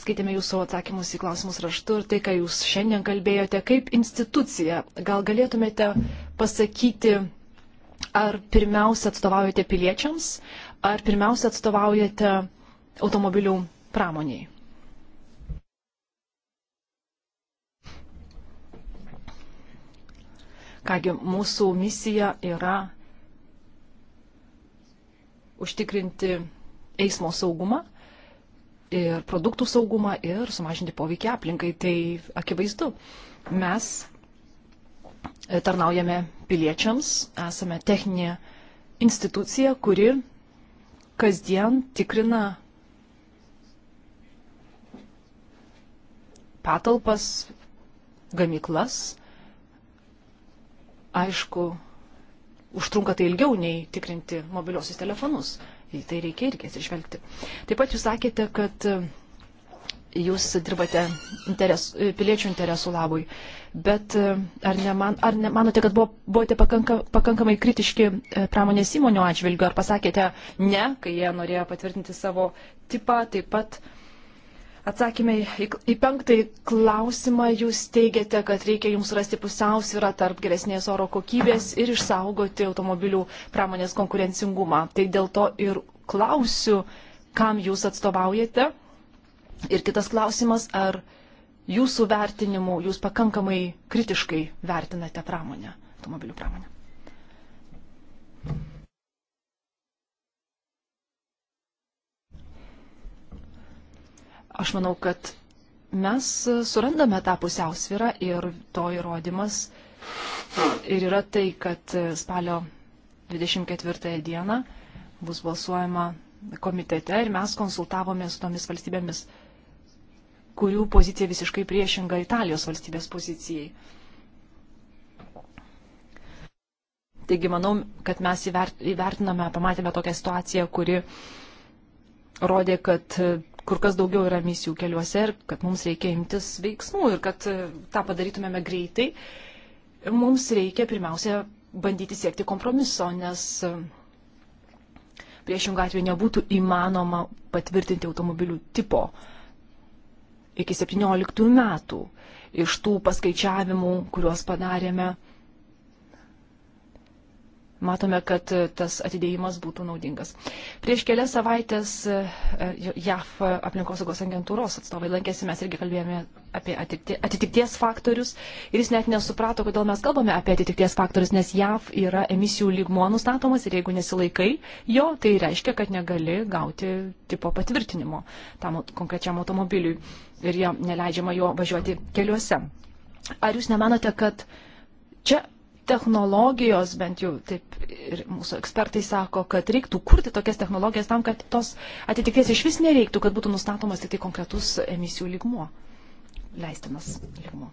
skaitėme jūsų atsakymus į klausimus raštu ir tai, ką jūs šiandien kalbėjote, kaip institucija, gal galėtumėte pasakyti, ar pirmiausia atstovaujate piliečiams, ar pirmiausia atstovaujate automobilių pramoniai? Kągi, mūsų misija yra užtikrinti eismo saugumą ir produktų saugumą ir sumažinti poveikį aplinkai. Tai akivaizdu, mes e, tarnaujame piliečiams, esame techninė institucija, kuri kasdien tikrina patalpas, gamyklas. Aišku, užtrunka tai ilgiau nei tikrinti mobiliosius telefonus į tai reikia irgi atsižvelgti. Taip pat jūs sakėte, kad e, jūs dirbate interes, piliečių interesų labui, bet e, ar, ne man, ar ne, manote, kad buvo, buvote pakanka, pakankamai kritiški e, pramonės įmonių atžvilgiu, ar pasakėte ne, kai jie norėjo patvirtinti savo tipą, taip pat uh, Atsakymai į penktąjį klausimą jūs teigiate, kad reikia jums rasti pusiausvyrą tarp geresnės oro kokybės ir išsaugoti automobilių pramonės konkurencingumą. Tai dėl to ir klausiu, kam jūs atstovaujate. Ir kitas klausimas, ar jūsų vertinimu jūs pakankamai kritiškai vertinate pramonę, automobilių pramonę. Aš manau, kad mes surandame tą pusiausvyrą ir to įrodymas ir yra tai, kad spalio 24 dieną bus balsuojama komitete ir mes konsultavomės su tomis valstybėmis, kurių pozicija visiškai priešinga Italijos valstybės pozicijai. Taigi manau, kad mes įvertiname, pamatėme tokią situaciją, kuri rodė, kad kur kas daugiau yra misijų keliuose ir kad mums reikia imtis veiksmų ir kad e, tą padarytumėme greitai, mums reikia pirmiausia bandyti siekti kompromiso, nes e, priešingų atveju nebūtų įmanoma patvirtinti automobilių tipo iki 17 metų iš tų paskaičiavimų, kuriuos padarėme matome, kad e, tas atidėjimas būtų naudingas. Prieš kelias savaitės e, e, JAF aplinkosaugos agentūros atstovai lankėsi, mes irgi kalbėjome apie atitikties faktorius ir jis net nesuprato, kodėl mes kalbame apie atitikties faktorius, nes JAF yra emisijų lygmuo nustatomas ir jeigu nesilaikai jo, tai reiškia, kad negali gauti tipo patvirtinimo tam konkrečiam automobiliui ir jam neleidžiama jo važiuoti keliuose. Ar jūs nemanote, kad čia technologijos, bent jau taip ir mūsų ekspertai sako, kad reiktų kurti tokias technologijas tam, kad tos atitikties iš vis nereiktų, kad būtų nustatomas tik tai konkretus emisijų lygmuo, leistinas lygmuo.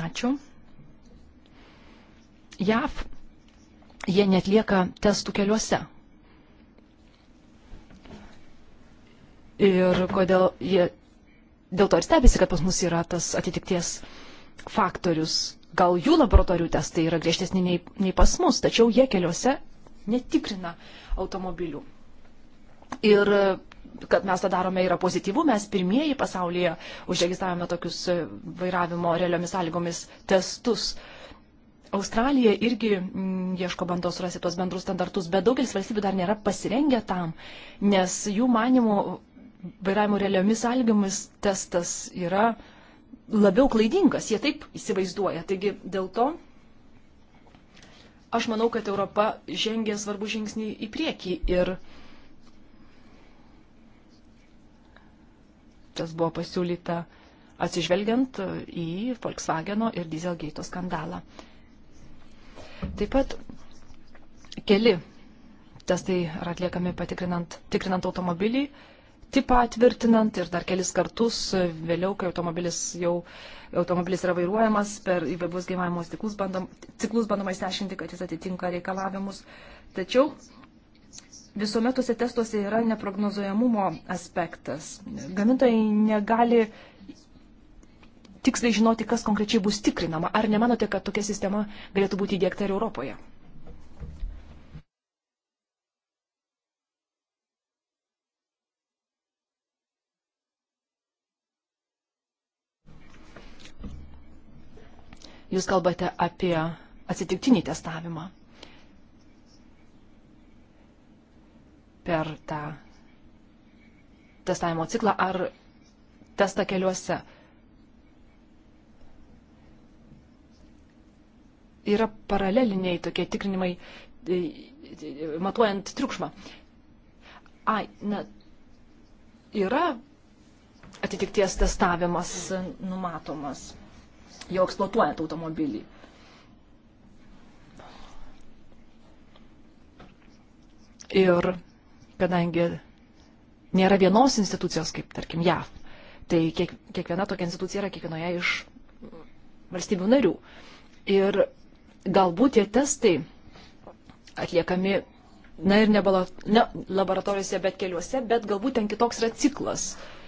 Ačiū. JAV jie netlieka testų keliuose. Ir kodėl jie dėl to ir stebisi, kad pas mus yra tas atitikties faktorius. Gal jų laboratorijų testai yra griežtesni nei, nei pas mus, tačiau jie keliuose netikrina automobilių. Ir kad mes tą darome yra pozityvu, mes pirmieji pasaulyje užregistravome tokius vairavimo realiomis sąlygomis testus. Australija irgi m, mm, ieško bandos surasti tuos bendrus standartus, bet daugelis valstybių dar nėra pasirengę tam, nes jų manimų vairavimo realiomis sąlygomis testas yra labiau klaidingas, jie taip įsivaizduoja. Taigi dėl to aš manau, kad Europa žengė svarbų žingsnį į priekį ir tas buvo pasiūlyta atsižvelgiant į Volkswageno ir Dieselgate skandalą. Taip pat keli testai yra atliekami patikrinant tikrinant automobilį, tipą tvirtinant ir dar kelis kartus vėliau, kai automobilis jau automobilis yra vairuojamas, per įvairius gyvavimo ciklus, bandom, ciklus bandoma įsiaiškinti, kad jis atitinka reikalavimus. Tačiau visuomet tuose testuose yra neprognozuojamumo aspektas. Gamintojai negali tiksliai žinoti, kas konkrečiai bus tikrinama. Ar nemanote, kad tokia sistema galėtų būti įdėkta ir Europoje? Jūs kalbate apie atsitiktinį testavimą per tą testavimo ciklą ar testą keliuose. Yra paraleliniai tokie tikrinimai, e, matuojant triukšmą. Ai, na, yra atitikties testavimas numatomas jau eksploatuojant automobilį. Ir kadangi nėra vienos institucijos, kaip tarkim JAV, tai kiek, kiekviena tokia institucija yra kiekvienoje iš valstybių narių. Ir galbūt tie testai atliekami, na ir ne, ne laboratorijose, bet keliuose, bet galbūt ten kitoks yra ciklas. Uh,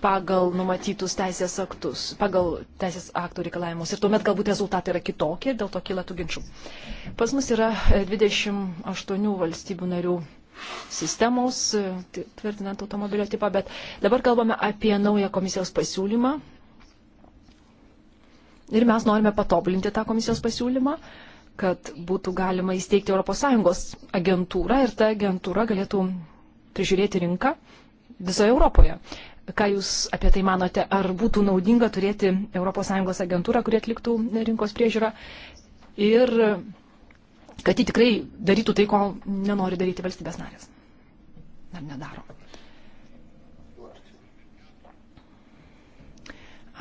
pagal numatytus teisės aktus, pagal teisės aktų reikalavimus. Ir tuomet galbūt rezultatai yra kitokie ir dėl to kyla tų ginčių. Pas mus yra 28 valstybių narių sistemos, e, tvirtinant automobilio tipą, bet dabar kalbame apie naują komisijos pasiūlymą. Ir mes norime patobulinti tą komisijos pasiūlymą, kad būtų galima įsteigti ES agentūrą ir ta agentūra galėtų prižiūrėti rinką visoje Europoje. Ką Jūs apie tai manote? Ar būtų naudinga turėti ES agentūrą, kuri atliktų rinkos priežiūrą ir kad ji tikrai darytų tai, ko nenori daryti valstybės narės? Ar nedaro?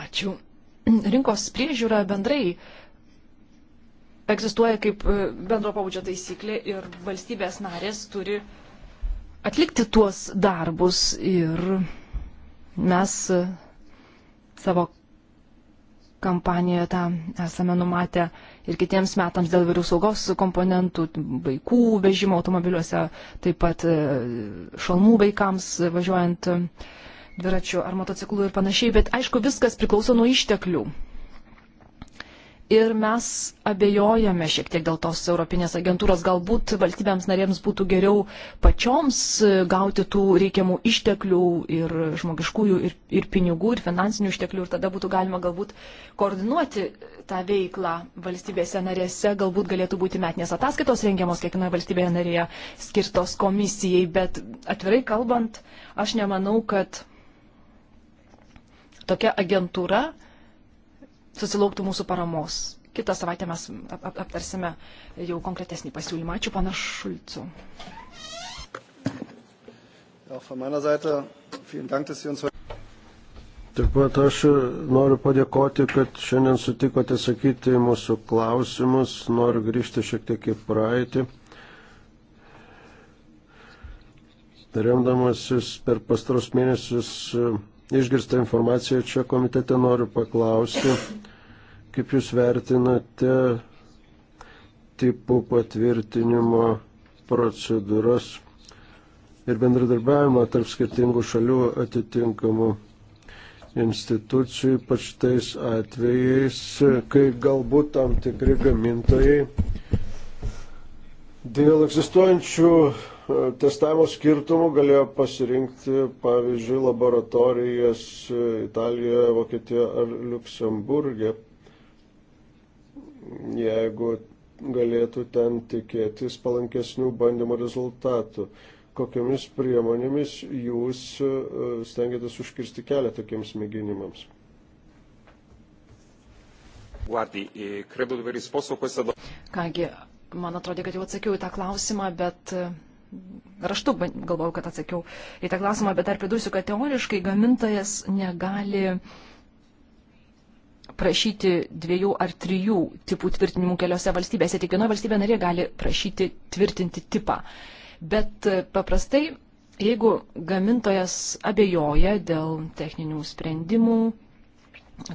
Ačiū. Rinkos priežiūra bendrai egzistuoja kaip bendro pabudžio taisyklė ir valstybės narės turi atlikti tuos darbus ir Mes e, savo kampanijoje tą esame numatę ir kitiems metams dėl vairių saugos komponentų, vaikų vežimo automobiliuose, taip pat e, šalmų vaikams važiuojant e, dviračiu ar motociklu ir panašiai, bet aišku, viskas priklauso nuo išteklių. Ir mes abejojame šiek tiek dėl tos Europinės agentūros. Galbūt valstybėms narėms būtų geriau pačioms e, gauti tų reikiamų išteklių ir žmogiškųjų, ir, ir pinigų, ir finansinių išteklių. Ir tada būtų galima galbūt koordinuoti e, tą veiklą valstybėse narėse. Galbūt galėtų būti metinės ataskaitos rengiamos kiekvienoje valstybėje narėje skirtos komisijai. Bet atvirai kalbant, aš nemanau, kad tokia agentūra susilauktų mūsų paramos. Kitą savaitę mes aptarsime jau konkretesnį pasiūlymą. Ačiū pana Šulcu. Taip pat aš noriu padėkoti, kad šiandien sutikote sakyti mūsų klausimus. Noriu grįžti šiek tiek į praeitį. Remdamasis per pastaros mėnesius išgirstą informaciją čia komitete noriu paklausti, kaip Jūs vertinate tipų patvirtinimo procedūras ir bendradarbiavimą tarp skirtingų šalių atitinkamų institucijų, ypač tais atvejais, kai galbūt tam tikri gamintojai dėl egzistuojančių E, testavimo skirtumų galėjo pasirinkti, pavyzdžiui, laboratorijas e, Italijoje, Vokietijoje ar Luksemburgė, jeigu galėtų ten tikėtis palankesnių bandymo rezultatų. Kokiamis priemonėmis jūs e, stengiatės užkirsti kelią tokiems mėginimams? Kągi, man atrodo, kad jau atsakiau į tą klausimą, bet raštu galvojau, kad atsakiau į tą klausimą, bet dar pridursiu, kad teoriškai gamintojas negali prašyti dviejų ar trijų tipų tvirtinimų keliose valstybėse. Tik viena valstybė narė gali prašyti tvirtinti tipą. Bet e, paprastai, jeigu gamintojas abejoja dėl techninių sprendimų,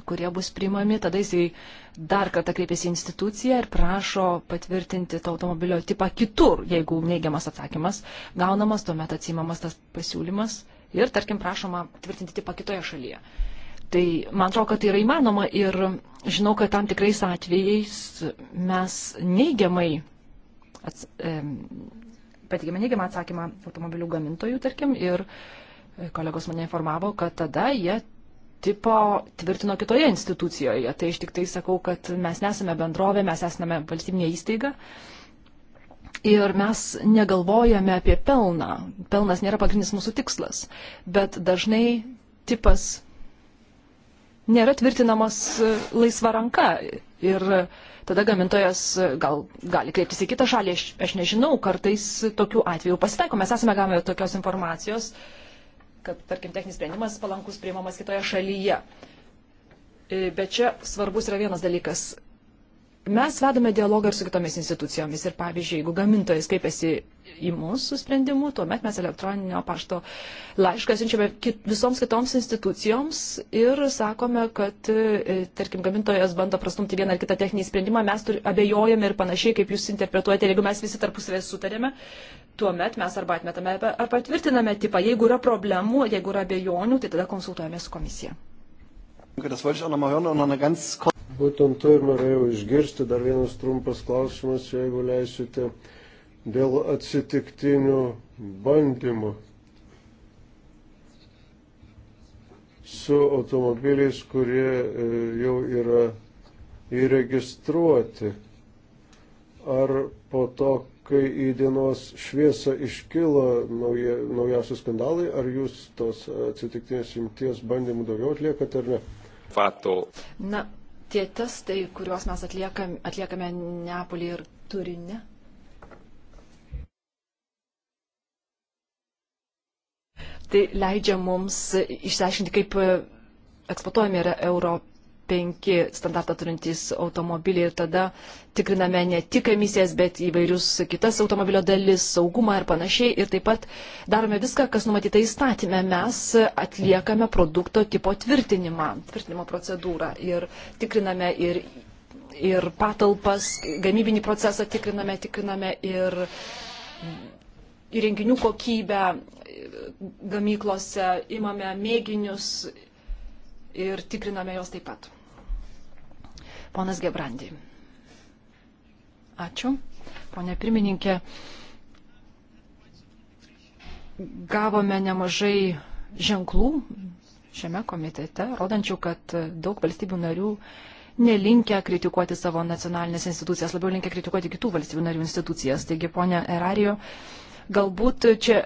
kurie bus primami, tada jisai dar kartą kreipiasi į instituciją ir prašo patvirtinti to automobilio tipą kitur, jeigu neigiamas atsakymas gaunamas, tuomet atsimamas tas pasiūlymas ir, tarkim, prašoma tvirtinti tipą kitoje šalyje. Tai man atrodo, kad tai yra įmanoma ir žinau, kad tam tikrais atvejais mes neigiamai ats, e, patikime neigiamą atsakymą automobilių gamintojų, tarkim, ir kolegos mane informavo, kad tada jie tipo tvirtino kitoje institucijoje. Tai aš tik tai sakau, kad mes nesame bendrovė, mes esame valstybinė įstaiga. Ir mes negalvojame apie pelną. Pelnas nėra pagrindinis mūsų tikslas. Bet dažnai tipas nėra tvirtinamas laisva ranka. Ir tada gamintojas gal gali kreiptis į kitą šalį, aš, aš nežinau, kartais tokių atvejų pasitaiko. Mes esame gavę tokios informacijos, uh, kad, tarkim, techninis sprendimas palankus priimamas kitoje šalyje. E, bet čia svarbus yra vienas dalykas Mes vedame dialogą ir su kitomis institucijomis ir pavyzdžiui, jeigu gamintojas kreipiasi į mūsų sprendimu, tuomet mes elektroninio pašto laišką siunčiame kit, visoms kitoms institucijoms ir sakome, kad, e, tarkim, gamintojas bando prastumti vieną ar kitą techninį sprendimą, mes turi, abejojame ir panašiai, kaip jūs interpretuojate, ir jeigu mes visi tarpusavės sutarėme, tuomet mes arba atmetame, ar patvirtiname tipą. Jeigu yra problemų, jeigu yra abejonių, tai tada konsultuojame su komisija. Das wollte ich auch nochmal hören und noch eine ganz kurze. Būtent to ir norėjau išgirsti. Dar vienas trumpas klausimas, jeigu leisite, dėl atsitiktinių bandymų su automobiliais, kurie e, jau yra įregistruoti. Ar po to, kai į dienos šviesą iškilo nauja, naujausi skandalai, ar jūs tos atsitiktinės jungties bandymų daugiau atliekate ar ne? Fato. Na, tie testai, kuriuos mes atliekam, atliekame Neapolį ir Turinę. Tai leidžia mums išsiaiškinti, kaip eksploatuojami yra Europos 5 standartą turintys automobiliai ir tada tikriname ne tik emisijas, bet įvairius kitas automobilio dalis, saugumą ir panašiai. Ir taip pat darome viską, kas numatyta įstatymė. Mes atliekame produkto tipo tvirtinimą, tvirtinimo procedūrą ir tikriname ir ir patalpas, gamybinį procesą tikriname, tikriname ir įrenginių kokybę gamyklose, imame mėginius ir tikriname juos taip pat. Ponas Gebrandi. Ačiū. Pone pirmininkė, gavome nemažai ženklų šiame komitete, rodančių, kad daug valstybių narių nelinkia kritikuoti savo nacionalinės institucijas, labiau linkia kritikuoti kitų valstybių narių institucijas. Taigi, ponė Erarijo, galbūt čia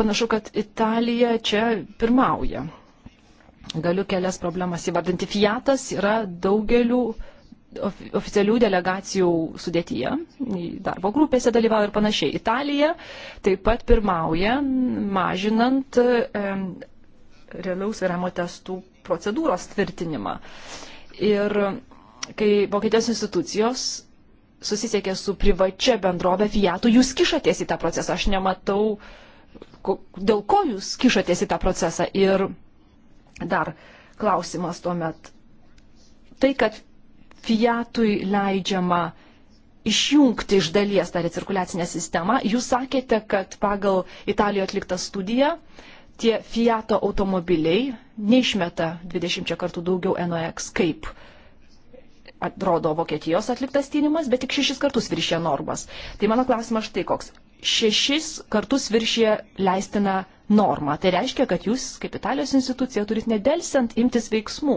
panašu, kad Italija čia pirmauja Galiu kelias problemas įvardinti. Fiatas yra daugelių oficialių delegacijų sudėtyje, darbo grupėse dalyvauja ir panašiai. Italija taip pat pirmauja, mažinant e, realiaus vairavimo testų procedūros tvirtinimą. Ir kai Vokietijos institucijos susisiekė su privačia bendrovė Fiatu, jūs kišatės į tą procesą. Aš nematau, dėl ko jūs kišatės į tą procesą. Ir Dar klausimas tuomet. Tai, kad Fiatui leidžiama išjungti iš dalies tą recirkuliacinę sistemą, jūs sakėte, kad pagal Italijoje atliktą studiją tie Fiato automobiliai neišmeta 20 kartų daugiau NOX, kaip atrodo Vokietijos atliktas tyrimas, bet tik 6 kartus viršė normas. Tai mano klausimas štai koks. 6 kartus viršė leistina normą. Tai reiškia, kad jūs, kaip Italijos institucija, turit nedelsiant imtis veiksmų.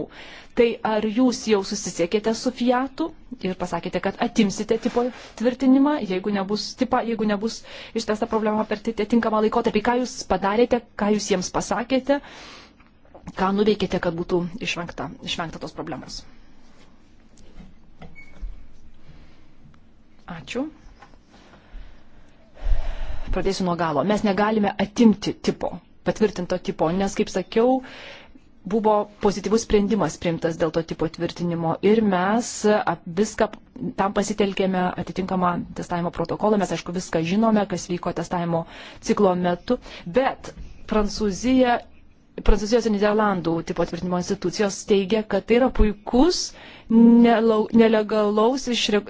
Tai ar jūs jau susisiekėte su Fiatu ir pasakėte, kad atimsite tipo tvirtinimą, jeigu nebus, tipa, jeigu nebus ištesta problema per tinkamą laikotarpį, ką jūs padarėte, ką jūs jiems pasakėte, ką nuveikėte, kad būtų išvengta, išvengta tos problemos. Ačiū pradėsiu nuo galo. Mes negalime atimti tipo, patvirtinto tipo, nes, kaip sakiau, buvo pozityvus sprendimas priimtas dėl to tipo tvirtinimo ir mes viską tam pasitelkėme atitinkamą testavimo protokolą, mes aišku viską žinome, kas vyko testavimo ciklo metu, bet Prancūzija, Prancūzijos ir Niderlandų tipo tvirtinimo institucijos teigia, kad tai yra puikus nelau, nelegalaus išre,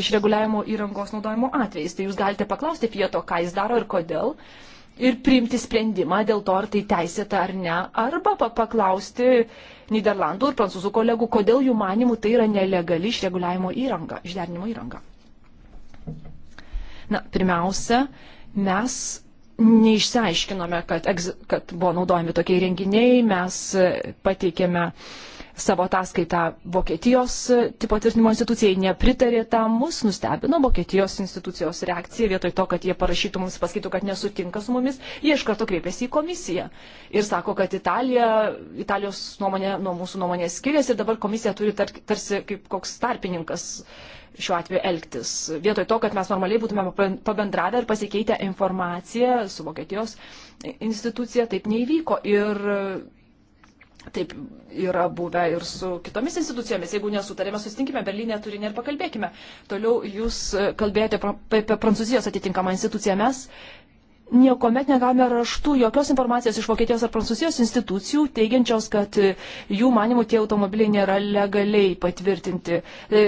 išreguliavimo įrangos naudojimo atvejais. Tai jūs galite paklausti Fieto, ką jis daro ir kodėl, ir priimti sprendimą dėl to, ar tai teisėta ar ne, arba paklausti Niderlandų ir prancūzų kolegų, kodėl jų manimų tai yra nelegali išreguliavimo įranga, išderinimo įranga. Na, pirmiausia, mes neišsiaiškinome, kad, kad buvo naudojami tokie renginiai, mes pateikėme uh, savo ataskaitą Vokietijos e, tipo tvirtinimo institucijai nepritarė tam, mus nustebino Vokietijos institucijos reakcija, vietoj to, kad jie parašytų mums, pasakytų, kad nesutinka su mumis, jie iš karto kreipėsi į komisiją ir sako, kad Italija, Italijos nuomonė nuo mūsų nuomonės skiriasi ir dabar komisija turi tar, tarsi kaip koks tarpininkas šiuo atveju elgtis. Vietoj to, kad mes normaliai būtume pabendravę ir pasikeitę informaciją su Vokietijos institucija, taip neįvyko. Ir Taip yra buvę ir su kitomis institucijomis. Jeigu nesutarėme, susitinkime Berlyne turinį ir pakalbėkime. Toliau jūs kalbėjote apie Prancūzijos atitinkamą instituciją. Mes niekuomet negavome raštų jokios informacijos iš Vokietijos ar Prancūzijos institucijų, teigiančios, kad e, jų manimų tie automobiliai nėra legaliai patvirtinti. E,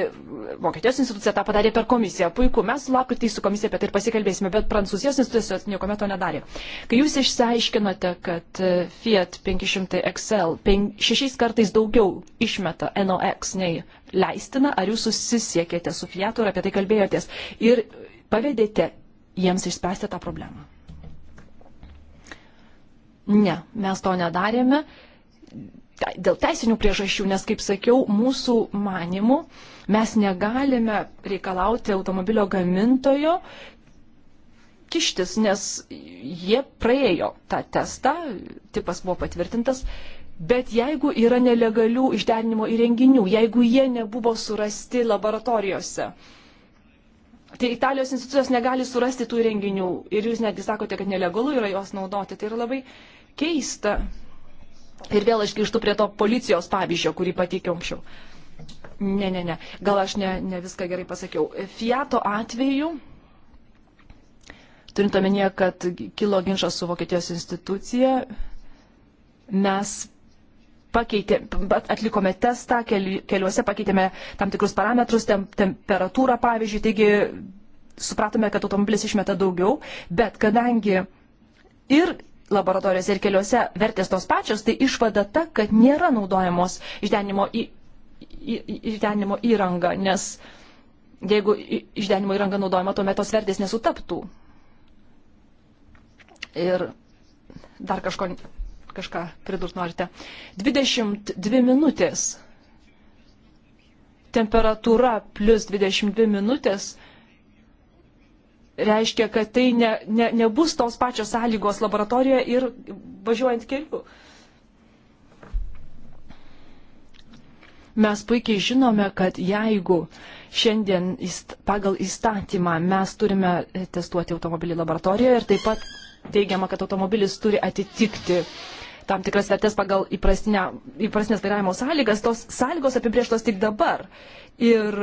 Vokietijos institucija tą padarė per komisiją. Puiku, mes lapkritį su komisija apie tai ir pasikalbėsime, bet Prancūzijos institucijos niekuomet to nedarė. Kai jūs išsiaiškinote, kad e, Fiat 500 XL šešiais kartais daugiau išmeta NOX nei leistina, ar jūs susisiekėte su Fiatu ir apie tai kalbėjotės ir pavedėte jiems išspręsti tą problemą? Ne, mes to nedarėme dėl teisinių priežasčių, nes, kaip sakiau, mūsų manimu mes negalime reikalauti automobilio gamintojo kištis, nes jie praėjo tą testą, tipas buvo patvirtintas, bet jeigu yra nelegalių išderinimo įrenginių, jeigu jie nebuvo surasti laboratorijose, Tai Italijos institucijos negali surasti tų renginių ir jūs netgi sakote, kad nelegalu yra juos naudoti. Tai yra labai keista. Ir vėl aš grįžtu prie to policijos pavyzdžio, kurį pateikiau anksčiau. Ne, ne, ne. Gal aš ne, ne viską gerai pasakiau. Fiato atveju, turint omenyje, kad kilo ginčas su Vokietijos institucija, mes pakeitė, atlikome testą, keli, keliuose pakeitėme tam tikrus parametrus, tem, temperatūrą pavyzdžiui, taigi supratome, kad automobilis išmeta daugiau, bet kadangi ir laboratorijose ir keliuose vertės tos pačios, tai išvada ta, kad nėra naudojamos išdenimo, į, į, išdenimo įranga, nes jeigu išdenimo įranga naudojama, tuomet tos vertės nesutaptų. Ir dar kažko kažką pridurt norite. 22 minutės. Temperatūra plus 22 minutės reiškia, kad tai ne, ne, nebus tos pačios sąlygos laboratorijoje ir važiuojant keliu. Mes puikiai žinome, kad jeigu šiandien pagal įstatymą mes turime testuoti automobilį laboratorijoje ir taip pat teigiama, kad automobilis turi atitikti tam tikras vertės pagal įprastinės vairavimo sąlygas, tos sąlygos apibrieštos tik dabar. Ir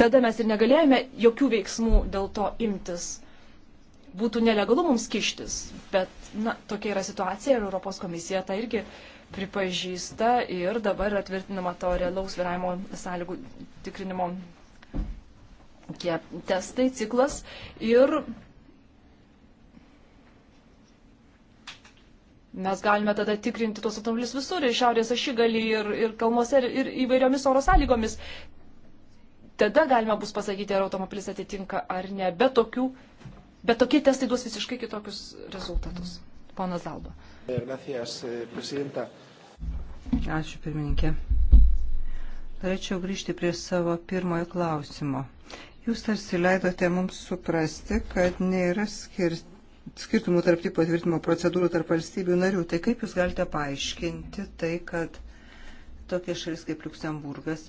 tada mes ir negalėjome jokių veiksmų dėl to imtis. Būtų nelegalu mums kištis, bet na, tokia yra situacija ir Europos komisija tą irgi pripažįsta ir dabar yra tvirtinama to realaus vairavimo sąlygų tikrinimo tie testai, ciklas ir mes galime tada tikrinti tuos automobilius visur, ir šiaurės ašigalį, ir, ir kalnuose, ir, ir įvairiomis oro sąlygomis. Tada galima bus pasakyti, ar automobilis atitinka ar ne. Bet, tokių, bet tokie testai duos visiškai kitokius rezultatus. Ponas Zalba. Eh, Ačiū, pirmininkė. Norėčiau grįžti prie savo pirmojo klausimo. Jūs tarsi leidote mums suprasti, kad nėra skirti skirtumų tarp tipo tvirtimo procedūrų tarp valstybių narių. Tai kaip Jūs galite paaiškinti tai, kad tokia šalis kaip Luksemburgas,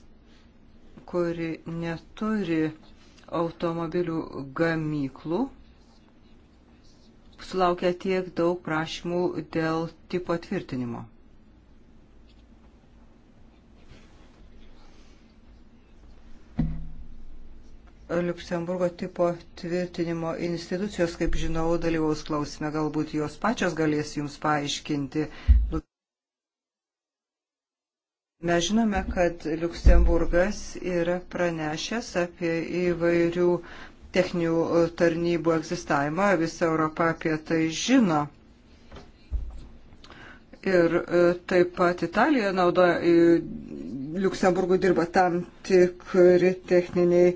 kuri neturi automobilių gamyklų, sulaukia tiek daug prašymų dėl tipo tvirtinimo? Liuksemburgo tipo tvirtinimo institucijos, kaip žinau, dalyvaus klausime, galbūt jos pačios galės jums paaiškinti. Mes žinome, kad Liuksemburgas yra pranešęs apie įvairių techninių tarnybų egzistavimą, visa Europa apie tai žino. Ir e, taip pat Italija naudoja, Liuksemburgų dirba tam tikri techniniai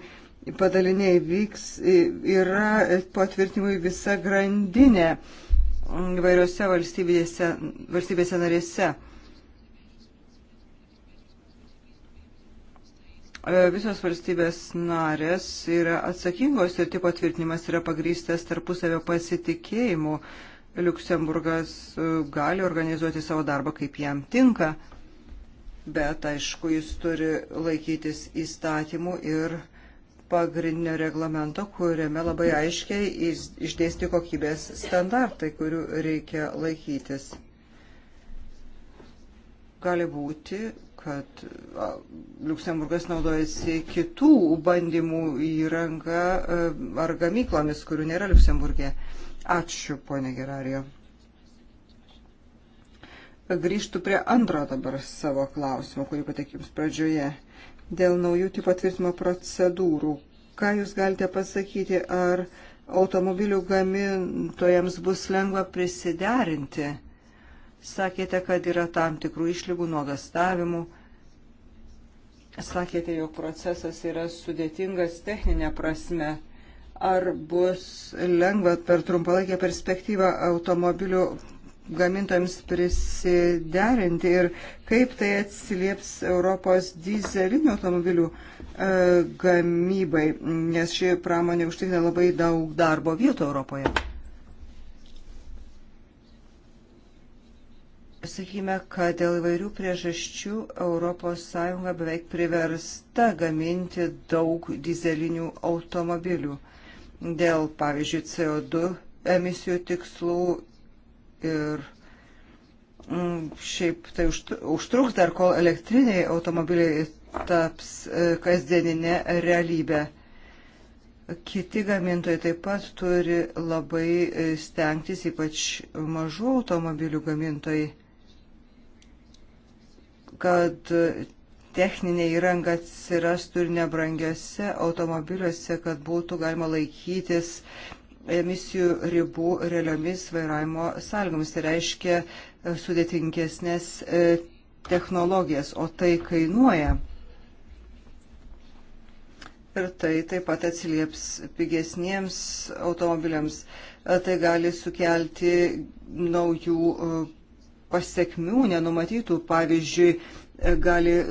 padaliniai vyks, yra patvirtimui visa grandinė įvairiose valstybėse, valstybėse narėse. E, visos valstybės narės yra atsakingos ir tipo tvirtinimas yra pagrystas tarpusavio pasitikėjimu. Liuksemburgas e, gali organizuoti savo darbą, kaip jam tinka, bet aišku, jis turi laikytis įstatymų ir pagrindinio reglamento, kuriame labai aiškiai išdėsti kokybės standartai, kurių reikia laikytis. Gali būti, kad Luksemburgas naudojasi kitų bandymų įrangą ar gamyklomis, kurių nėra Luksemburgė. Ačiū, ponė Gerarijo. Grįžtų prie antro dabar savo klausimo, kurį pateikė jums pradžioje dėl naujų tipo tvirtimo procedūrų. Ką Jūs galite pasakyti, ar automobilių gamintojams bus lengva prisiderinti? Sakėte, kad yra tam tikrų išlygų nuogastavimų. Sakėte, jog procesas yra sudėtingas techninė prasme. Ar bus lengva per trumpalaikę perspektyvą automobilių gamintojams prisiderinti ir kaip tai atsilieps Europos dizelinių automobilių e, gamybai, nes ši pramonė užtikrina labai daug darbo vietų Europoje. Sakykime, kad dėl įvairių priežasčių ES beveik priversta gaminti daug dizelinių automobilių. Dėl, pavyzdžiui, CO2 emisijų tikslų ir mm, šiaip tai užtruks dar, kol elektriniai automobiliai taps e, kasdieninė realybė. Kiti gamintojai taip pat turi labai e, stengtis, ypač mažų automobilių gamintojai, kad e, techninė įranga atsirastų ir nebrangiose automobiliuose, kad būtų galima laikytis emisijų ribų realiomis vairavimo sąlygomis. Tai reiškia e, sudėtingesnės e, technologijas, o tai kainuoja. Ir tai taip pat atsilieps pigesniems automobiliams. E, tai gali sukelti naujų pasiekmių nenumatytų, pavyzdžiui, gali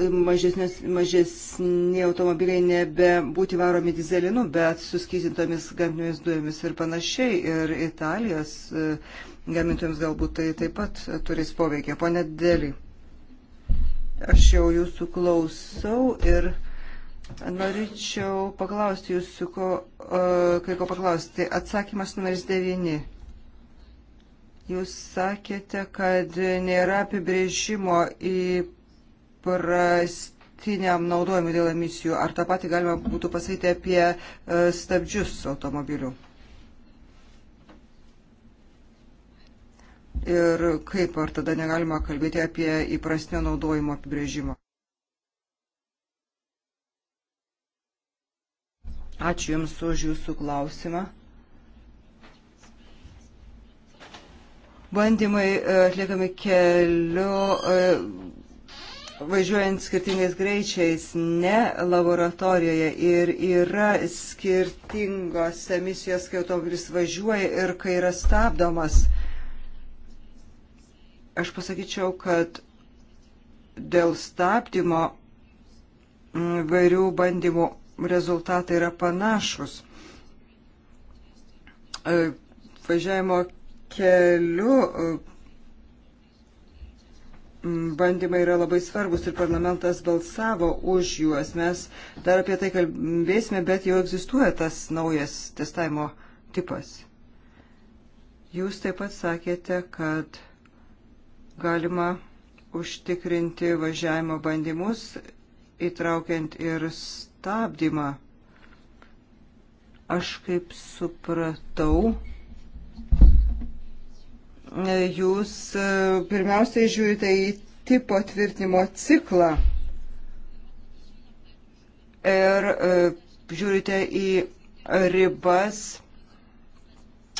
mažesni automobiliai nebebūti varomi dizelinu, bet suskyzintomis gamtinėmis dujomis ir panašiai. Ir Italijos e, gamintojams galbūt tai taip pat turės poveikį. Pone Dėlį, aš jau jūsų klausau ir. Norėčiau paklausti jūsų, ko, uh, kai ko paklausti. Atsakymas numeris 9. Jūs sakėte, kad nėra apibrėžimo į įprastiniam naudojimui dėl emisijų. Ar tą patį galima būtų pasakyti apie e, stabdžius automobilių? Ir kaip, ar tada negalima kalbėti apie įprastinio naudojimo apibrėžimą? Ačiū Jums už Jūsų klausimą. bandymai e, atliekami keliu e, važiuojant skirtingais greičiais, ne laboratorijoje ir yra skirtingos emisijos, kai automobilis važiuoja ir kai yra stabdomas. Aš pasakyčiau, kad dėl stabdymo mm, vairių bandymų rezultatai yra panašus. E, važiavimo keliu bandymai yra labai svarbus ir parlamentas balsavo už juos. Mes dar apie tai kalbėsime, bet jau egzistuoja tas naujas testavimo tipas. Jūs taip pat sakėte, kad galima užtikrinti važiavimo bandymus, įtraukiant ir stabdymą. Aš kaip supratau, jūs e, pirmiausiai žiūrite į tipo tvirtinimo ciklą ir e, žiūrite į ribas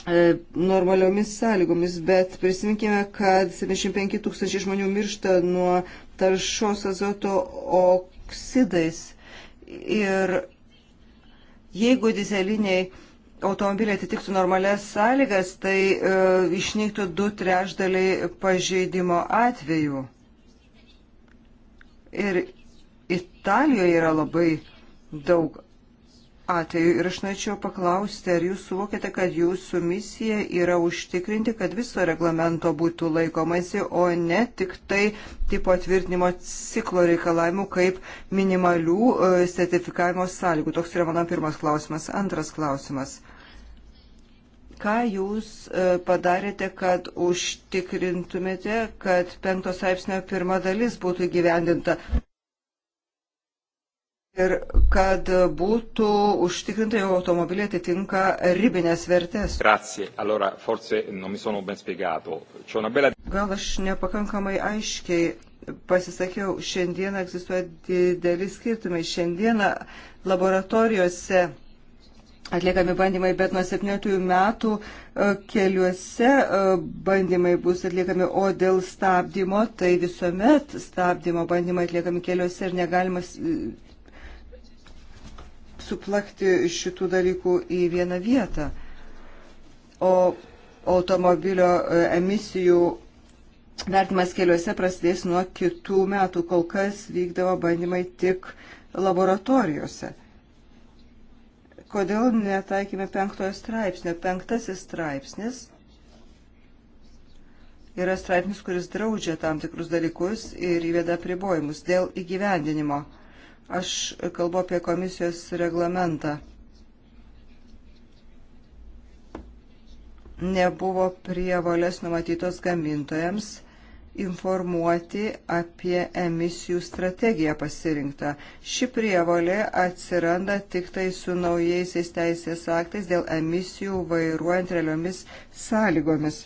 e, normaliomis sąlygomis, bet prisiminkime, kad 75 tūkstančiai žmonių miršta nuo taršos azoto oksidais. Ir jeigu dizeliniai automobiliai atitiktų normales sąlygas, tai e, išnyktų du trešdaliai pažeidimo atvejų. Ir Italijoje yra labai daug atveju ir aš norėčiau paklausti, ar jūs suvokite, kad jūsų misija yra užtikrinti, kad viso reglamento būtų laikomasi, o ne tik tai tipo atvirtinimo ciklo reikalavimų kaip minimalių e, sertifikavimo sąlygų. Toks yra mano pirmas klausimas. Antras klausimas. Ką jūs e, padarėte, kad užtikrintumėte, kad penktos straipsnio pirma dalis būtų gyvendinta? Ir kad būtų užtikrinta, jog automobiliai atitinka ribinės vertės. Allora, bella... Gal aš nepakankamai aiškiai pasisakiau, šiandieną egzistuoja dideli skirtumai. Šiandieną laboratorijose atliekami bandymai, bet nuo 17 metų e, keliuose e, bandymai bus atliekami, o dėl stabdymo, tai visuomet stabdymo bandymai atliekami keliuose ir negalima e, suplakti šitų dalykų į vieną vietą. O automobilio emisijų vertimas keliuose prasidės nuo kitų metų, kol kas vykdavo bandymai tik laboratorijose kodėl netaikėme penktojo straipsnio. Penktasis straipsnis yra straipsnis, kuris draudžia tam tikrus dalykus ir įveda pribojimus dėl įgyvendinimo. Aš kalbu apie komisijos reglamentą. Nebuvo prievalės numatytos gamintojams informuoti apie emisijų strategiją pasirinktą. Ši prievolė atsiranda tik tai su naujaisiais teisės aktais dėl emisijų vairuojant realiomis sąlygomis.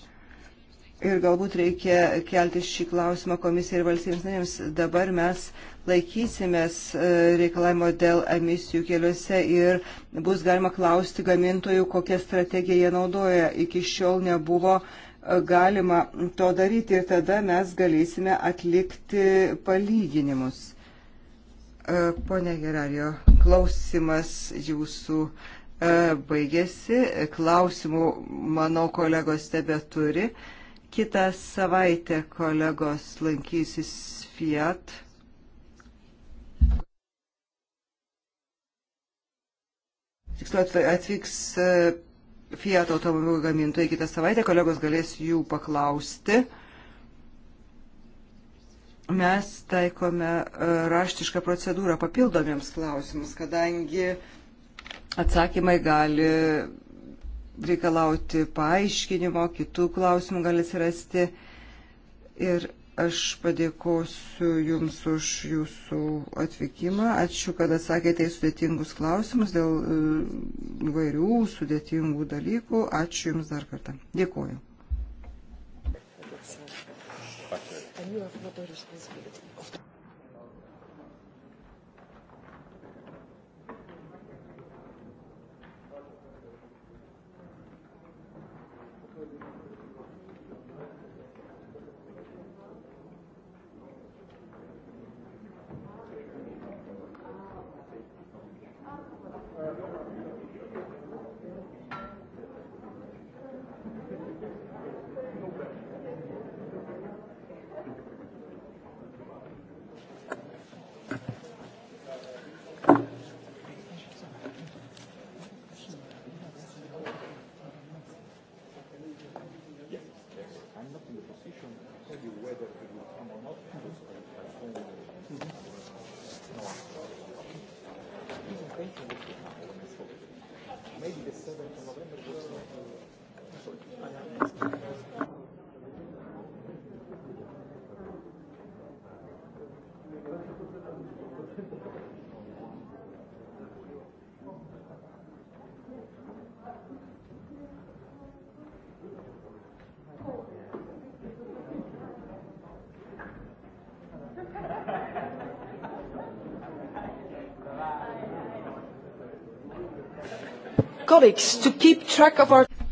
Ir galbūt reikia kelti šį klausimą komisijai ir valstybėms narėms. Dabar mes laikysimės e, reikalavimo dėl emisijų keliuose ir bus galima klausti gamintojų, kokią strategiją jie naudoja. Iki šiol nebuvo uh, galima to daryti ir tada mes galėsime atlikti palyginimus. E, pone Gerario, klausimas jūsų e, baigėsi. Klausimų mano kolegos tebe turi. Kitą savaitę kolegos lankysis Fiat. Tiksliau atvyks e, Fiat automobilių gamintojai kitą savaitę, kolegos galės jų paklausti. Mes taikome e, raštišką procedūrą papildomiems klausimams, kadangi atsakymai gali reikalauti paaiškinimo, kitų klausimų gali atsirasti. Ir Aš padėkosiu Jums už Jūsų atvykimą. Ačiū, kad atsakėte į sudėtingus klausimus dėl e, įvairių sudėtingų dalykų. Ačiū Jums dar kartą. Dėkuoju. And you have another responsibility.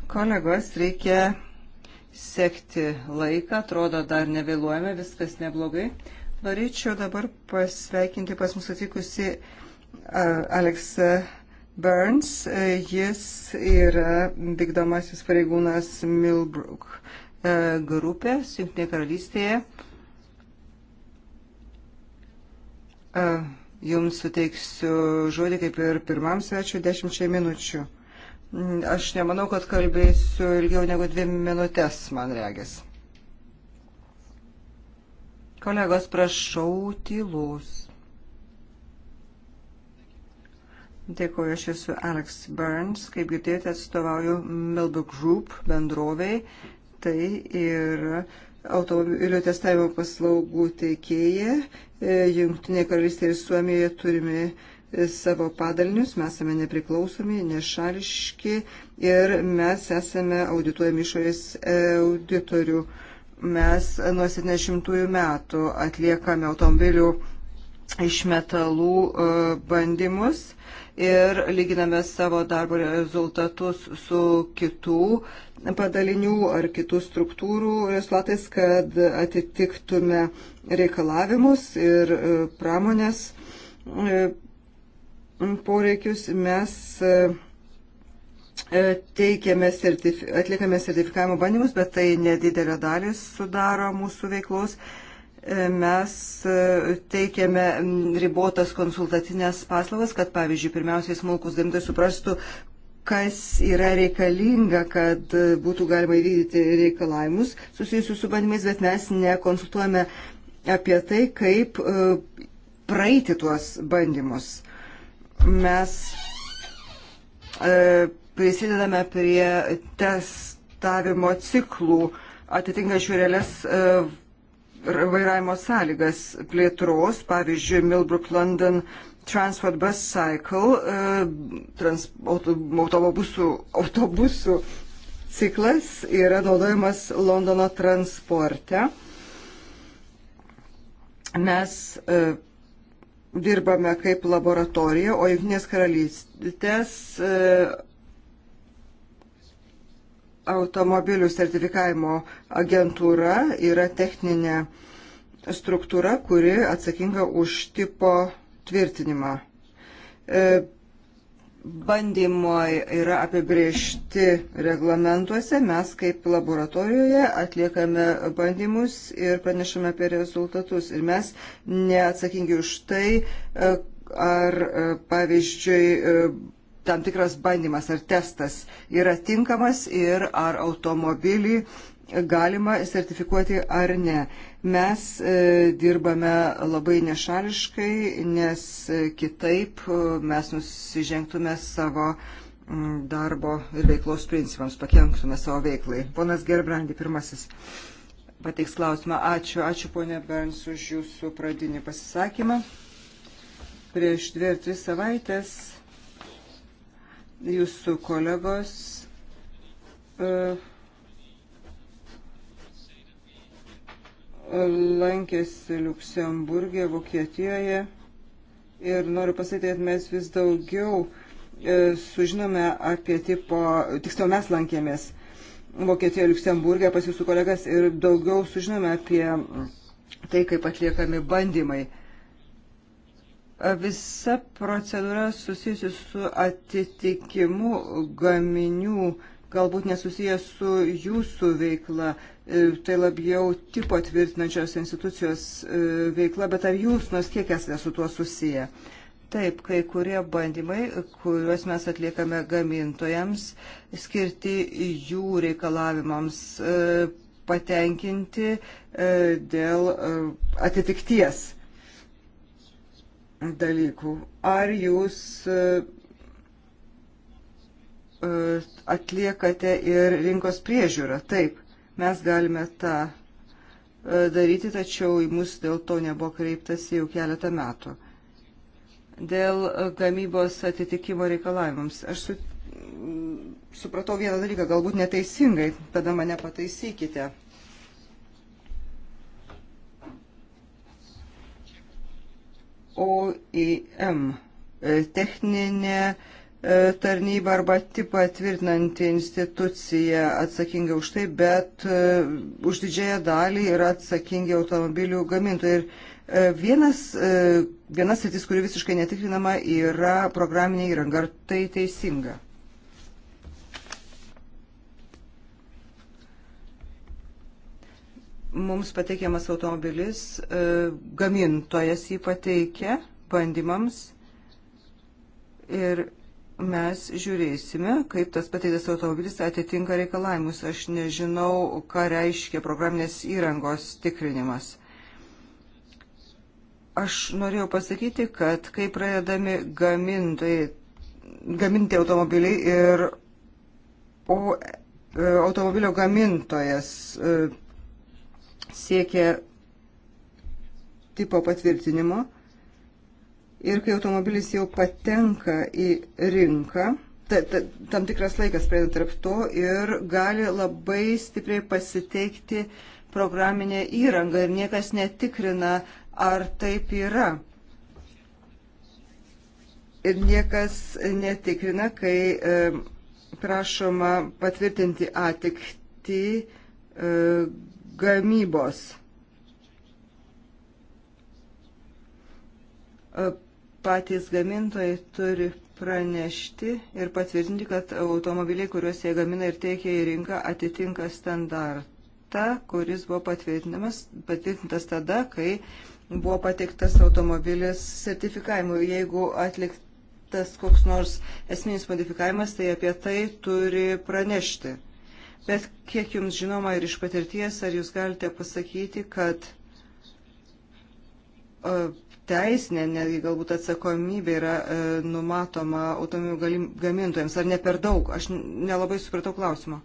Kolegos, reikia sekti laiką, atrodo, dar nevėluojame, viskas neblogai. Norėčiau dabar pasveikinti pas mus atvykusi Aleksą Burns. Jis yra vykdomasis pareigūnas Milbrook grupės Junktinėje karalystėje. Jums suteiksiu žodį kaip ir pirmam svečiu dešimčiai minučių. Aš nemanau, kad kalbėsiu ilgiau negu dvi minutės, man regis. Kolegos, prašau tylos. Dėkuoju, aš esu Alex Burns, kaip girdėjote, atstovauju Melbourne Group bendroviai. Tai yra automobilio testavimo paslaugų teikėja. Junktinė karalystė ir Suomijoje turime savo padalinius, mes esame nepriklausomi, nešališki ir mes esame audituojami išorės auditorių. Mes nuo 70-ųjų metų atliekame automobilių iš metalų e, bandymus ir lyginame savo darbo rezultatus su kitų padalinių ar kitų struktūrų rezultatais, kad atitiktume reikalavimus ir e, pramonės e, poreikius mes e, e, teikiame, sertifi, atliekame sertifikavimo bandymus, bet tai nedidelė dalis sudaro mūsų veiklos. E, mes teikiame ribotas konsultacinės paslaugas, kad pavyzdžiui, pirmiausiai smulkus gamintojai suprastų, kas yra reikalinga, kad būtų galima įvykdyti reikalavimus susijusius su bandymais, bet mes nekonsultuojame apie tai, kaip praeiti tuos bandymus mes e, prisidedame prie testavimo ciklų atitinkančių realias e, vairavimo sąlygas plėtros, pavyzdžiui, Milbrook London Transport Bus Cycle, e, trans, auto, autobusų, autobusų ciklas yra naudojamas Londono transporte. Mes e, dirbame kaip laboratorija, o Junktinės karalystės e, automobilių sertifikavimo agentūra yra techninė struktūra, kuri atsakinga už tipo tvirtinimą. E, bandymai yra apibriežti reglamentuose, mes kaip laboratorijoje atliekame bandymus ir pranešame apie rezultatus. Ir mes neatsakingi už tai, e, ar e, pavyzdžiui e, tam tikras bandymas ar testas yra tinkamas ir ar automobilį galima sertifikuoti ar ne. Mes e, dirbame labai nešališkai, nes e, kitaip e, mes nusižengtume savo darbo ir veiklos principams, pakenktume savo veiklai. Ponas Gerbrandi, pirmasis pateiks klausimą. Ačiū, ačiū ponė Berns už jūsų pradinį pasisakymą. Prieš dvi ar tris savaitės jūsų kolegos uh, lankėsi Luksemburgė, Vokietijoje ir noriu pasakyti, kad mes vis daugiau e, sužinome apie tipo, tiksliau mes lankėmės Vokietijoje, Luksemburgė pas jūsų kolegas ir daugiau sužinome apie tai, kaip atliekami bandymai. E, visa procedūra susijusi su atitikimu gaminių uh, galbūt nesusijęs su jūsų veikla, e, tai labiau tipo tvirtinančios institucijos e, veikla, bet ar jūs nors kiek esate su tuo susiję? Taip, kai kurie bandymai, kuriuos mes atliekame gamintojams, skirti jų reikalavimams e, patenkinti dėl atitikties dalykų. Ar jūs E, atliekate ir rinkos priežiūrą. Taip, mes galime tą e, daryti, tačiau į mus dėl to nebuvo kreiptas jau keletą metų. Dėl e, gamybos atitikimo reikalavimams. Aš su, supratau vieną dalyką, galbūt neteisingai, tada mane pataisykite. OIM techninė E, tarnyba arba tipą tvirtinanti institucija atsakinga už tai, bet e, už didžiąją dalį yra atsakingi automobilių gamintojai. Ir e, vienas, vienas sritis, kuri visiškai netikrinama, yra programinė įranga. Ar tai teisinga? Mums pateikiamas automobilis, gamintojas jį pateikia bandymams ir mes žiūrėsime, kaip tas pateiktas automobilis atitinka reikalavimus. Aš nežinau, ką reiškia programinės įrangos tikrinimas. Aš norėjau pasakyti, kad kai pradedami gamintai, gaminti automobiliai ir o, e, automobilio gamintojas e, siekia tipo patvirtinimo, ir kai automobilis jau patenka į rinką, ta, ta, tam tikras laikas praeina tarp to ir gali labai stipriai pasiteikti programinė įranga ir niekas netikrina, ar taip yra. Ir niekas netikrina, kai e, prašoma patvirtinti atikti e, gamybos e, patys gamintojai turi pranešti ir patvirtinti, kad automobiliai, kuriuos jie gamina ir teikia į rinką, atitinka standartą, kuris buvo patvirtintas tada, kai buvo pateiktas automobilis sertifikavimui. Jeigu atliktas koks nors esminis modifikavimas, tai apie tai turi pranešti. Bet kiek jums žinoma ir iš patirties, ar jūs galite pasakyti, kad uh, teisinė, netgi galbūt atsakomybė yra e, numatoma automobilių gamintojams, ar ne per daug? Aš nelabai supratau klausimo.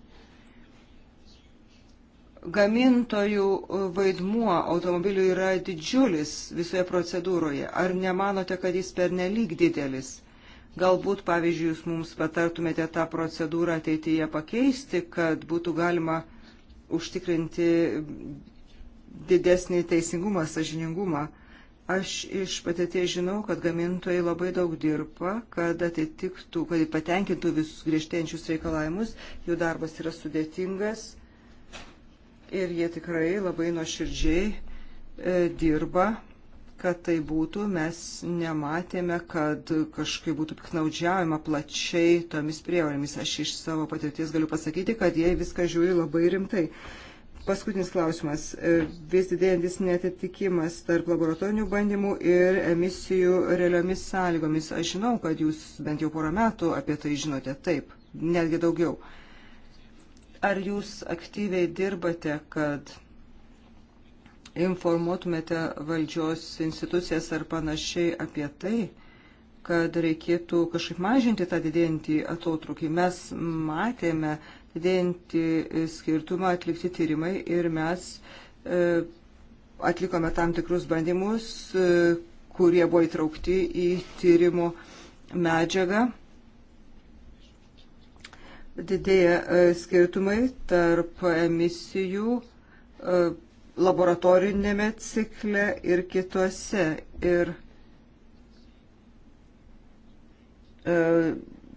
Gamintojų e, vaidmuo automobilių yra didžiulis visoje procedūroje. Ar nemanote, kad jis per nelik didelis? Galbūt, pavyzdžiui, jūs mums patartumėte tą procedūrą ateityje pakeisti, kad būtų galima užtikrinti didesnį teisingumą, sažiningumą. Uh, Aš iš patirties žinau, kad gamintojai labai daug dirba, kad atitiktų, kad patenkintų visus griežtėjančius reikalavimus, jų darbas yra sudėtingas ir jie tikrai labai nuoširdžiai e, dirba, kad tai būtų. Mes nematėme, kad kažkaip būtų piknaudžiaujama plačiai tomis prievarėmis. Aš iš savo patirties galiu pasakyti, kad jie viską žiūri labai rimtai. E, Paskutinis klausimas. E, vis didėjantis netitikimas tarp laboratorinių bandymų ir emisijų realiomis sąlygomis. Aš žinau, kad jūs bent jau porą metų apie tai žinote. Taip, netgi daugiau. Ar jūs aktyviai dirbate, kad informuotumėte valdžios institucijas ar panašiai apie tai, kad reikėtų kažkaip mažinti tą didėjantį atotrukį? Mes matėme, didinti skirtumą atlikti tyrimai ir mes e, atlikome tam tikrus bandymus, e, kurie buvo įtraukti į tyrimo medžiagą. Didėja e, skirtumai tarp emisijų laboratorinėme cikle ir kitose. Ir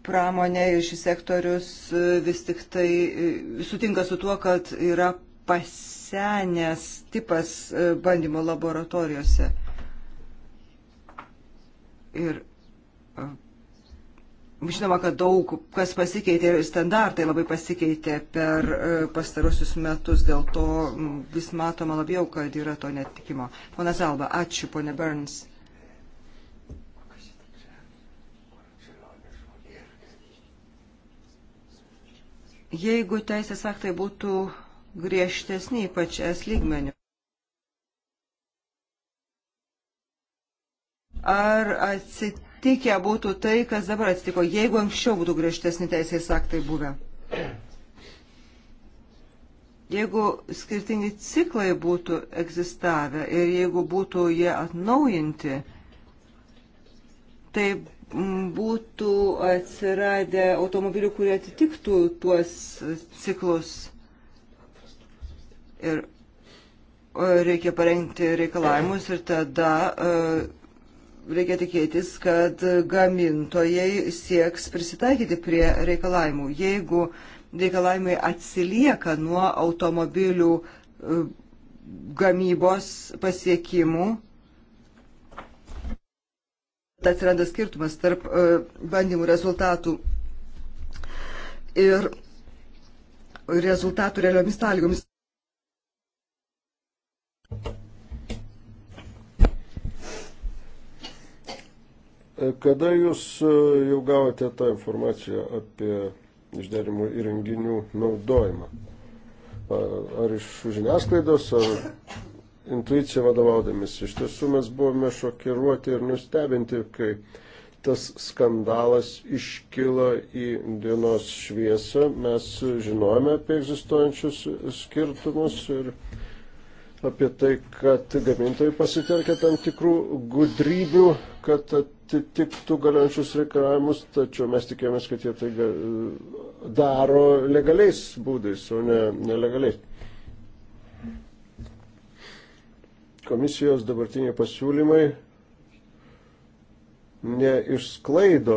pramonė ir šis sektorius e, vis tik tai e, sutinka su tuo, kad yra pasenęs tipas e, bandymo laboratorijose. Ir žinoma, kad daug kas pasikeitė ir standartai labai pasikeitė per pastarusius metus, dėl to vis matoma labiau, kad yra to netikimo. Pona Zalba, ačiū, pone Burns. Jeigu teisės aktai būtų griežtesni, ypač es lygmenių, ar atsitikę būtų tai, kas dabar atsitiko, jeigu anksčiau būtų griežtesni teisės aktai buvę? Jeigu skirtingi ciklai būtų egzistavę ir jeigu būtų jie atnaujinti, tai būtų atsiradę automobilių, kurie atitiktų tuos ciklus. Ir reikia parengti reikalavimus ir tada e, reikia tikėtis, kad gamintojai sieks prisitaikyti prie reikalavimų. Jeigu reikalavimai atsilieka nuo automobilių e, gamybos pasiekimų, atsiranda skirtumas tarp e, bandymų rezultatų ir rezultatų realiomis sąlygomis. E, kada jūs e, jau gavote tą informaciją apie išderimo įrenginių naudojimą? Ar iš žiniasklaidos, ar intuiciją vadovaudamis. Iš tiesų mes buvome šokiruoti ir nustebinti, kai tas skandalas iškilo į dienos šviesą. Mes žinojame apie egzistuojančius skirtumus ir apie tai, kad gamintojai pasitelkia tam tikrų gudrybių, kad atitiktų galiančius reikalavimus, tačiau mes tikėjomės, kad jie tai daro legaliais būdais, o ne nelegaliais. Komisijos dabartiniai pasiūlymai neišsklaido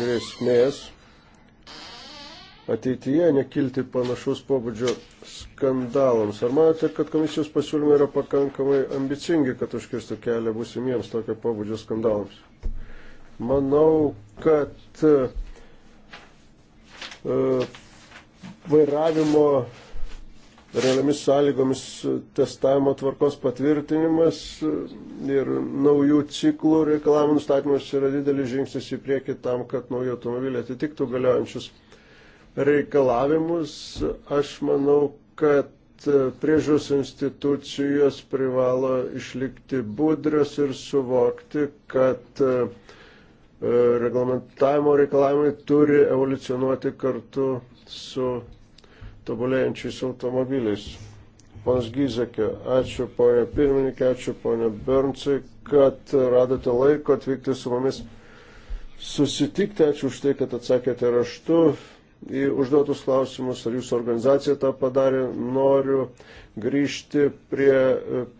grėsmės ateityje nekilti panašus pobūdžio skandalams. Ar manote, kad komisijos pasiūlymai yra pakankamai ambicingi, kad užkirstų kelią būsimiems tokio pobūdžio skandalams? Manau, kad uh, vairavimo realiomis sąlygomis testavimo tvarkos patvirtinimas ir naujų ciklų reikalavimų nustatymas yra didelis žingsnis į priekį tam, kad nauji automobiliai atitiktų galiojančius reikalavimus. Aš manau, kad priežiūros institucijos privalo išlikti budrios ir suvokti, kad e, reglamentavimo reikalavimai turi evoliucionuoti kartu su tobulėjančiais automobiliais. Pons Gizekė, ačiū ponė pirmininkė, ačiū ponė Bernsai, kad radote laiko atvykti su mumis susitikti. Ačiū už tai, kad atsakėte raštu į užduotus klausimus, ar jūsų organizacija tą padarė. Noriu grįžti prie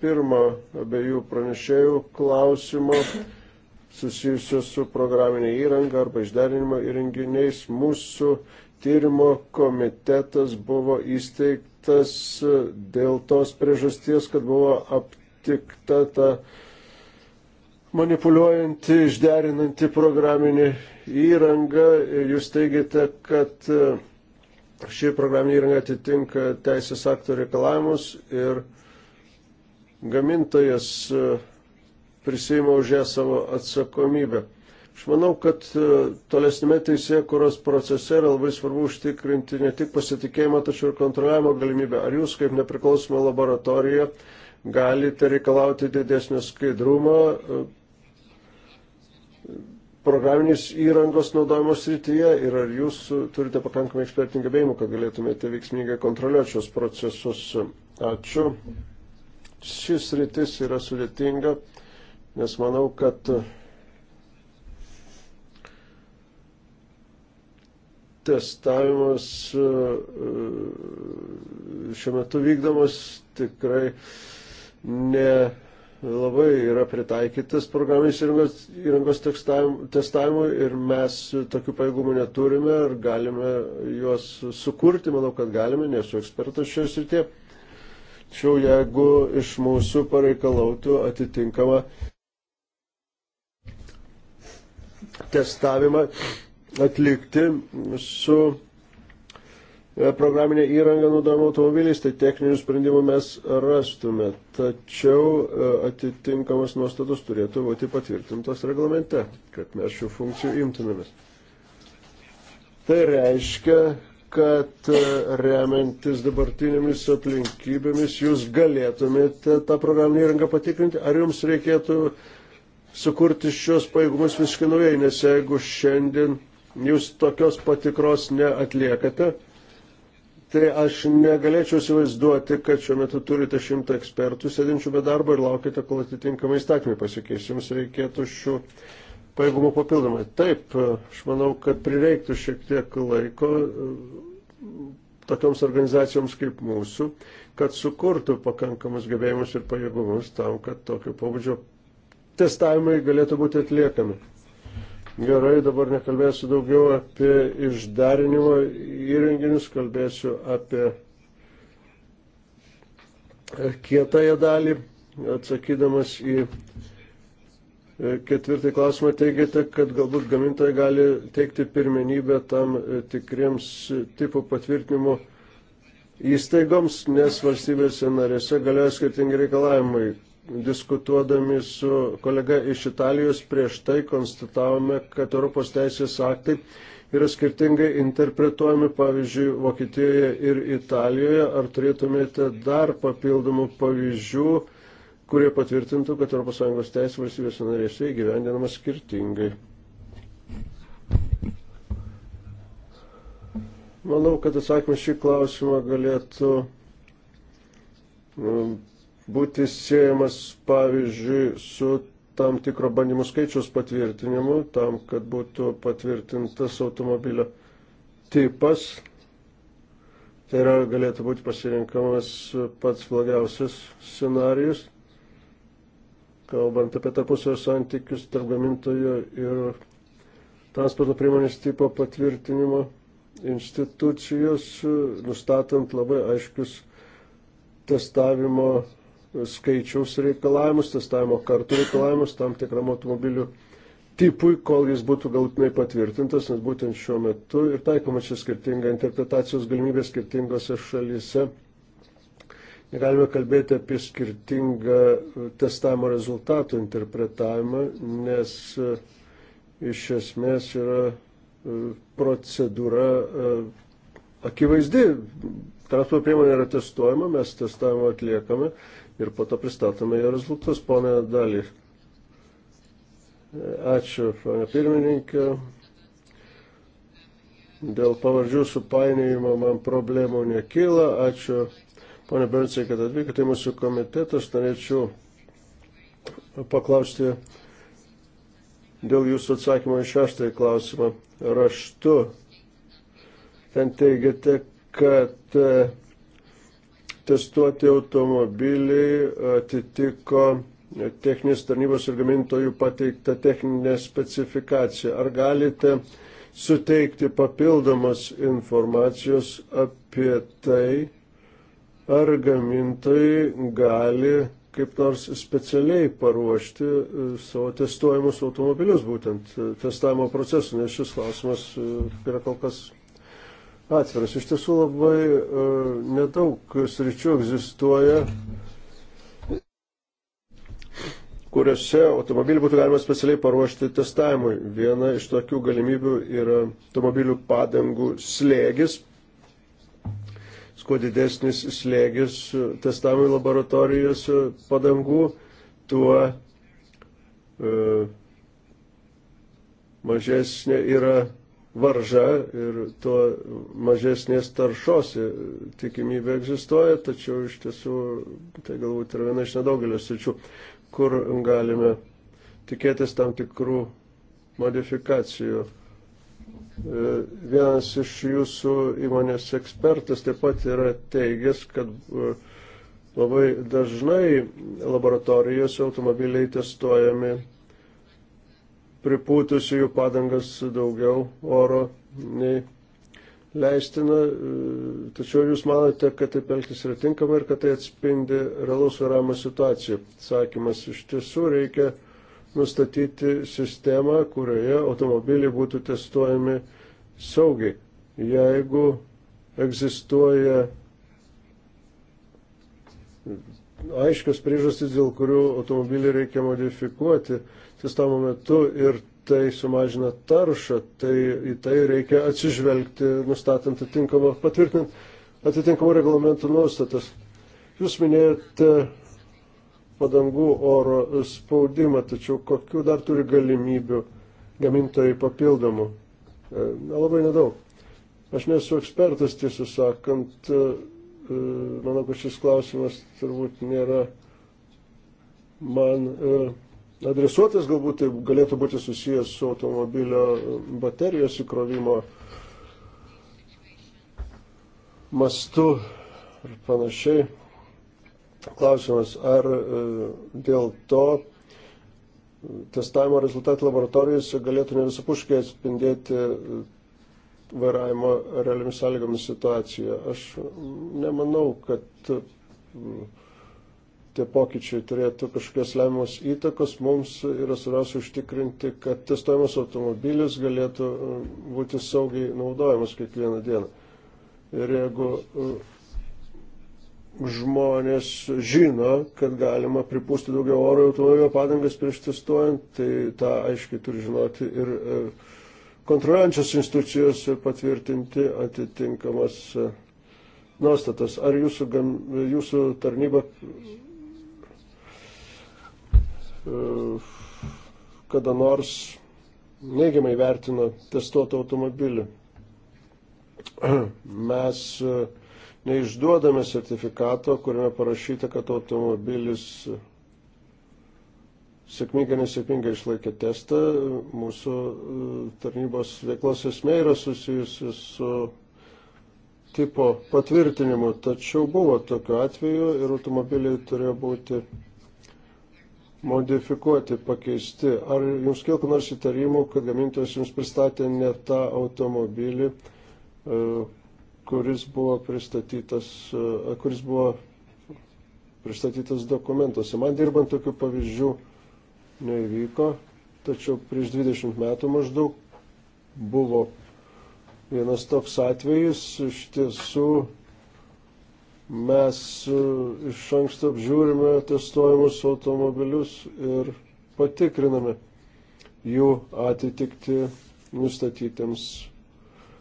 pirmo abiejų pranešėjų klausimo susijusio su programinė įranga arba išderinimo įrenginiais. Mūsų tyrimo komitetas buvo įsteigtas e, dėl tos priežasties, kad buvo aptikta ta manipuliuojanti, išderinanti programinį įrangą. Jūs teigiate, kad e, ši programinė įranga atitinka teisės aktų reikalavimus ir gamintojas e, prisima už ją savo atsakomybę. Aš manau, kad e, tolesnėme teisėkuros procese yra labai svarbu užtikrinti ne tik pasitikėjimą, tačiau ir kontroliavimo galimybę. Ar jūs kaip nepriklausoma laboratorija galite reikalauti didesnio skaidrumo e, programinės įrangos naudojimo srityje ir ar jūs turite pakankamai ekspertinių gebėjimų, kad galėtumėte veiksmingai kontroliuoti šios procesus. Ačiū. Šis rytis yra sudėtinga, nes manau, kad testavimas e, e, šiuo metu vykdomas tikrai ne labai yra pritaikytas programinės įrangos, įrangos testavimui ir mes tokių pajėgumų neturime ir galime juos sukurti, manau, kad galime, nesu ekspertas šioje srityje. Tačiau jeigu iš mūsų pareikalautų atitinkamą testavimą, atlikti su e, programinė įranga naudojama automobiliais, tai techninių sprendimų mes rastume. Tačiau e, atitinkamas nuostatus turėtų būti patvirtintos reglamente, kad mes šių funkcijų imtumėmės. Tai reiškia, kad e, remiantis dabartinėmis aplinkybėmis jūs galėtumėte tą programinę įrangą patikrinti, ar jums reikėtų sukurti šios paėgumus visiškai naujai, nes jeigu šiandien jūs tokios patikros neatliekate, tai aš negalėčiau įsivaizduoti, kad šiuo metu turite šimtą ekspertų sėdinčių be darbo ir laukite, kol atitinkamai įstatymai pasikeis. Jums reikėtų šių pajėgumų papildomai. Taip, aš manau, kad prireiktų šiek tiek laiko e, tokioms organizacijoms kaip mūsų, kad sukurtų pakankamus gebėjimus ir pajėgumus tam, kad tokio pobūdžio testavimai galėtų būti atliekami. Gerai, dabar nekalbėsiu daugiau apie išdarinimo įrenginius, kalbėsiu apie kietąją dalį, atsakydamas į e, Ketvirtai klausimą teigiate, kad galbūt gamintojai gali teikti pirmenybę tam e, tikriems e, tipų patvirtinimo įstaigoms, nes valstybėse narėse galioja skirtingi reikalavimai diskutuodami su kolega iš Italijos prieš tai konstatavome, kad Europos teisės aktai yra skirtingai interpretuojami, pavyzdžiui, Vokietijoje ir Italijoje. Ar turėtumėte dar papildomų pavyzdžių, kurie patvirtintų, kad ES teisė valstybės narėse įgyvendinama skirtingai? Manau, kad atsakymas šį klausimą galėtų um, būti siejamas, pavyzdžiui, su tam tikro bandymų skaičiaus patvirtinimu, tam, kad būtų patvirtintas automobilio tipas. Tai yra, galėtų būti pasirinkamas pats blogiausias scenarius, kalbant apie tarpusio santykius tarp gamintojo ir transporto priemonės tipo patvirtinimo institucijos, nustatant labai aiškius testavimo skaičiaus reikalavimus, testavimo kartų reikalavimus tam tikram automobilių tipui, kol jis būtų galutinai patvirtintas, nes būtent šiuo metu ir taikoma čia skirtinga interpretacijos galimybė skirtingose šalyse. Negalime kalbėti apie skirtingą uh, testavimo rezultatų interpretavimą, nes uh, iš esmės yra uh, procedūra akivaizdi. Transporto priemonė yra testuojama, mes testavimą atliekame ir po to pristatome jo rezultatus. Pone Dalį, ačiū, pone pirmininkė. Dėl pavardžių supainėjimo man problemų nekyla. Ačiū, pone Bernsai, kad atvykote į mūsų komitetą. Aš norėčiau paklausti dėl jūsų atsakymo į šeštąjį klausimą raštu. Ten teigiate, kad testuoti automobiliai atitiko techninės tarnybos ir gamintojų pateiktą techninę specifikaciją. Ar galite suteikti papildomos informacijos apie tai, ar gamintojai gali kaip nors specialiai paruošti e, savo testuojamus automobilius būtent e, testavimo procesu, nes šis klausimas e, yra kol kas atviras. Iš tiesų labai uh, nedaug sričių egzistuoja, kuriuose automobilį būtų galima specialiai paruošti testavimui. Viena iš tokių galimybių yra automobilių padangų slėgis. Kuo didesnis slėgis testavimui laboratorijose padangų, tuo uh, mažesnė yra varža ir tuo mažesnės taršos tikimybė egzistuoja, tačiau iš tiesų tai galbūt yra viena iš nedaugelio sričių, kur galime tikėtis tam tikrų modifikacijų. E, vienas iš jūsų įmonės ekspertas taip pat yra teigęs, kad e, labai dažnai laboratorijose automobiliai testuojami pripūtusi jų padangas daugiau oro nei leistina, tačiau jūs manote, kad taip elgtis yra tinkama ir kad tai atspindi realaus vairavimo situaciją. Sakymas, iš tiesų reikia nustatyti sistemą, kurioje automobiliai būtų testuojami saugiai. Jeigu egzistuoja aiškios priežastys, dėl kurių automobilį reikia modifikuoti, testavimo metu ir tai sumažina taršą, tai į tai reikia atsižvelgti, nustatant atitinkamą, patvirtinant atitinkamų reglamentų nuostatas. Jūs minėjote padangų oro spaudimą, tačiau kokiu dar turi galimybių gamintojai papildomų? E, Labai nedaug. Aš nesu ekspertas, tiesą sakant, e, manau, kad šis klausimas turbūt nėra man e, adresuotas, galbūt tai galėtų būti susijęs su automobilio baterijos įkrovimo mastu ir panašiai. Klausimas, ar e, dėl to testavimo rezultatai laboratorijose galėtų ne visapuškai atspindėti e, vairavimo realiomis sąlygomis situaciją. Aš nemanau, kad tie pokyčiai turėtų kažkokios lemiamos įtakos, mums yra svarbiausia užtikrinti, kad testuojamas automobilis galėtų e, būti saugiai naudojamas kiekvieną dieną. Ir jeigu e, žmonės žino, kad galima pripūsti daugiau oro į automobilio padangas prieš testuojant, tai tą aiškiai turi žinoti ir e, kontroliuojančios institucijos ir patvirtinti atitinkamas nuostatas. Ar jūsų, jūsų tarnyba E, kada nors neigiamai vertino testuotą automobilį. [CLEARS THROAT] Mes e, neišduodame sertifikato, kuriame parašyta, kad automobilis e, sėkmingai, nesėkmingai išlaikė testą. Mūsų tarnybos veiklos esmė yra susijusi su tipo patvirtinimu, tačiau buvo tokiu atveju ir automobiliai turėjo būti modifikuoti, pakeisti. Ar jums kilko nors įtarimų, kad gamintojas jums pristatė ne tą automobilį, e, kuris buvo pristatytas, e, kuris buvo pristatytas dokumentuose. Man dirbant tokių pavyzdžių nevyko, tačiau prieš 20 metų maždaug buvo vienas toks atvejis, iš tiesų Mes e, iš anksto apžiūrime testuojamus automobilius ir patikriname jų atitikti nustatytiems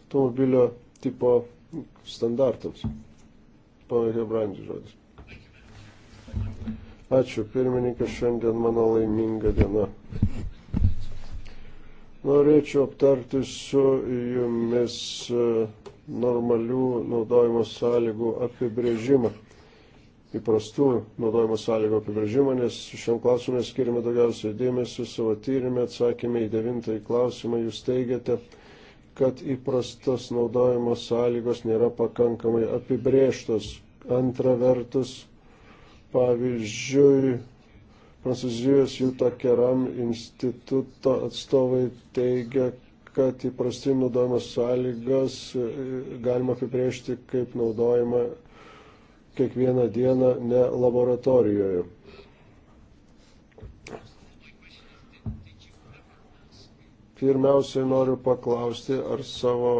automobilio tipo standartams. Pana Hebrandi žodis. Ačiū, pirmininkas, šiandien mano laiminga diena. Norėčiau aptarti su jumis. Uh, normalių naudojimo sąlygų apibrėžimą, įprastų naudojimo sąlygų apibrėžimą, nes šiam klausimui skirime daugiausiai dėmesio savo tyrimė, atsakymė į devintąjį klausimą, jūs teigiate, kad įprastos naudojimo sąlygos nėra pakankamai apibrėžtos. Antra vertus, pavyzdžiui, Prancūzijos Juta Keram instituto atstovai teigia, kad įprastai naudojamas sąlygas e, galima apibrėžti kaip naudojama kiekvieną dieną ne laboratorijoje. Pirmiausiai noriu paklausti, ar savo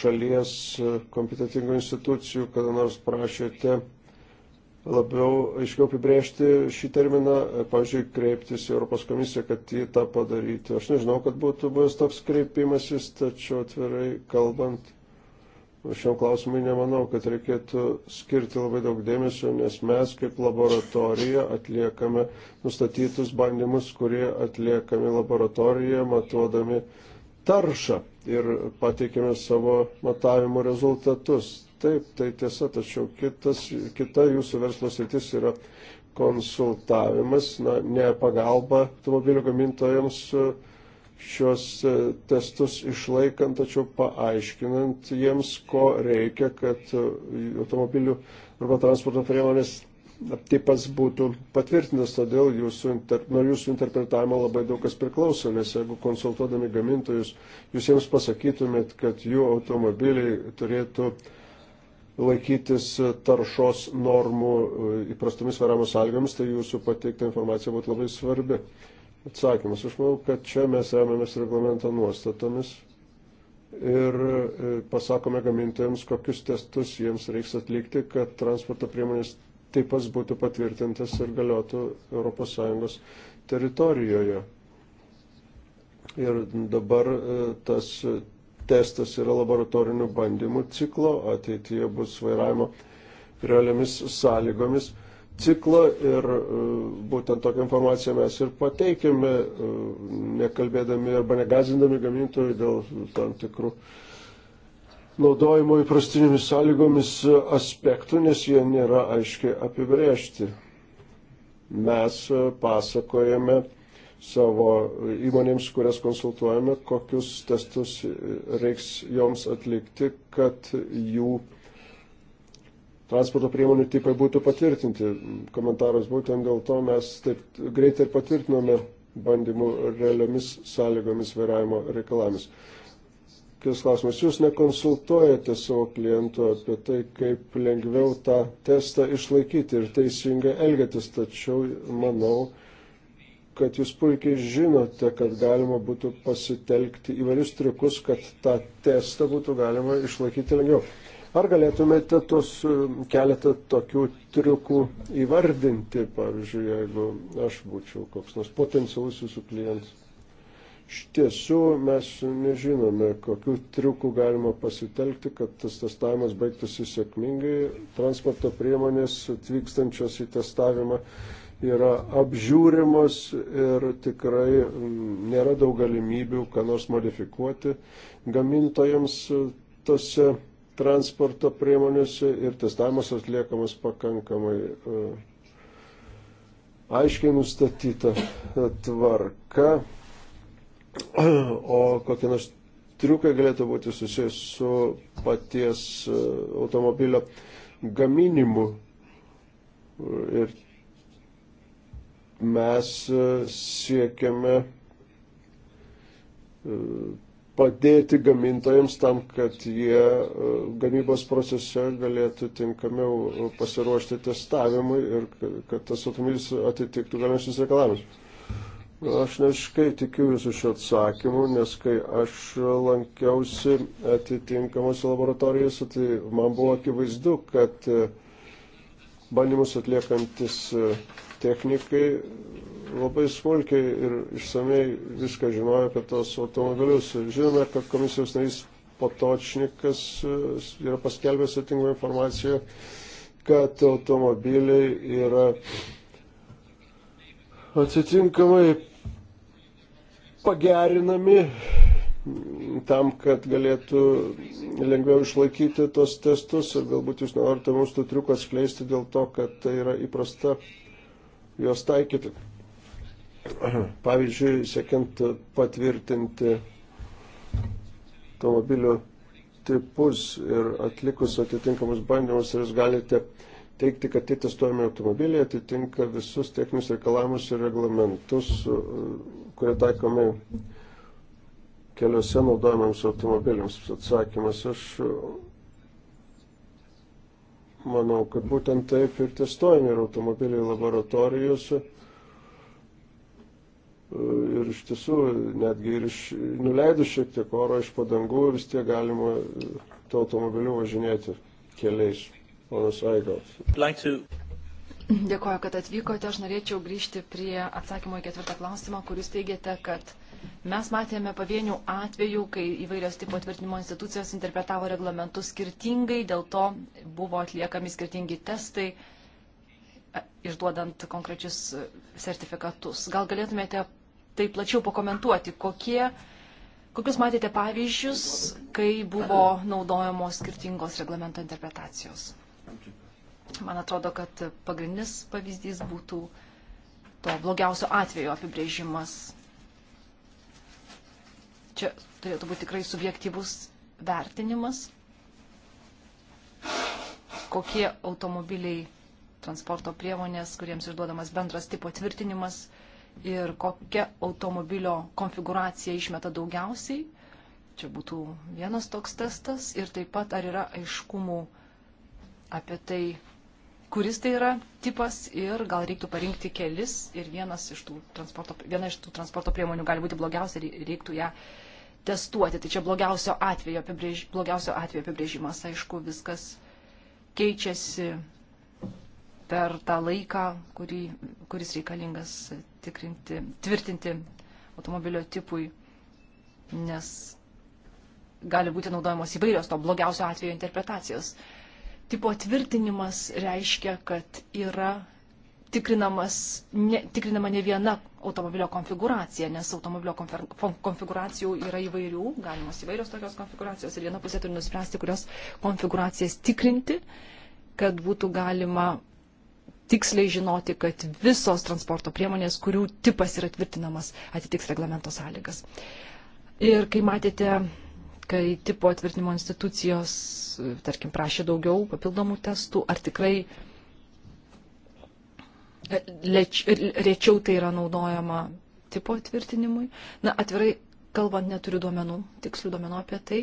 šalies e, kompetitingų institucijų kada nors prašėte labiau aiškiau apibrėžti šį terminą, e, pavyzdžiui, kreiptis į Europos komisiją, kad jį tą padarytų. Aš nežinau, kad būtų buvęs toks kreipimasis, tačiau atvirai kalbant, šiam klausimui nemanau, kad reikėtų skirti labai daug dėmesio, nes mes kaip laboratorija atliekame nustatytus bandymus, kurie atliekami laboratorijoje, matuodami taršą ir pateikėme savo matavimo rezultatus. Taip, tai tiesa, tačiau kitas, kita jūsų verslo sritis yra konsultavimas, na, ne pagalba automobilių gamintojams e, šios e, testus išlaikant, tačiau paaiškinant jiems, ko reikia, kad e, automobilių arba transporto priemonės tipas būtų patvirtintas, todėl jūsų inter, nuo jūsų interpretavimo labai daug kas priklauso, nes jeigu konsultuodami gamintojus, jūs jiems pasakytumėt, kad jų automobiliai turėtų uh, laikytis taršos normų e, įprastomis varavimo sąlygomis, tai jūsų pateikta informacija būtų labai svarbi. Atsakymas, aš manau, kad čia mes remiamės reglamento nuostatomis ir e, pasakome gamintojams, kokius testus jiems reiks atlikti, kad transporto priemonės taip pat būtų patvirtintas ir galiotų ES teritorijoje. Ir dabar e, tas testas yra laboratorinių bandymų ciklo, ateityje bus vairavimo realiomis sąlygomis ciklą ir e, būtent tokią informaciją mes ir pateikėme, e, nekalbėdami arba negazindami gamintojų dėl tam tikrų naudojimo įprastinėmis sąlygomis aspektų, nes jie nėra aiškiai apibrėžti. Mes e, pasakojame savo įmonėms, kurias konsultuojame, kokius testus reiks joms atlikti, kad jų transporto priemonių tipai būtų patvirtinti. Komentaras būtent dėl to mes taip greitai ir patvirtinome bandymų realiomis sąlygomis vairavimo reikalavimus. Kitas klausimas, jūs nekonsultuojate savo klientų apie tai, kaip lengviau tą testą išlaikyti ir teisingai elgėtis, tačiau manau, kad jūs puikiai žinote, kad galima būtų pasitelkti įvairius triukus, kad tą testą būtų galima išlaikyti ilgiau. Ar galėtumėte tos e, keletą tokių triukų įvardinti, pavyzdžiui, jeigu aš būčiau koks nors potencialus jūsų klientas? Iš tiesų mes nežinome, kokiu triuku galima pasitelkti, kad tas testavimas baigtųsi sėkmingai. Transporto priemonės atvykstančios į testavimą yra apžiūrimas ir tikrai mm, nėra daug galimybių, ką nors modifikuoti gamintojams tose transporto priemonėse ir testavimas atliekamas pakankamai e, aiškiai nustatyta e, tvarka, o kokie nors triukai galėtų būti susijęs su paties e, automobilio gaminimu. Ir mes e, siekiame e, padėti gamintojams tam, kad jie e, gamybos procese galėtų tinkamiau pasiruošti testavimui ir kad tas automobilis atitiktų galiausius reikalavimus. Aš neiškai tikiu visų šio atsakymų, nes kai aš lankiausi atitinkamuose laboratorijose, tai man buvo akivaizdu, kad bandymus atliekantis technikai labai smulkiai ir išsamei viską žinojo apie tos automobilius. Žinome, kad komisijos narys Patočnikas e, yra paskelbęs atingą informaciją, kad automobiliai yra atsitinkamai pagerinami tam, kad galėtų lengviau išlaikyti tos testus ir galbūt jūs norite mums tų triukų atskleisti dėl to, kad tai yra įprasta juos taikyti. Pavyzdžiui, siekiant patvirtinti automobilių tipus ir atlikus atitinkamus bandymus, jūs galite teikti, kad tie testuojami automobiliai atitinka visus techninius reikalavimus ir reglamentus, kurie taikomi keliuose naudojamams automobiliams. Atsakymas, aš Manau, kad būtent taip ir testuojami yra automobiliai laboratorijose. Ir iš tiesų, netgi ir iš, nuleidus šiek tiek oro iš padangų, vis tiek galima e, to automobiliu važinėti keliais. Ponas Aigaus. Like to... Dėkuoju, kad atvykote. Aš norėčiau grįžti prie atsakymo į ketvirtą klausimą, kur jūs teigiate, kad Mes matėme pavienių atvejų, kai įvairios tipo tvirtinimo institucijos interpretavo reglamentus skirtingai, dėl to buvo atliekami skirtingi testai, e, išduodant konkrečius e, sertifikatus. Gal galėtumėte tai plačiau pakomentuoti, kokie, kokius matėte pavyzdžius, kai buvo naudojamos skirtingos reglamento interpretacijos? Man atrodo, kad pagrindinis pavyzdys būtų to blogiausio atvejo apibrėžimas čia turėtų būti tikrai subjektyvus vertinimas, kokie automobiliai, transporto priemonės, kuriems išduodamas bendras tipo tvirtinimas ir kokia automobilio konfiguracija išmeta daugiausiai. Čia būtų vienas toks testas ir taip pat ar yra aiškumų apie tai, kuris tai yra tipas ir gal reiktų parinkti kelis ir iš viena iš tų transporto priemonių gali būti blogiausia ir reiktų ją testuoti. Tai čia blogiausio atveju, apibrėž, blogiausio atveju apibrėžimas. Aišku, viskas keičiasi per tą laiką, kurį, kuris reikalingas tikrinti, tvirtinti automobilio tipui, nes gali būti naudojamos įvairios to blogiausio atveju interpretacijos. Tipo tvirtinimas reiškia, kad yra ne, tikrinama ne viena automobilio konfiguracija, nes automobilio konfer, konfiguracijų yra įvairių, galimos įvairios tokios konfiguracijos ir viena pusė turi nuspręsti, kurios konfiguracijas tikrinti, kad būtų galima tiksliai žinoti, kad visos transporto priemonės, kurių tipas yra tvirtinamas, atitiks reglamento sąlygas. Ir kai matėte, kai tipo atvirtinimo institucijos, tarkim, prašė daugiau papildomų testų, ar tikrai leč, rečiau tai yra naudojama tipo tvirtinimui. Na, atvirai kalbant, neturiu duomenų, tikslių duomenų apie tai.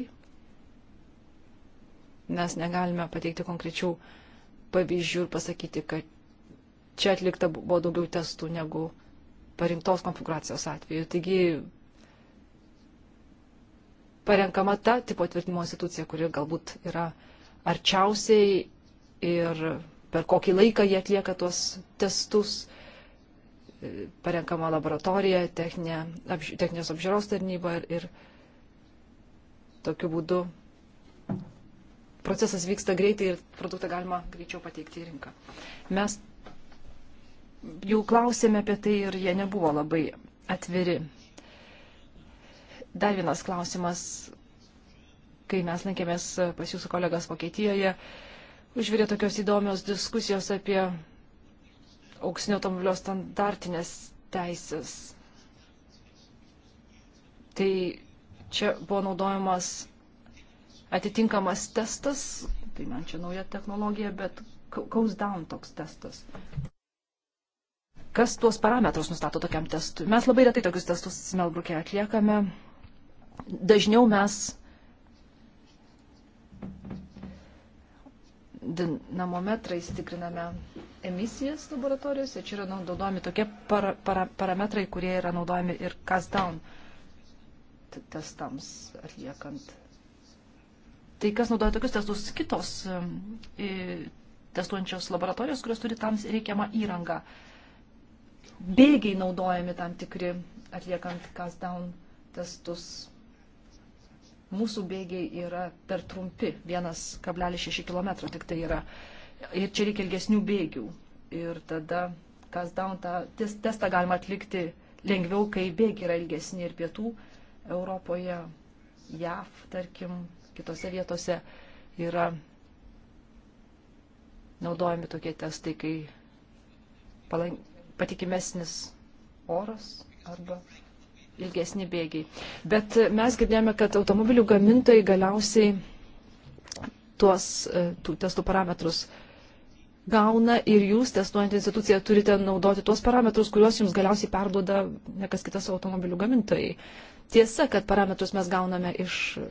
Mes negalime pateikti konkrečių pavyzdžių ir pasakyti, kad čia atlikta buvo daugiau testų negu parinktos konfiguracijos atveju. Taigi parenkama ta tipo tvirtinimo institucija, kuri galbūt yra arčiausiai ir per kokį laiką jie atlieka tuos testus, e, parenkama laboratorija, techninė, apž, techninės apžiūros tarnyba ir, ir tokiu būdu procesas vyksta greitai ir produktą galima greičiau pateikti į rinką. Mes jau klausėme apie tai ir jie nebuvo labai atviri. Dar vienas klausimas, kai mes lankėmės pas jūsų kolegas Vokietijoje, užvirė tokios įdomios diskusijos apie auksinio automobilio standartinės teisės. Tai čia buvo naudojamas atitinkamas testas, tai man čia nauja technologija, bet goes down toks testas. Kas tuos parametrus nustato tokiam testui? Mes labai retai tokius testus Melbrukė atliekame. Dažniau mes dinamometrais tikriname emisijas laboratorijose. Čia yra naudojami tokie para, para, parametrai, kurie yra naudojami ir cast down testams atliekant. Tai kas naudoja tokius testus? Kitos testuojančios laboratorijos, kurios turi tam reikiamą įrangą. Bėgiai naudojami tam tikri atliekant cast down testus mūsų bėgiai yra per trumpi, 1,6 km tik tai yra. Ir čia reikia ilgesnių bėgių. Ir tada kasdown tą testą galima atlikti lengviau, kai bėgiai yra ilgesni ir pietų Europoje, JAV, tarkim, kitose vietose yra naudojami tokie testai, kai patikimesnis oras arba ilgesni bėgiai. Bet e, mes girdėjome, kad automobilių gamintojai galiausiai tuos e, tų testų parametrus gauna ir jūs, testuojant instituciją, turite naudoti tuos parametrus, kuriuos jums galiausiai perduoda nekas kitas automobilių gamintojai. Tiesa, kad parametrus mes gauname iš e,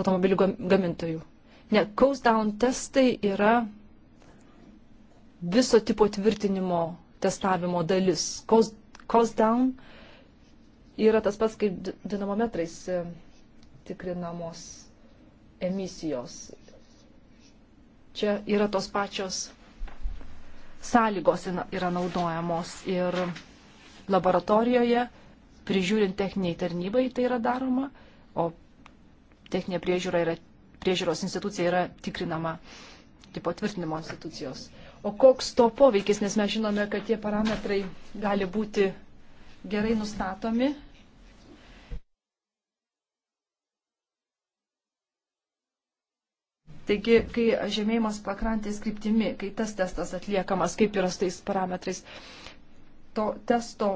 automobilių gamintojų. Ne, coast down testai yra viso tipo tvirtinimo testavimo dalis. Coast, coast down uh, yra tas pats kaip dinamometrais e, tikrinamos emisijos. Čia yra tos pačios sąlygos yra naudojamos ir laboratorijoje, prižiūrint techniniai tarnybai tai yra daroma, o techninė priežiūra yra, priežiūros institucija yra tikrinama tipo tvirtinimo institucijos. O koks to poveikis, nes mes žinome, kad tie parametrai gali būti gerai nustatomi Taigi, kai žemėjimas pakrantės kryptimi, kai tas testas atliekamas, kaip yra su tais parametrais, to testo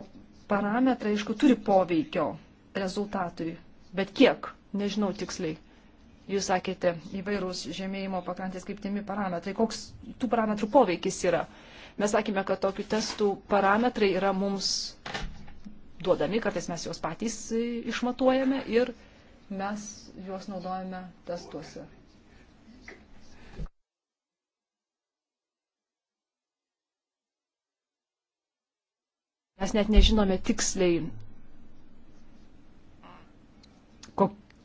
parametrai, aišku, turi poveikio rezultatui, bet kiek, nežinau tiksliai. Jūs sakėte įvairūs žemėjimo pakrantės kryptimi parametrai, koks tų parametrų poveikis yra. Mes sakėme, kad tokių testų parametrai yra mums duodami, kartais mes juos patys išmatuojame ir mes juos naudojame testuose. Mes net nežinome tiksliai,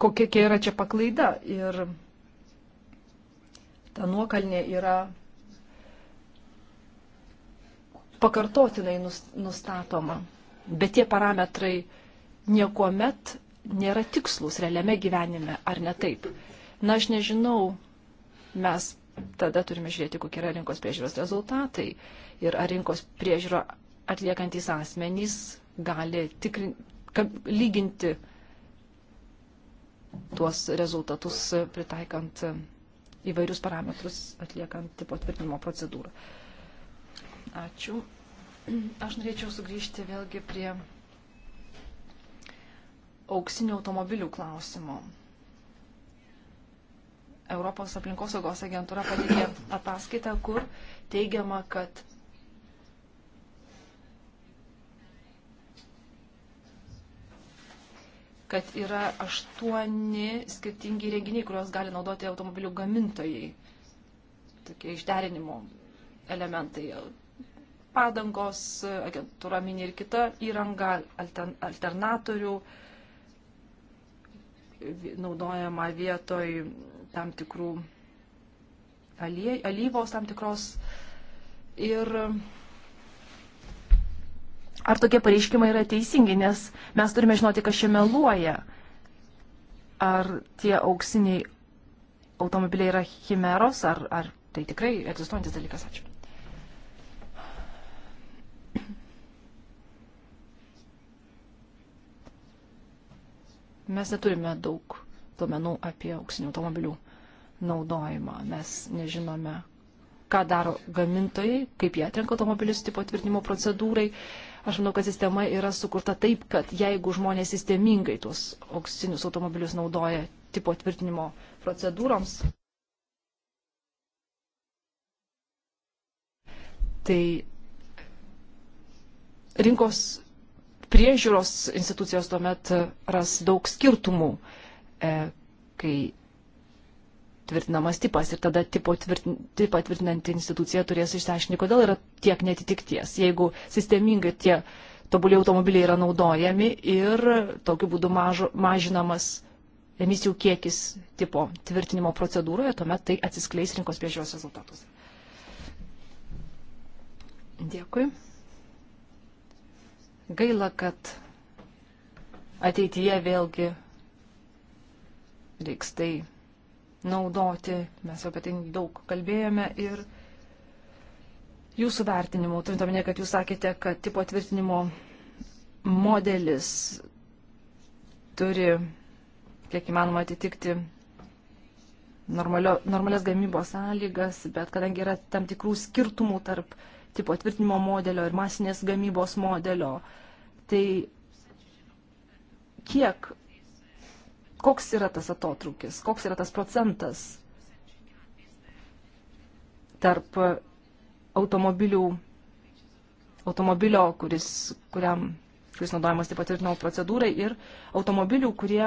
kokia yra čia paklaida. Ir ta nuokalnė yra pakartotinai nustatoma. Bet tie parametrai niekuomet nėra tikslus realiame gyvenime, ar ne taip. Na, aš nežinau, mes tada turime žiūrėti, kokie yra rinkos priežiūros rezultatai ir ar rinkos priežiūra atliekantys asmenys gali tikrin, kad, lyginti tuos rezultatus e, pritaikant e, įvairius parametrus, atliekant patvirtinimo procedūrą. Ačiū. Aš norėčiau sugrįžti vėlgi prie auksinių automobilių klausimo. Europos aplinkosaugos agentūra pateikė ataskaitą, kur teigiama, kad kad yra aštuoni skirtingi renginiai, kuriuos gali naudoti automobilių gamintojai. Tokie išderinimo elementai. Padangos, agentūra mini ir kita įranga, alternatorių naudojama vietoj tam tikrų alyvos, tam tikros ir ar tokie pareiškimai yra teisingi, nes mes turime žinoti, kas čia meluoja. Ar tie auksiniai automobiliai yra chimeros, ar, ar tai tikrai egzistuojantis dalykas. Ačiū. Mes neturime daug duomenų apie auksinių automobilių naudojimą. Mes nežinome, ką daro gamintojai, kaip jie atrenka automobilius tipo tvirtinimo procedūrai. Uh, Aš manau, kad sistema yra sukurta taip, kad jeigu žmonės sistemingai tuos auksinius automobilius naudoja tipo tvirtinimo procedūroms, tai rinkos priežiūros institucijos tuomet ras daug skirtumų, e, kai tvirtinamas tipas ir tada tipo tvirtin, tipą tvirtinanti institucija turės išsiaiškinti, kodėl yra tiek netitikties, jeigu sistemingai tie tobulė automobiliai yra naudojami ir tokiu būdu mažo, mažinamas emisijų kiekis tipo tvirtinimo procedūroje, tuomet tai atsiskleis rinkos priežiūros rezultatus. Dėkui. Gaila, kad ateityje vėlgi reiks tai naudoti. Mes apie tai daug kalbėjome ir jūsų vertinimu, turint omenyje, kad jūs sakėte, kad tipo tvirtinimo modelis turi kiek įmanoma atitikti normalio, normalias gamybos sąlygas, bet kadangi yra tam tikrų skirtumų tarp tipo tvirtinimo modelio ir masinės gamybos modelio, tai kiek koks yra tas atotrukis, koks yra tas procentas tarp automobilių, automobilio, kuris, kuriam, kuris naudojamas taip pat ir procedūrai, ir automobilių, kurie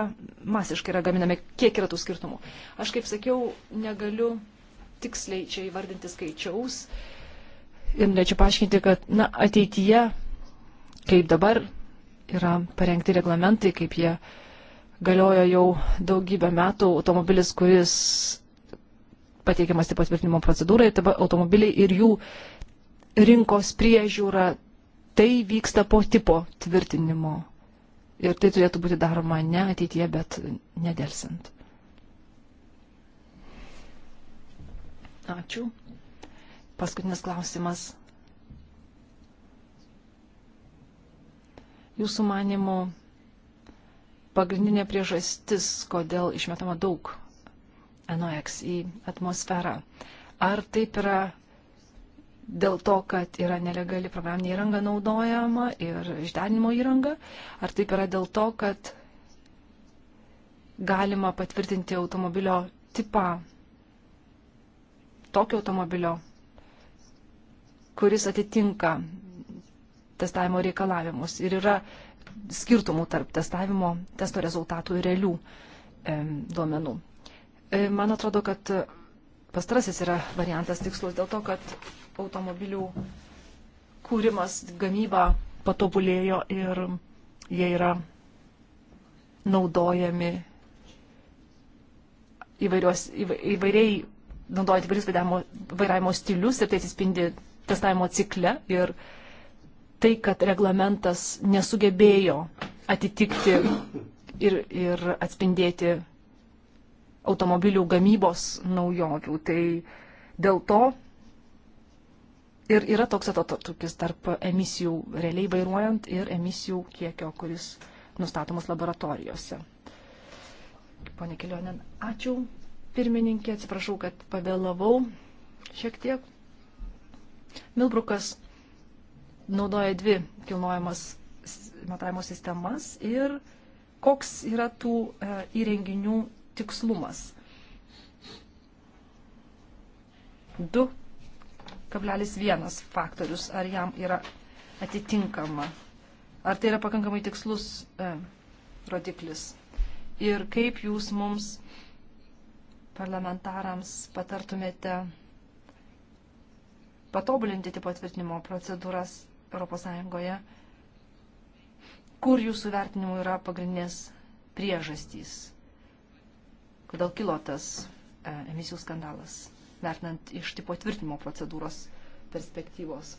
masiškai yra gaminami, kiek yra tų skirtumų. Aš, kaip sakiau, negaliu tiksliai čia įvardinti skaičiaus ir norėčiau paaiškinti, kad na, ateityje, kaip dabar yra parengti reglamentai, kaip jie uh, galioja jau daugybę metų automobilis, kuris pateikiamas tik patvirtinimo procedūrai, tai automobiliai ir jų rinkos priežiūra, tai vyksta po tipo tvirtinimo. Ir tai turėtų būti daroma ne ateityje, bet nedelsint. Ačiū. Paskutinis klausimas. Jūsų manimų pagrindinė priežastis, kodėl išmetama daug NOX į atmosferą. Ar taip yra dėl to, kad yra nelegali programinė įranga naudojama ir išdenimo įranga, ar taip yra dėl to, kad galima patvirtinti automobilio tipą, tokio automobilio, kuris atitinka testavimo reikalavimus ir yra skirtumų tarp testavimo, testo rezultatų ir realių e, duomenų. E, man atrodo, kad pastarasis yra variantas tikslus dėl to, kad automobilių kūrimas, gamyba patobulėjo ir jie yra naudojami įvairios, įvairiai naudojant įvairius vairavimo stilius ir tai atsispindi testavimo cikle ir uh, tai, kad reglamentas nesugebėjo atitikti ir, ir atspindėti automobilių gamybos naujovių. Tai dėl to ir yra toks atotrukis tarp emisijų realiai vairuojant ir emisijų kiekio, kuris nustatomas laboratorijose. Pone Kelionen, ačiū pirmininkė, atsiprašau, kad pavėlavau šiek tiek. Milbrukas naudoja dvi kilnojamas matavimo sistemas ir koks yra tų e, įrenginių tikslumas. 2,1 faktorius, ar jam yra atitinkama, ar tai yra pakankamai tikslus e, rodiklis. Ir kaip jūs mums, parlamentarams, patartumėte patobulinti tipo tvirtinimo procedūras ES, kur jūsų vertinimu yra pagrindinės priežastys, kodėl kilo tas e, emisijų skandalas, vertinant iš tipo tvirtinimo procedūros perspektyvos.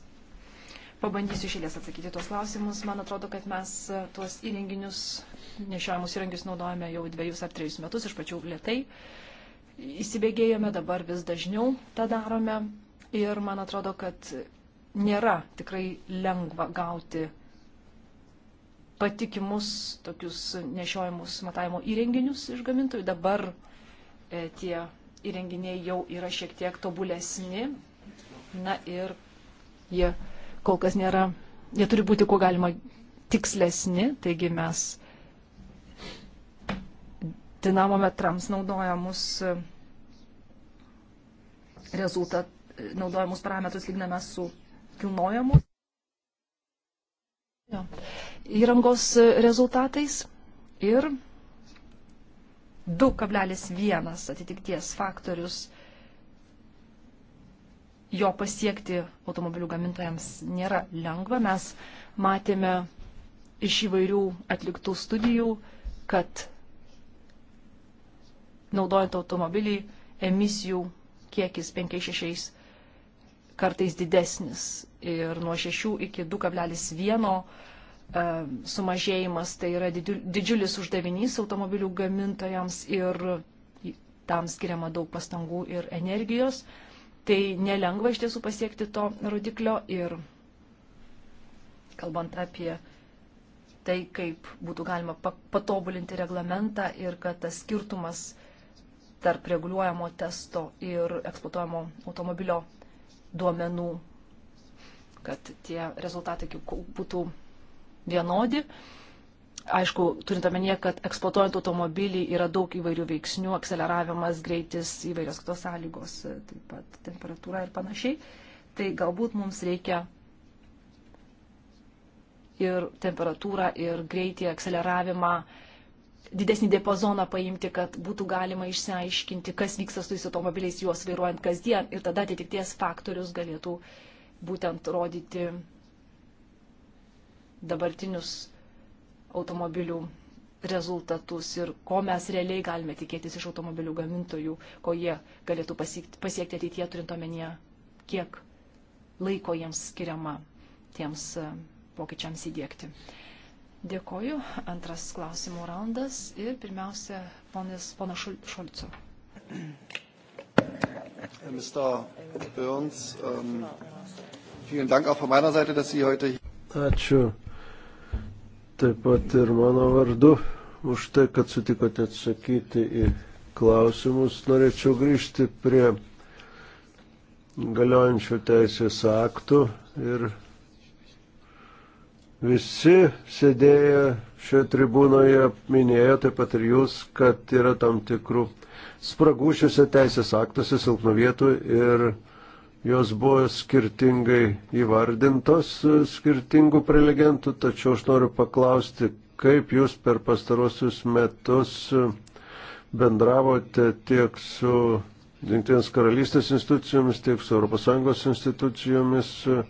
Pabandysiu išėlės atsakyti tuos klausimus. Man atrodo, kad mes e, tuos įrenginius, nešiojamus įrenginius naudojame jau dviejus ar trejus metus, iš pačių lietai. Įsibėgėjome, dabar vis dažniau tą darome. Ir man atrodo, kad nėra tikrai lengva gauti patikimus tokius nešiojimus matavimo įrenginius iš gamintojų. Dabar e, tie įrenginiai jau yra šiek tiek tobulesni. Na ir jie kol kas nėra, jie turi būti kuo galima tikslesni, taigi mes dinamometrams naudojamus e, rezultat, e, naudojamus parametrus lygname su kilnojamos įrangos rezultatais ir 2,1 atitikties faktorius jo pasiekti automobilių gamintojams nėra lengva. Mes matėme iš įvairių atliktų studijų, kad naudojant automobilį emisijų kiekis 5-6 kartais didesnis ir nuo 6 iki 2,1 e, sumažėjimas tai yra didžiulis uždavinys automobilių gamintojams ir tam skiriama daug pastangų ir energijos. Tai nelengva iš tiesų pasiekti to rodiklio ir kalbant apie tai, kaip būtų galima patobulinti reglamentą ir kad tas skirtumas tarp reguliuojamo testo ir eksploatuojamo automobilio duomenų kad tie rezultatai būtų vienodi. Aišku, turint omenyje, kad eksploatuojant automobilį yra daug įvairių veiksnių, akceleravimas, greitis, įvairios kitos sąlygos, taip pat temperatūra ir panašiai, tai galbūt mums reikia ir temperatūrą, ir greitį, akceleravimą, didesnį diapazoną paimti, kad būtų galima išsiaiškinti, kas vyksta su tais automobiliais juos vairuojant kasdien ir tada atitikties faktorius galėtų uh, būtent rodyti dabartinius automobilių rezultatus ir ko mes realiai galime tikėtis iš automobilių gamintojų, ko jie galėtų pasiekti, pasiekti ateityje, turint omenyje, kiek laiko jiems skiriama tiems e, pokyčiams įdėkti. Dėkoju. Antras klausimų raundas ir pirmiausia, ponas pona Šolcu. Mr. Burns, um, Ačiū taip pat ir mano vardu už tai, kad sutikote atsakyti į klausimus. Norėčiau grįžti prie galiojančių teisės aktų ir visi sėdėję šioje tribūnoje minėjo, taip pat ir jūs, kad yra tam tikrų spragų šiuose teisės aktuose, silpnų vietų ir jos buvo skirtingai įvardintos e, skirtingų prelegentų, tačiau aš noriu paklausti, kaip jūs per pastarosius metus e, bendravote tiek su Junktinės karalystės institucijomis, tiek su ES institucijomis, e,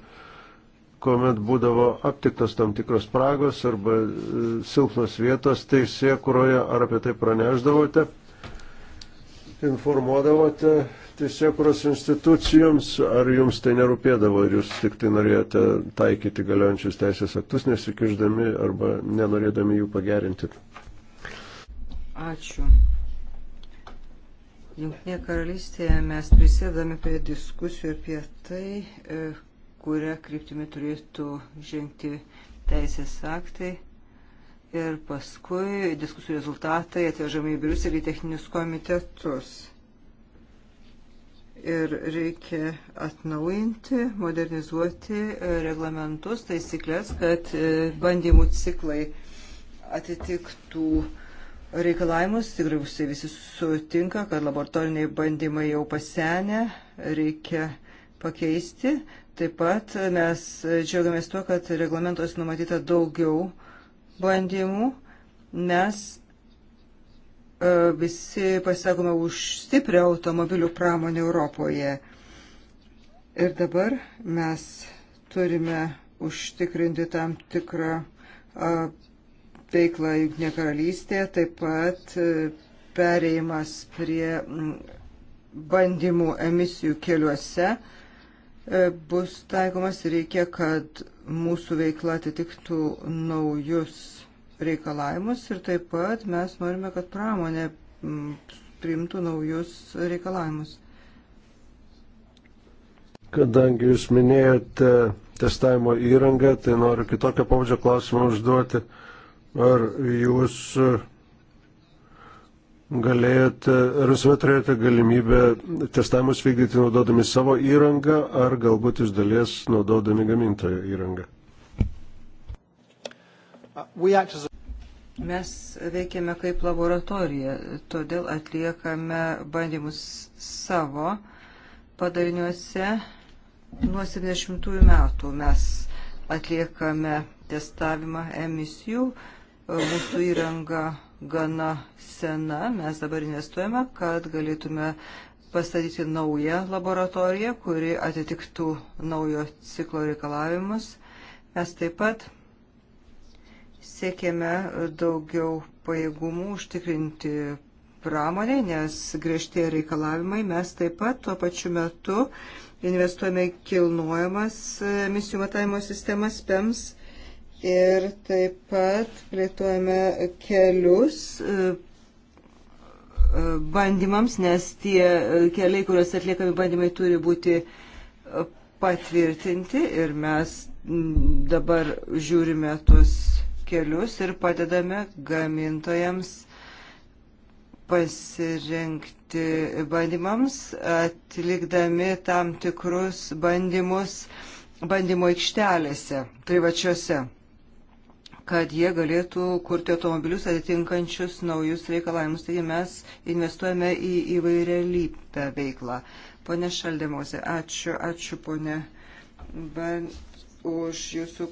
kuomet būdavo aptiktos tam tikros spragos arba silpnos vietos teisėkuroje, ar apie tai praneždavote, informuodavote teisėkuros institucijoms, ar jums tai nerūpėdavo ir jūs tik tai norėjote taikyti galiojančius teisės aktus, nesikiždami arba nenorėdami jų pagerinti? Ačiū. Junktinėje karalystėje mes prisėdame prie diskusijų apie tai, e, kurią kryptimį turėtų žengti teisės aktai. Ir paskui diskusijų rezultatai atvežami į Briuselį techninius komitetus ir reikia atnaujinti, modernizuoti e, reglamentus, taisyklės, kad e, bandymų ciklai atitiktų reikalavimus. Tikriausiai visi sutinka, kad laboratoriniai bandymai jau pasenę, reikia pakeisti. Taip pat mes džiaugiamės tuo, kad reglamentos numatyta daugiau bandymų. Mes E, visi pasisakome už stiprią automobilių pramonę Europoje. Ir dabar mes turime užtikrinti tam tikrą e, veiklą Junktinė karalystė, taip pat e, pereimas prie bandymų emisijų keliuose bus taikomas ir reikia, kad mūsų veikla atitiktų naujus reikalavimus ir taip pat mes norime, kad pramonė mm, priimtų naujus reikalavimus. Kadangi jūs minėjote testavimo įrangą, tai noriu kitokio pavadžio klausimą užduoti. Ar jūs galėjote, ar jūs turėjote galimybę testavimus vykdyti naudodami savo įrangą, ar galbūt iš dalies naudodami gamintojo įrangą? Uh, Mes veikiame kaip laboratorija, todėl atliekame bandymus savo padariniuose. Nuo 70 metų mes atliekame testavimą emisijų. Mūsų įranga gana sena, mes dabar investuojame, kad galėtume pastatyti naują laboratoriją, kuri atitiktų naujo ciklo reikalavimus. Mes taip pat Siekėme daugiau pajėgumų užtikrinti pramonę, nes griežtė reikalavimai mes taip pat tuo pačiu metu investuojame kilnojamas misijų matavimo sistemas PEMS ir taip pat plėtojame kelius e, e, bandymams, nes tie keliai, kuriuos atliekami bandymai, turi būti patvirtinti ir mes dabar žiūrime tuos kelius ir padedame gamintojams pasirinkti bandymams, atlikdami tam tikrus bandymus bandymo aikštelėse privačiose kad jie galėtų kurti automobilius atitinkančius naujus reikalavimus. Taigi mes investuojame į įvairią lypę veiklą. Pone Šaldemose, ačiū, ačiū pone Ban už jūsų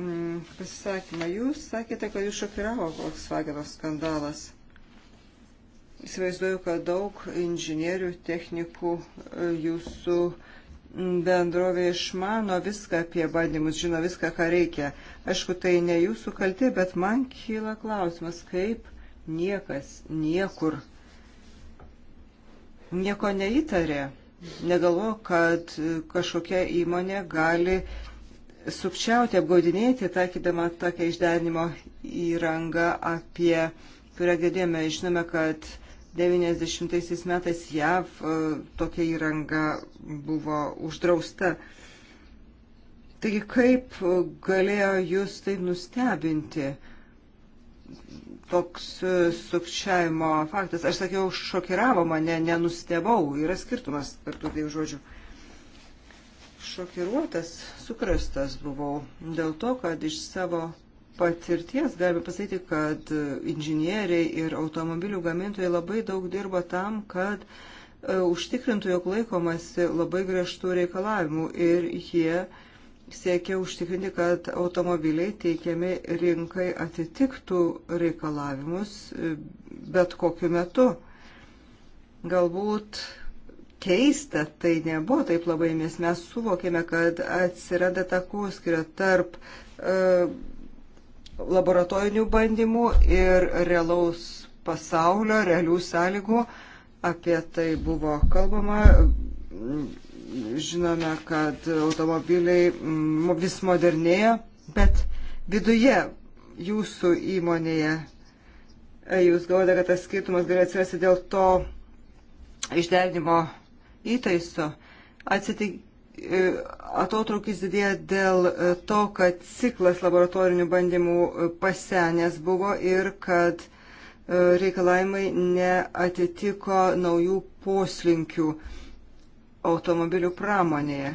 Mm, pasisakymą. Jūs sakėte, kad jūs šokiravo Volkswageno skandalas. Įsivaizduoju, kad daug inžinierių, technikų e, jūsų bendrovė išmano viską apie bandymus, žino viską, ką reikia. Aišku, tai ne jūsų kaltė, bet man kyla klausimas, kaip niekas niekur nieko neįtarė. Negalvoju, kad e, kažkokia įmonė gali sukčiauti, apgaudinėti, taikydama tokią išderinimo įrangą, apie kurią girdėjome. Žinome, kad 90 metais JAV e, tokia įranga buvo uždrausta. Taigi kaip galėjo jūs tai nustebinti? Toks e, sukčiavimo faktas. Aš sakiau, šokiravo mane, nenustebau. Yra skirtumas tarp tų dviejų žodžių šokiruotas, sukrastas buvau dėl to, kad iš savo patirties galime pasakyti, kad inžinieriai ir automobilių gamintojai labai daug dirba tam, kad e, užtikrintų, jog laikomasi labai griežtų reikalavimų ir jie siekia užtikrinti, kad automobiliai teikiami rinkai atitiktų reikalavimus e, bet kokiu metu. Galbūt keista, tai nebuvo taip labai, nes mes suvokėme, kad atsiranda takoskira tarp e, laboratorinių bandymų ir realaus pasaulio, realių sąlygų. Apie tai buvo kalbama. Žinome, kad automobiliai vis modernėja, bet viduje jūsų įmonėje e, jūs galvojate, kad tas skirtumas gali atsirasti dėl to išderinimo įtaiso. Atsitik, e, atotrukis didėja dėl e, to, kad ciklas laboratorinių bandymų e, pasenęs buvo ir kad reikalavimai neatitiko naujų poslinkių automobilių pramonėje.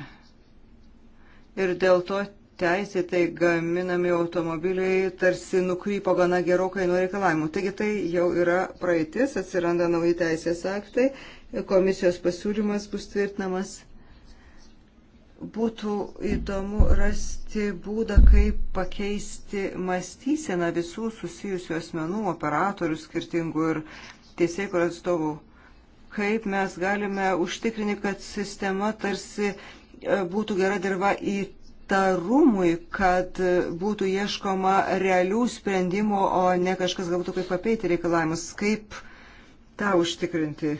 Ir dėl to teisėtai gaminami automobiliai tarsi nukrypo gana gerokai nuo reikalavimų. Taigi tai jau yra praeitis, atsiranda nauji teisės aktai komisijos pasiūlymas bus tvirtinamas. Būtų įdomu rasti būdą, kaip pakeisti mąstyseną visų susijusių asmenų, operatorių skirtingų ir teisėjų atstovų. Kaip mes galime užtikrinti, kad sistema tarsi e, būtų gera dirba į tarumui, kad e, būtų ieškoma realių sprendimų, o ne kažkas galbūt kaip apeiti reikalavimus. Kaip tą užtikrinti?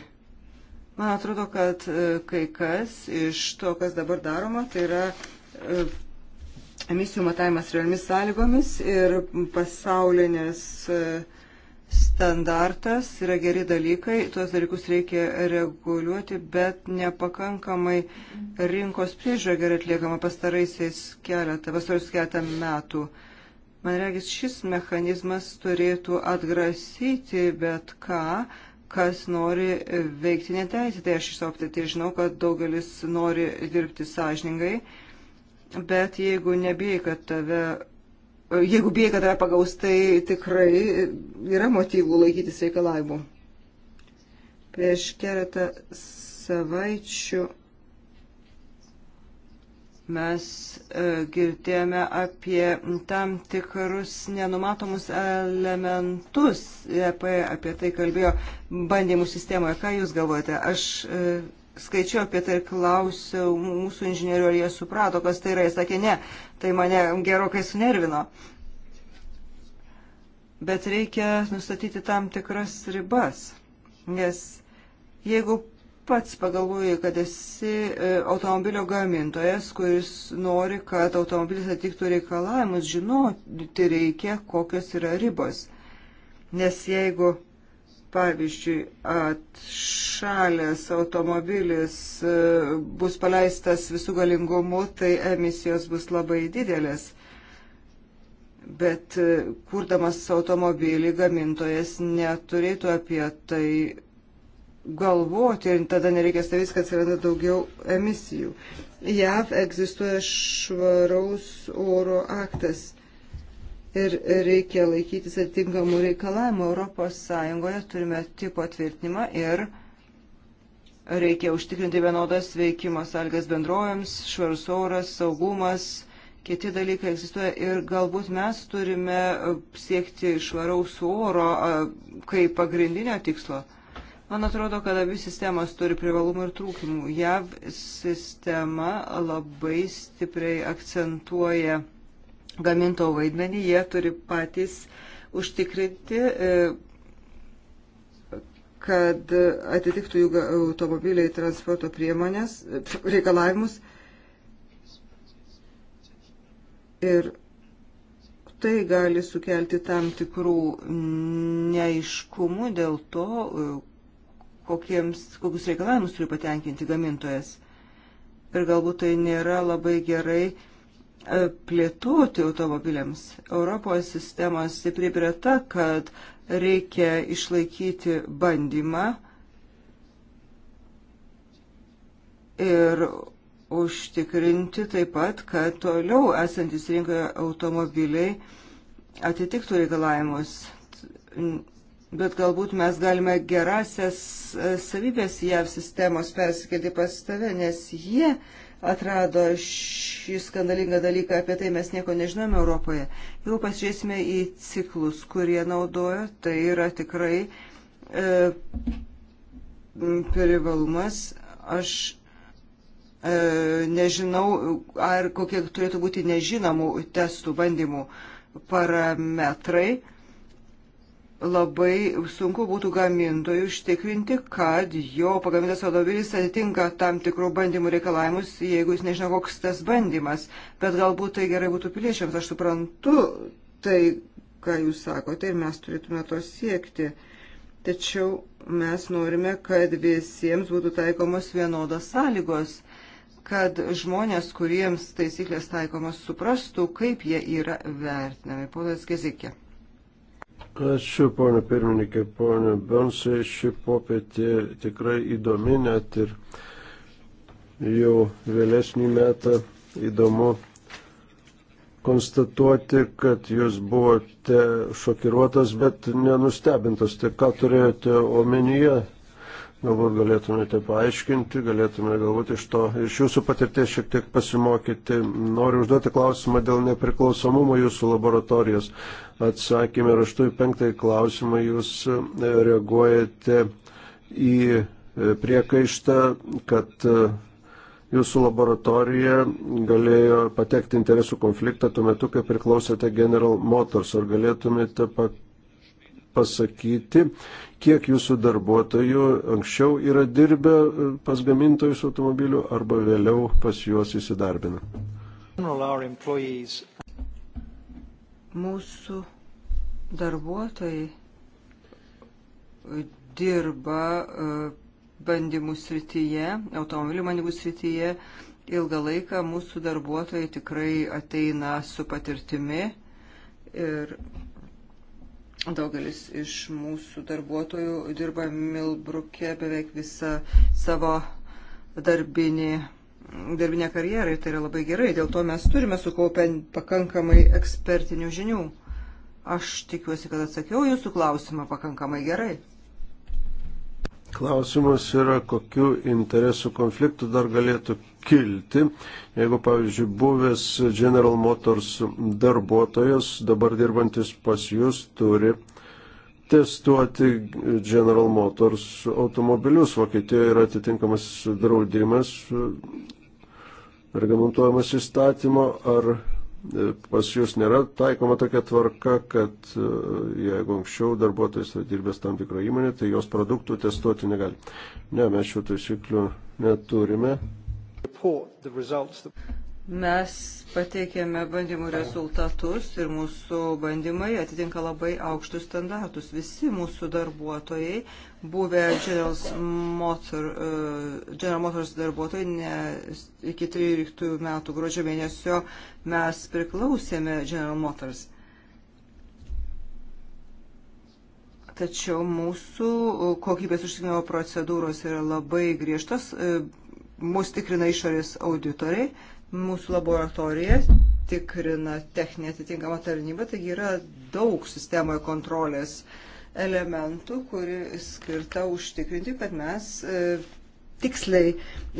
Man atrodo, kad e, kai kas iš to, kas dabar daroma, tai yra e, emisijų matavimas realiomis sąlygomis ir pasaulinės e, standartas yra geri dalykai, tuos dalykus reikia reguliuoti, bet nepakankamai rinkos priežiūra gerai atliekama pastaraisiais keletą, pastarus keletą metų. Man regis, šis mechanizmas turėtų atgrasyti bet ką, kas nori veikti neteisėtai. Tai aš iš savo patirties žinau, kad daugelis nori dirbti sąžiningai, bet jeigu nebijai, kad tave. Jeigu bijai, kad tave pagaus, tai tikrai yra motyvų laikytis reikalavimų. Prieš keletą savaičių mes e, girdėjome apie tam tikrus nenumatomus elementus, apie, apie tai kalbėjo bandymų sistemoje. Ką Jūs galvojate? Aš e, skaičiau apie tai ir klausiau mūsų inžinierių, ar jie suprato, kas tai yra. Jis sakė, ne, tai mane gerokai sunervino. Bet reikia nustatyti tam tikras ribas, nes jeigu pats pagalvoji, kad esi e, automobilio gamintojas, kuris nori, kad automobilis atitiktų reikalavimus, žinoti reikia, kokios yra ribos. Nes jeigu, pavyzdžiui, atšalęs automobilis e, bus paleistas visų galingumu, tai emisijos bus labai didelės. Bet e, kurdamas automobilį gamintojas neturėtų apie tai galvoti ir tada nereikia stebėtis, kad atsiranda daugiau emisijų. JAV egzistuoja švaraus oro aktas ir reikia laikytis atitinkamų reikalavimų. Europos Sąjungoje turime tipo tvirtinimą ir reikia užtikrinti vienodas veikimo sąlygas bendrovėms, švarus oras, saugumas kiti dalykai egzistuoja ir galbūt mes turime siekti švaraus oro kaip pagrindinio tikslo. Man atrodo, kad abi sistemos turi privalumų ir trūkumų. JAV sistema labai stipriai akcentuoja gaminto vaidmenį, jie turi patys užtikrinti, e, kad atitiktų jų automobiliai transporto priemonės reikalavimus. Ir tai gali sukelti tam tikrų neiškumų dėl to, kokiems, kokius reikalavimus turi patenkinti gamintojas. Ir galbūt tai nėra labai gerai e, plėtoti automobiliams. Europos sistemos stipriai yra ta, kad reikia išlaikyti bandymą ir užtikrinti taip pat, kad toliau esantis rinkoje automobiliai atitiktų reikalavimus bet galbūt mes galime gerasias e, savybės JAV sistemos persikelti pas tave, nes jie atrado šį skandalingą dalyką, apie tai mes nieko nežinome Europoje. Jeigu pasižiūrėsime į ciklus, kurie naudoja, tai yra tikrai e, privalumas. Aš e, nežinau, ar kokie turėtų būti nežinomų testų bandymų parametrai. E, labai sunku būtų gamintojui užtikrinti, kad jo pagamintas automobilis atitinka tam tikrų bandymų reikalavimus, jeigu jis nežino, koks tas bandymas. Bet galbūt tai gerai būtų piliečiams. Aš suprantu tai, ką jūs sakote, ir mes turėtume to siekti. Tačiau mes norime, kad visiems būtų taikomos vienodos sąlygos kad žmonės, kuriems taisyklės taikomos, suprastų, kaip jie yra vertinami. Ponas Gezikė. Ačiū, ponė pirmininkė, ponė Bensai, ši popietė tikrai įdomi, net ir jau vėlesnį metą įdomu konstatuoti, kad jūs buvote šokiruotas, bet nenustebintas. Tai ką turėjote omenyje Galbūt galėtumėte paaiškinti, galėtume galbūt iš, to, iš jūsų patirties šiek tiek pasimokyti. Noriu užduoti klausimą dėl nepriklausomumo jūsų laboratorijos. Atsakymė raštu į penktąjį klausimą jūs e, reaguojate į e, priekaištą, kad e, jūsų laboratorija galėjo patekti interesų konfliktą tuo metu, kai priklausėte General Motors. Ar galėtumėte pakalbėti? pasakyti, kiek jūsų darbuotojų anksčiau yra dirbę pas gamintojus automobilių arba vėliau pas juos įsidarbina. Mūsų darbuotojai uh, dirba uh, bandymų srityje, automobilių bandymų srityje. Ilgą laiką mūsų darbuotojai tikrai ateina su patirtimi ir Daugelis iš mūsų darbuotojų dirba Milbrukė beveik visą savo darbinį, darbinę karjerą ir tai yra labai gerai. Dėl to mes turime sukaupę pakankamai ekspertinių žinių. Aš tikiuosi, kad atsakiau jūsų klausimą pakankamai gerai. Klausimas yra, kokiu interesų konfliktu dar galėtų kilti, jeigu, pavyzdžiui, buvęs General Motors darbuotojas, dabar dirbantis pas jūs, turi testuoti General Motors automobilius. Vokietijoje yra atitinkamas draudimas reglamentuojamas įstatymo, ar E, pas jūs nėra taikoma tokia tvarka, kad e, jeigu anksčiau darbuotojas yra dirbęs tam tikrą įmonę, tai jos produktų testuoti negali. Ne, mes šių taisyklių neturime. Mes pateikėme bandymų rezultatus ir mūsų bandymai atitinka labai aukštus standartus. Visi mūsų darbuotojai buvę General, Motor, e, General Motors darbuotojai, nes iki 13 metų gruodžio mėnesio mes priklausėme General Motors. Tačiau mūsų kokybės užtikrinimo procedūros yra labai griežtos, e, mus tikrina išorės auditoriai, mūsų laboratorija tikrina techninė atitinkama tarnyba, taigi yra daug sistemoje kontrolės uh, elementų, kuri skirta užtikrinti, kad mes e, tiksliai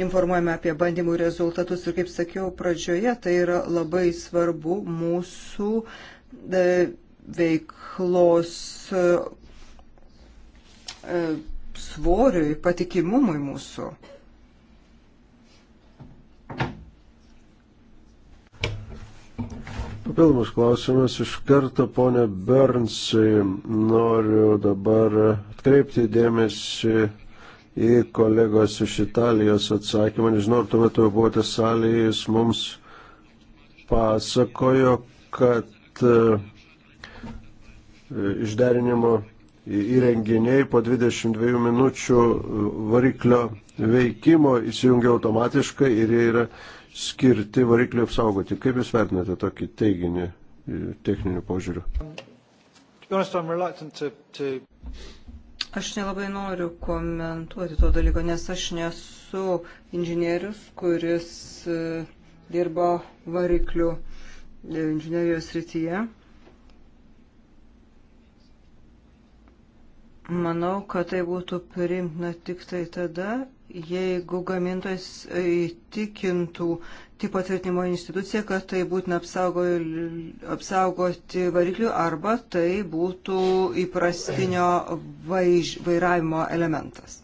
informuojame apie bandymų rezultatus ir, kaip sakiau pradžioje, tai yra labai svarbu mūsų e, veiklos e, svoriui, patikimumui mūsų. Papildomas klausimas iš karto, ponė Bernsai, noriu dabar atkreipti dėmesį į kolegos iš Italijos atsakymą. Nežinau, ar tuo metu buvote salėje, jis mums pasakojo, kad e, išderinimo įrenginiai po 22 minučių e, variklio veikimo įsijungia automatiškai ir jie yra skirti variklį apsaugoti. Kaip Jūs vertinate tokį teiginį e, techninių požiūrių? Aš nelabai noriu komentuoti to dalyko, nes aš nesu inžinierius, kuris e, dirbo variklių e, inžinierijos rytyje. Manau, kad tai būtų priimtina tik tai tada, jeigu gamintojas e, įtikintų tipo tvirtinimo instituciją, kad tai būtina apsaugo, apsaugoti variklių arba tai būtų įprastinio vaiž, vairavimo elementas.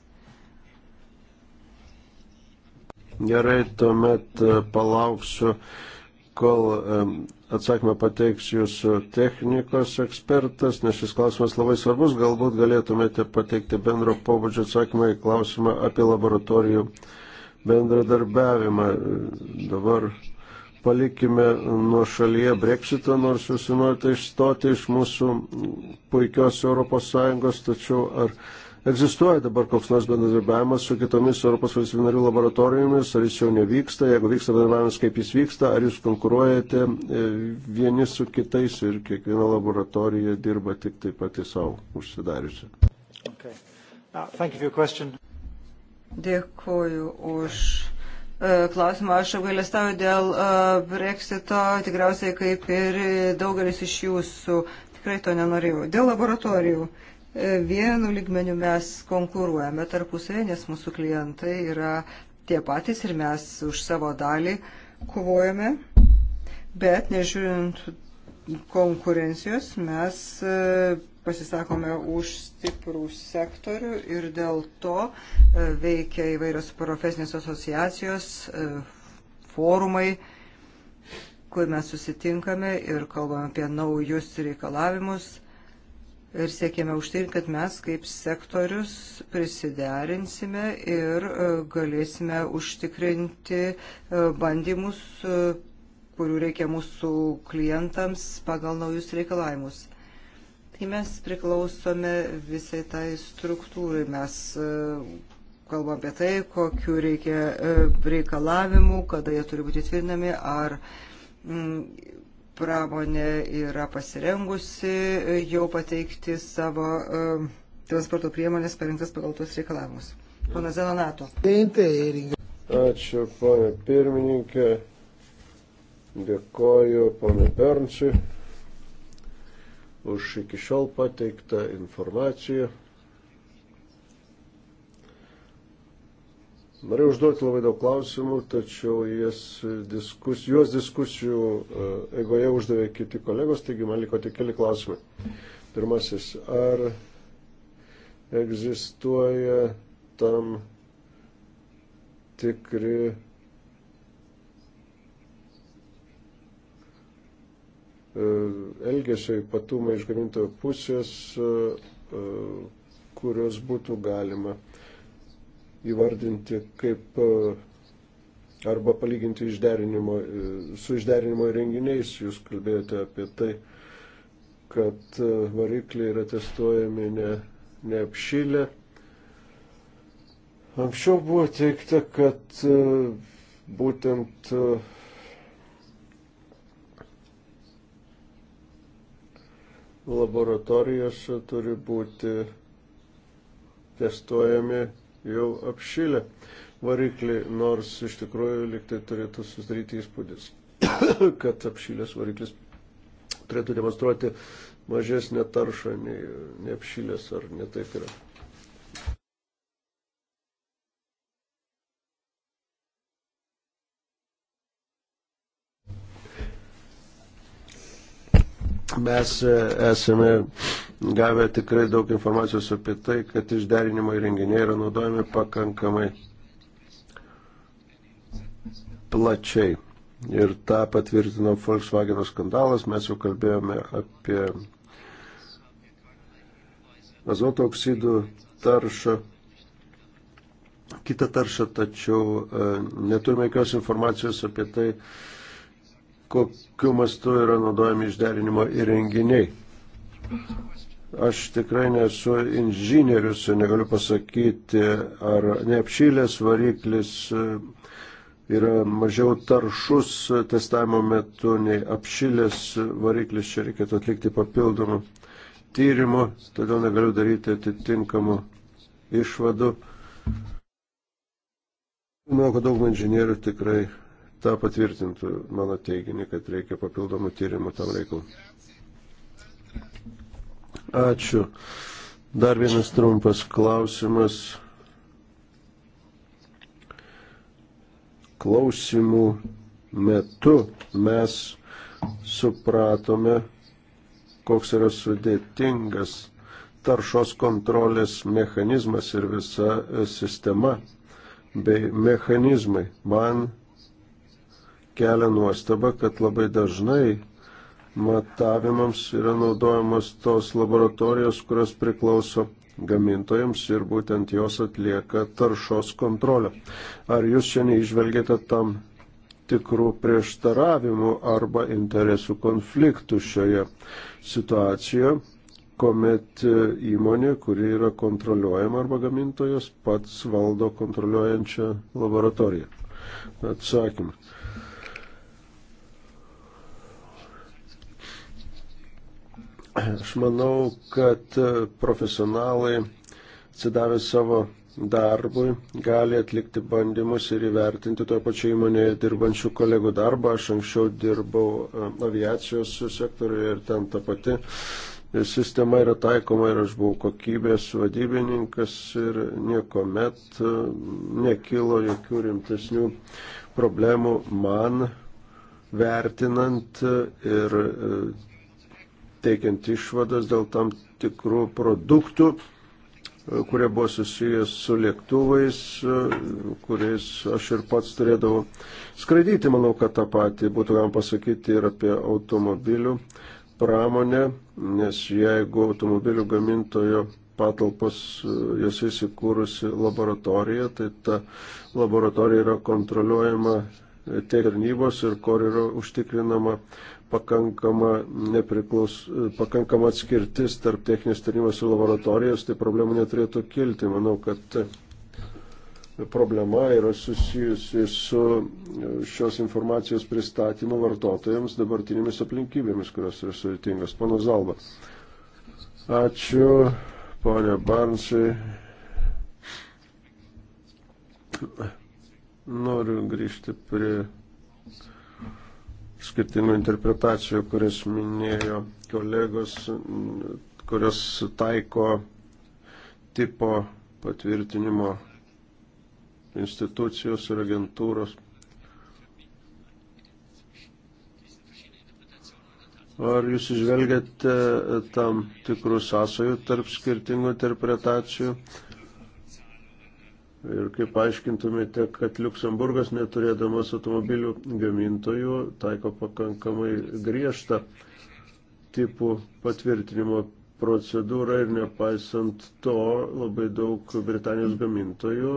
Gerai, tuomet e, palauksiu, kol e, atsakymą pateiks jūsų technikos ekspertas, nes šis klausimas labai svarbus. Galbūt galėtumėte pateikti bendro pobūdžio atsakymą į klausimą apie laboratorijų bendradarbiavimą. Dabar palikime nuo šalyje breksitą, nors jūs norite išstoti iš mūsų puikios ES, tačiau ar egzistuoja dabar koks nors bendradarbiavimas su kitomis Europos valstybių narių laboratorijomis, ar jis jau nevyksta, jeigu vyksta bendradarbiavimas, kaip jis vyksta, ar jūs konkuruojate e, vieni su kitais ir kiekviena laboratorija dirba tik taip pati savo užsidariusi. Okay. Uh, Dėkuoju už e, klausimą. Aš apgailestauju dėl e, Brexito, tikriausiai kaip ir daugelis iš jūsų. Tikrai to nenorėjau. Dėl laboratorijų. Uh, vienu lygmeniu mes konkuruojame tarpusavėje, nes mūsų klientai yra tie patys ir mes už savo dalį kovojame, bet nežiūrint konkurencijos mes e, pasisakome už stiprų sektorių ir dėl to e, veikia įvairios profesinės asociacijos, e, forumai, kur mes susitinkame ir kalbame apie naujus reikalavimus ir siekėme užtikrinti, kad mes kaip sektorius prisiderinsime ir e, galėsime užtikrinti e, bandymus, e, kurių reikia mūsų klientams pagal naujus reikalavimus. Tai mes priklausome visai tai struktūrai, mes kalbam apie tai, kokiu reikia reikalavimų, kada jie turi būti tvirtinami, ar pramonė yra pasirengusi e, jau pateikti savo e, transporto priemonės parinktas pagal tuos reikalavimus. Pana Zelanato. Ačiū, ponė pirmininkė. Dėkoju, ponė Pernčiui, už iki šiol pateiktą informaciją. Norėjau užduoti labai daug klausimų, tačiau jas diskus, juos diskusijų egoje uždavė kiti kolegos, taigi man liko tik keli klausimai. Pirmasis, ar egzistuoja tam tikri e, elgesio ypatumai iš gamintojo pusės, e, e, kurios būtų galima įvardinti kaip e, arba palyginti išderinimo, e, su išderinimo renginiais. Jūs kalbėjote apie tai, kad e, varikliai yra testuojami ne, neapšylę. Anksčiau buvo teikta, kad būtent laboratorijose turi būti testuojami jau apšilę variklį, nors iš tikrųjų liktai turėtų susidaryti įspūdis, [COUGHS] kad apšilęs variklis turėtų demonstruoti mažesnę taršą nei neapšilęs ar netaip yra. mes e, esame gavę tikrai daug informacijos apie tai, kad išderinimo įrenginiai yra naudojami pakankamai plačiai. Ir tą patvirtino Volkswagen skandalas, mes jau kalbėjome apie azoto oksidų taršą, kitą taršą, tačiau e, neturime jokios informacijos apie tai, kokiu mastu yra naudojami išderinimo įrenginiai. Aš tikrai nesu inžinierius, negaliu pasakyti, ar neapšylės variklis e, yra mažiau taršus testavimo metu nei apšylės variklis. Čia reikėtų atlikti papildomų tyrimų, todėl negaliu daryti atitinkamų išvadų. Manau, kad daug inžinierių tikrai tą patvirtintų mano teiginį, kad reikia papildomų tyrimų tam reikalui. Ačiū. Dar vienas trumpas klausimas. Klausimų metu mes supratome, koks yra sudėtingas taršos kontrolės mechanizmas ir visa e, sistema bei mechanizmai. Man kelia nuostaba, kad labai dažnai matavimams yra naudojamos tos laboratorijos, kurios priklauso gamintojams ir būtent jos atlieka taršos kontrolę. Ar jūs šiandien išvelgėte tam tikrų prieštaravimų arba interesų konfliktų šioje situacijoje, kuomet e, įmonė, kuri yra kontroliuojama arba gamintojas, pats valdo kontroliuojančią laboratoriją? Atsakymas. Aš manau, kad e, profesionalai atsidavę savo darbui gali atlikti bandymus ir įvertinti toje pačioje įmonėje dirbančių kolegų darbą. Aš anksčiau dirbau e, aviacijos sektoriuje ir ten ta pati sistema yra taikoma ir aš buvau kokybės vadybininkas ir nieko met e, nekilo jokių rimtesnių problemų man vertinant ir teikiant išvadas dėl tam tikrų produktų, e, kurie buvo susijęs su lėktuvais, e, kuriais aš ir pats turėdavau skraidyti. Manau, kad tą patį būtų galima pasakyti ir apie automobilių pramonę, nes jeigu automobilių gamintojo patalpos e, jos įsikūrusi laboratorija, tai ta laboratorija yra kontroliuojama tiek tarnybos ir kur yra užtikrinama pakankama, nepriklaus, pakankama atskirtis tarp techninės tarnybos ir laboratorijos, tai problemų neturėtų kilti. Manau, kad problema yra susijusi su šios informacijos pristatymu vartotojams dabartinėmis aplinkybėmis, kurios yra sudėtingas. Pana Zalba. Ačiū, ponia Barnsai. Noriu grįžti prie skirtingų interpretacijų, kurias minėjo kolegos, kurios taiko tipo patvirtinimo institucijos ir agentūros. Ar jūs išvelgiate tam tikrų sąsajų tarp skirtingų interpretacijų? Ir kaip aiškintumėte, kad Luksemburgas neturėdamas automobilių gamintojų taiko pakankamai griežtą tipų patvirtinimo procedūrą ir nepaisant to labai daug Britanijos gamintojų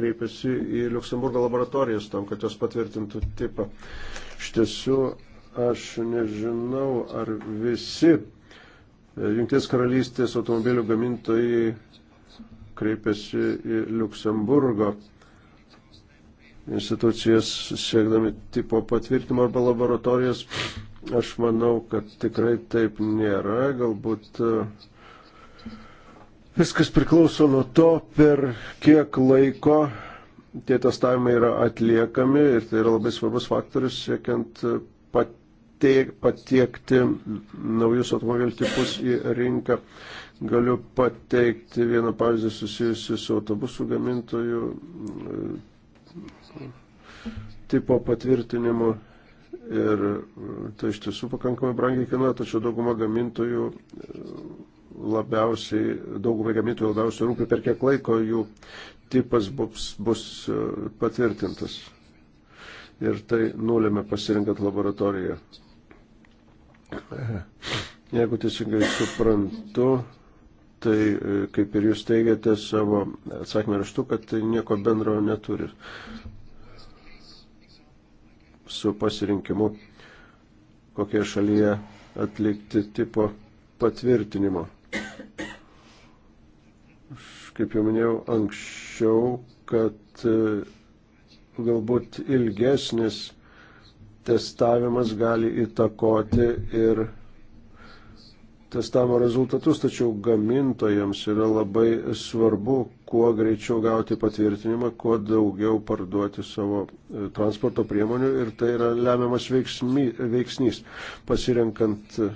kreipiasi į Luksemburgo laboratorijas tam, kad jos patvirtintų tipą. Iš tiesų, aš nežinau, ar visi e, Junkties karalystės automobilių gamintojai kreipėsi į Luksemburgo institucijas siekdami tipo patvirtimo arba laboratorijas. Aš manau, kad tikrai taip nėra. Galbūt e, viskas priklauso nuo to, per kiek laiko tie testavimai yra atliekami ir tai yra labai svarbus faktorius siekiant e, patiek, patiekti naujus automobilių tipus į rinką Galiu pateikti vieną pavyzdį susijusiu su autobusų gamintojų e, tipo patvirtinimu ir e, tai iš tiesų pakankamai brangiai kainuoja, tačiau dauguma gamintojų e, labiausiai, daugumai gamintojų labiausiai rūpi, per kiek laiko jų tipas bus, bus patvirtintas. Ir tai nulėmė pasirinkant laboratoriją. Jeigu teisingai suprantu, tai e, kaip ir jūs teigiate savo atsakymę raštu, kad tai nieko bendro neturi su pasirinkimu, kokie šalyje atlikti tipo patvirtinimo. Aš kaip jau minėjau anksčiau, kad e, galbūt ilgesnis testavimas gali įtakoti ir testavimo rezultatus, tačiau gamintojams yra labai svarbu, kuo greičiau gauti patvirtinimą, kuo daugiau parduoti savo e, transporto priemonių ir tai yra lemiamas veiksmy, veiksnys pasirenkant e,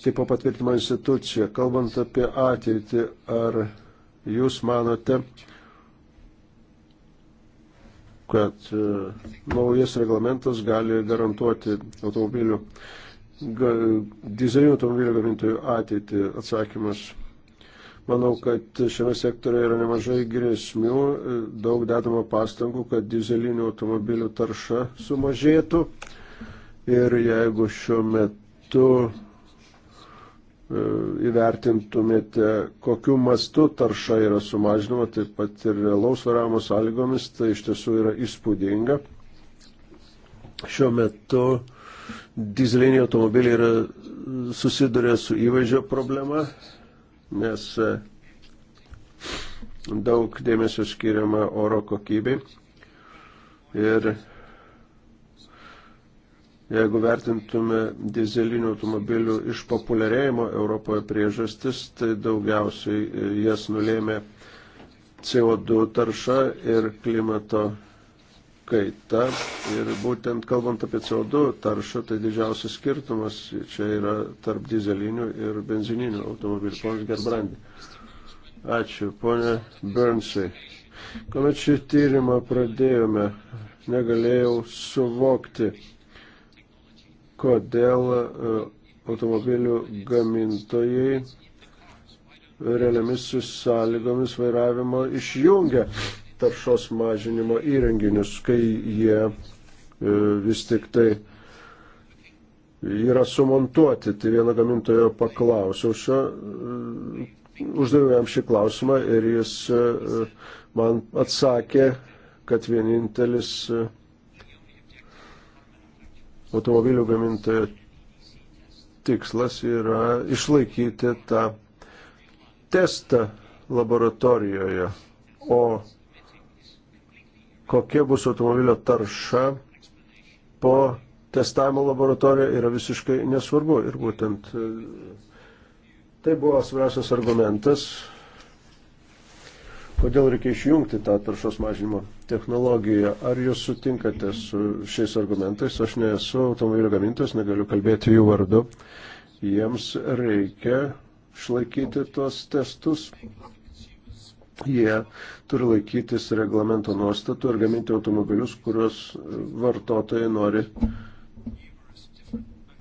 tipo patvirtinimo instituciją. Kalbant apie ateitį, ar jūs manote, kad e, naujas reglamentas gali garantuoti automobilių dizelinių automobilių gamintojų ateitį? Atsakymas. Manau, kad šiame sektorėje yra nemažai grėsmių, daug dedama pastangų, kad dizelinių automobilių tarša sumažėtų. Ir jeigu šiuo metu e, įvertintumėte, kokiu mastu tarša yra sumažinama, taip pat ir realaus varavimo sąlygomis, tai iš tiesų yra įspūdinga. Šiuo metu uh, dizeliniai automobiliai yra susiduria su įvaizdžio problema, nes e, daug dėmesio skiriama oro kokybei. Ir jeigu vertintume dizelinių automobilių išpopuliarėjimo Europoje priežastis, tai daugiausiai e, jas nulėmė CO2 tarša ir klimato kaita ir būtent kalbant apie CO2 taršą, tai didžiausias skirtumas čia yra tarp dizelinių ir benzininių automobilių. Ponas Gerbrandi. Ačiū, ponė Bernsai. Kuomet šį tyrimą pradėjome, negalėjau suvokti, kodėl e, automobilių gamintojai realiamis sąlygomis vairavimo išjungia taršos mažinimo įrenginius, kai jie e, vis tik tai yra sumontuoti. Tai vieno gamintojo paklausiau šio, e, uždaviau jam šį klausimą ir jis e, man atsakė, kad vienintelis automobilių gamintojo tikslas yra išlaikyti tą testą laboratorijoje, o kokia bus automobilio tarša po testavimo laboratorijoje yra visiškai nesvarbu. Ir būtent e, tai buvo svarbiausias argumentas, kodėl reikia išjungti tą taršos mažinimo technologiją. Ar jūs sutinkate su šiais argumentais? Aš nesu automobilio gamintojas, negaliu kalbėti jų vardu. Jiems reikia išlaikyti tos testus Jie turi laikytis reglamento nuostatų ir gaminti automobilius, kuriuos e, vartotojai nori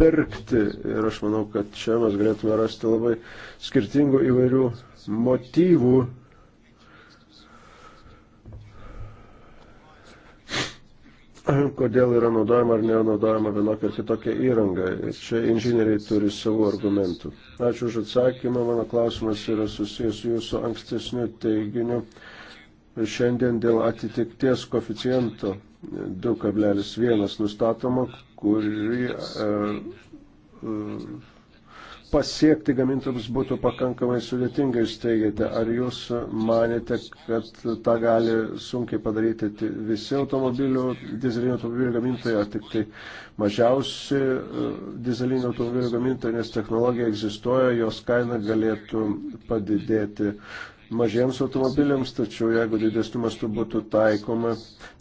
pirkti. Ir aš manau, kad čia mes galėtume rasti labai skirtingų įvairių motyvų [CLEARS THROAT] kodėl yra naudojama ar nėra naudojama vienokia ar kitokia įranga. Čia inžinieriai turi savo argumentų. Ačiū už atsakymą. Mano klausimas yra susijęs su jūsų ankstesniu teiginiu. Šiandien dėl atitikties koficijento 2,1 nustatoma, kurį e, e, pasiekti gamintams būtų pakankamai sudėtinga, jūs teigiate. Ar jūs manėte, kad tą gali sunkiai padaryti visi automobilių, dizelinių automobilių gamintojai, ar tik tai mažiausi e, dizelinių automobilių gamintojai, nes technologija egzistuoja, jos kaina galėtų padidėti mažiems automobiliams, tačiau jeigu didesnių mastų būtų taikoma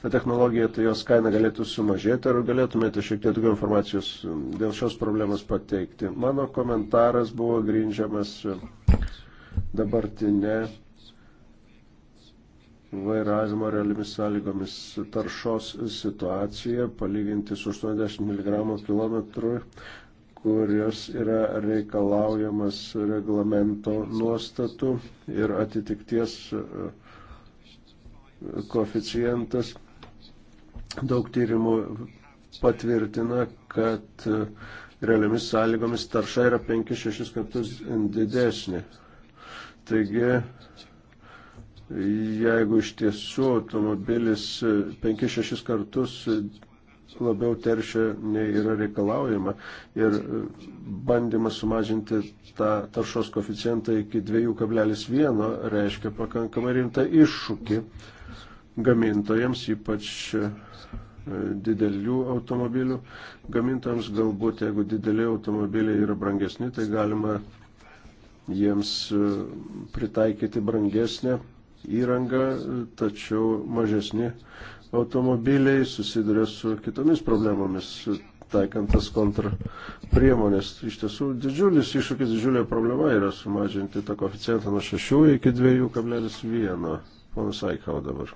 ta technologija, tai jos kaina galėtų sumažėti. Ar galėtumėte šiek tiek daugiau informacijos um, dėl šios problemos pateikti? Mano komentaras buvo grindžiamas um, dabartinė vairavimo realiomis sąlygomis taršos situacija palyginti su 80 mg km kurios yra reikalaujamas reglamento nuostatų ir atitikties e, koeficientas. Daug tyrimų patvirtina, kad e, realiamis sąlygomis tarša yra 5-6 kartus didesnė. Taigi, jeigu iš tiesų automobilis 5-6 e, kartus labiau teršia, nei yra reikalaujama. Ir e, bandymas sumažinti tą taršos koficijantą iki 2,1 reiškia pakankamai rimtą iššūkį gamintojams, ypač e, didelių automobilių gamintojams. Galbūt, jeigu dideli automobiliai yra brangesni, tai galima jiems e, pritaikyti brangesnę įrangą, tačiau mažesni automobiliai susiduria su kitomis problemomis, taikant tas kontrapriemonės. Iš tiesų, didžiulis iššūkis, didžiulė problema yra sumažinti tą koficijantą nuo 6 iki 2,1. Ponas Aikau dabar.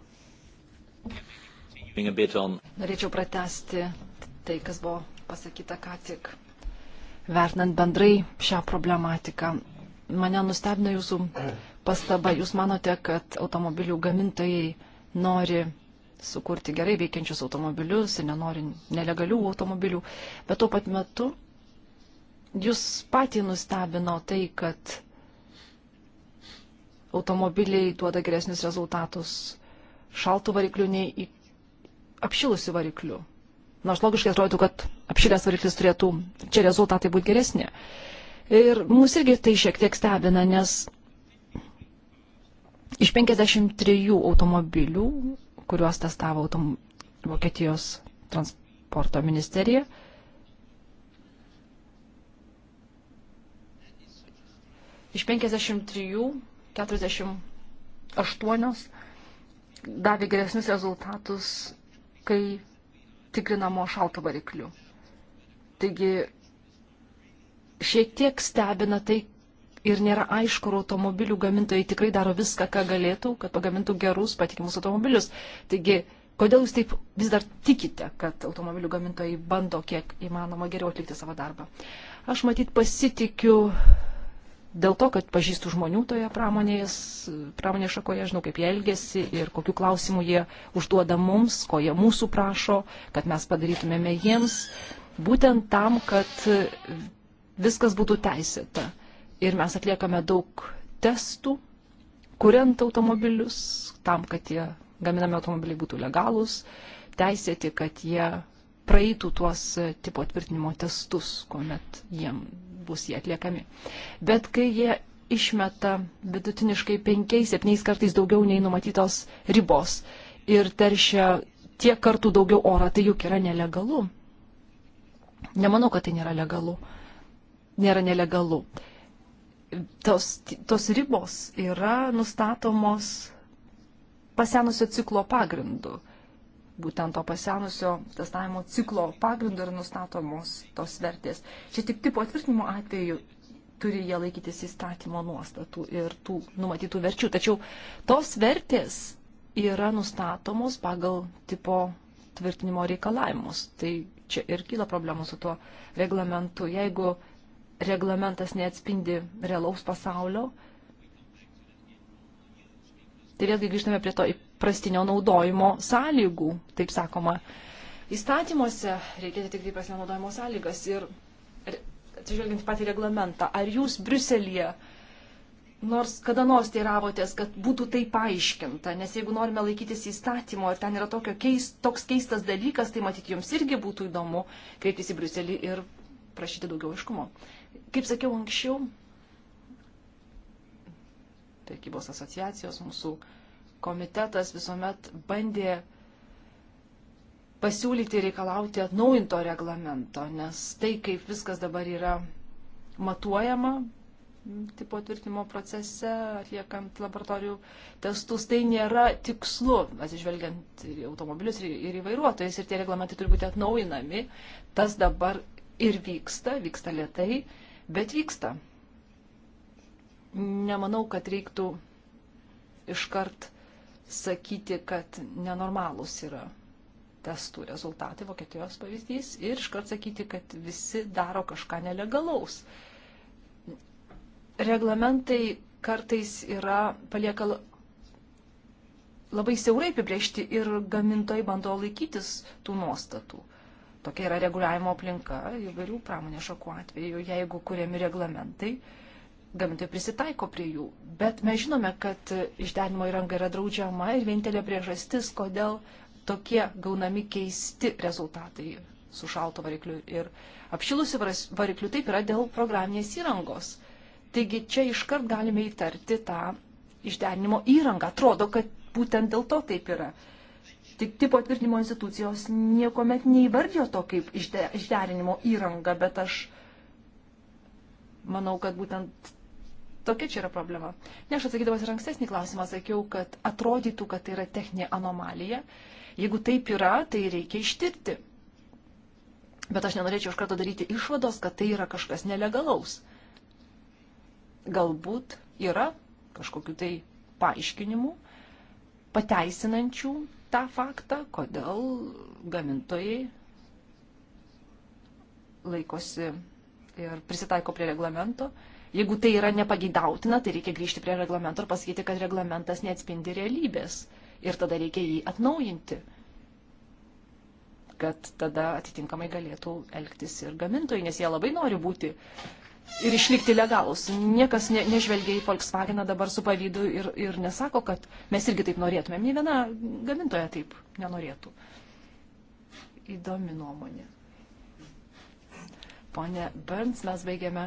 Norėčiau pratesti tai, kas buvo pasakyta ką tik. Vertinant bendrai šią problematiką, mane nustebino jūsų pastaba. Jūs manote, kad automobilių gamintojai nori sukurti gerai veikiančius automobilius ir nenori nelegalių automobilių, bet tuo pat metu jūs patį nustebino tai, kad automobiliai duoda geresnius rezultatus šaltų variklių nei apšilusių variklių. Nors logiškai atrodytų, kad apšilęs variklis turėtų čia rezultatai būti geresni. Ir mus irgi tai šiek tiek stebina, nes iš 53 automobilių kuriuos testavo autom... Vokietijos transporto ministerija. Iš 53, 48 davė geresnius rezultatus, kai tikrinamo šalto varikliu. Taigi šiek tiek stebina tai, ir nėra aišku, ar automobilių gamintojai tikrai daro viską, ką galėtų, kad pagamintų gerus, patikimus automobilius. Taigi, kodėl jūs taip vis dar tikite, kad automobilių gamintojai bando kiek įmanoma geriau atlikti savo darbą? Aš matyt pasitikiu dėl to, kad pažįstu žmonių toje pramonės, pramonės šakoje, žinau, kaip jie elgesi ir kokiu klausimu jie užduoda mums, ko jie mūsų prašo, kad mes padarytumėme jiems, būtent tam, kad viskas būtų teisėta ir mes atliekame daug testų, kuriant automobilius, tam, kad tie gaminami automobiliai būtų legalūs, teisėti, kad jie praeitų tuos tipo tvirtinimo testus, kuomet jiem bus jie atliekami. Bet kai jie išmeta vidutiniškai 5-7 kartais daugiau nei numatytos ribos ir teršia tiek kartų daugiau orą, tai juk yra nelegalu. Nemanau, kad tai nėra legalu. Nėra nelegalu tos, tos ribos yra nustatomos pasenusio ciklo pagrindu. Būtent to pasenusio testavimo ciklo pagrindu yra nustatomos tos vertės. Čia tik tipo atvirtinimo atveju turi jie laikytis įstatymo nuostatų ir tų numatytų verčių. Tačiau tos vertės yra nustatomos pagal tipo tvirtinimo reikalavimus. Tai čia ir kyla problemų su tuo reglamentu. Jeigu reglamentas neatspindi realaus pasaulio. Tai vėlgi grįžtame prie to įprastinio naudojimo sąlygų, taip sakoma. Įstatymuose reikia tik tai prasme naudojimo sąlygas ir atsižvelgiant patį reglamentą, ar jūs Briuselėje nors kada nors teiravotės, kad būtų tai paaiškinta, nes jeigu norime laikytis įstatymo ir ten yra keist, toks keistas dalykas, tai matyt, jums irgi būtų įdomu kreiptis į Briuselį ir prašyti daugiau aiškumo. Kaip sakiau anksčiau, prekybos asociacijos mūsų komitetas visuomet bandė pasiūlyti reikalauti atnaujinto reglamento, nes tai, kaip viskas dabar yra matuojama tipo tvirtinimo procese, atliekant laboratorijų testus, tai nėra tikslu, atsižvelgiant ir automobilius, ir, ir į vairuotojus, ir tie reglamentai turi būti atnaujinami. Tas dabar ir vyksta, vyksta lietai, bet vyksta. Nemanau, kad reiktų iškart sakyti, kad nenormalūs yra testų rezultatai, Vokietijos pavyzdys, ir iškart sakyti, kad visi daro kažką nelegalaus. Reglamentai kartais yra palieka labai siaurai apibriežti ir gamintojai bando laikytis tų nuostatų. Tokia yra reguliavimo aplinka įvairių pramonės šakų atveju, jeigu kuriami reglamentai, gamintojai prisitaiko prie jų. Bet mes žinome, kad išdenimo įranga yra draudžiama ir vienintelė priežastis, kodėl tokie gaunami keisti rezultatai su šalto varikliu ir apšilusi varikliu taip yra dėl programinės įrangos. Taigi čia iškart galime įtarti tą išdenimo įrangą. Atrodo, kad būtent dėl to taip yra tipo tvirtinimo institucijos niekuomet neįvardėjo to kaip išderinimo įrangą, bet aš manau, kad būtent tokia čia yra problema. Ne, aš atsakydamas ir ankstesnį klausimą sakiau, kad atrodytų, kad tai yra techninė anomalija. Jeigu taip yra, tai reikia ištirti. Bet aš nenorėčiau iš karto daryti išvados, kad tai yra kažkas nelegalaus. Galbūt yra kažkokiu tai paaiškinimu, pateisinančių tą faktą, kodėl gamintojai laikosi ir prisitaiko prie reglamento. Jeigu tai yra nepageidautina, tai reikia grįžti prie reglamento ir pasakyti, kad reglamentas neatspindi realybės. Ir tada reikia jį atnaujinti, kad tada atitinkamai galėtų elgtis ir gamintojai, nes jie labai nori būti ir išlikti legalus. Niekas ne, nežvelgia į Volkswageną dabar su pavydu ir, ir nesako, kad mes irgi taip norėtumėm. Nė viena gamintoja taip nenorėtų. Įdomi nuomonė. Pone Burns, mes baigiame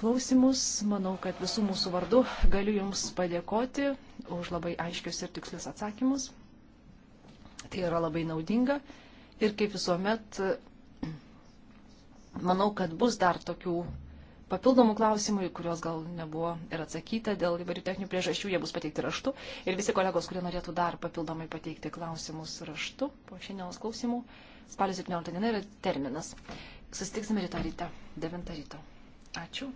klausimus. Manau, kad visų mūsų vardu galiu Jums padėkoti už labai aiškius ir tikslius atsakymus. Tai yra labai naudinga. Ir kaip visuomet Manau, kad bus dar tokių papildomų klausimų, į kuriuos gal nebuvo ir atsakyta dėl įvairių techninių priežasčių, jie bus pateikti raštu. Ir visi kolegos, kurie norėtų dar papildomai pateikti klausimus raštu po šiandienos klausimų, spalio 17 diena yra terminas. Susitiksime ryto ryte, 9 ryto. Ačiū.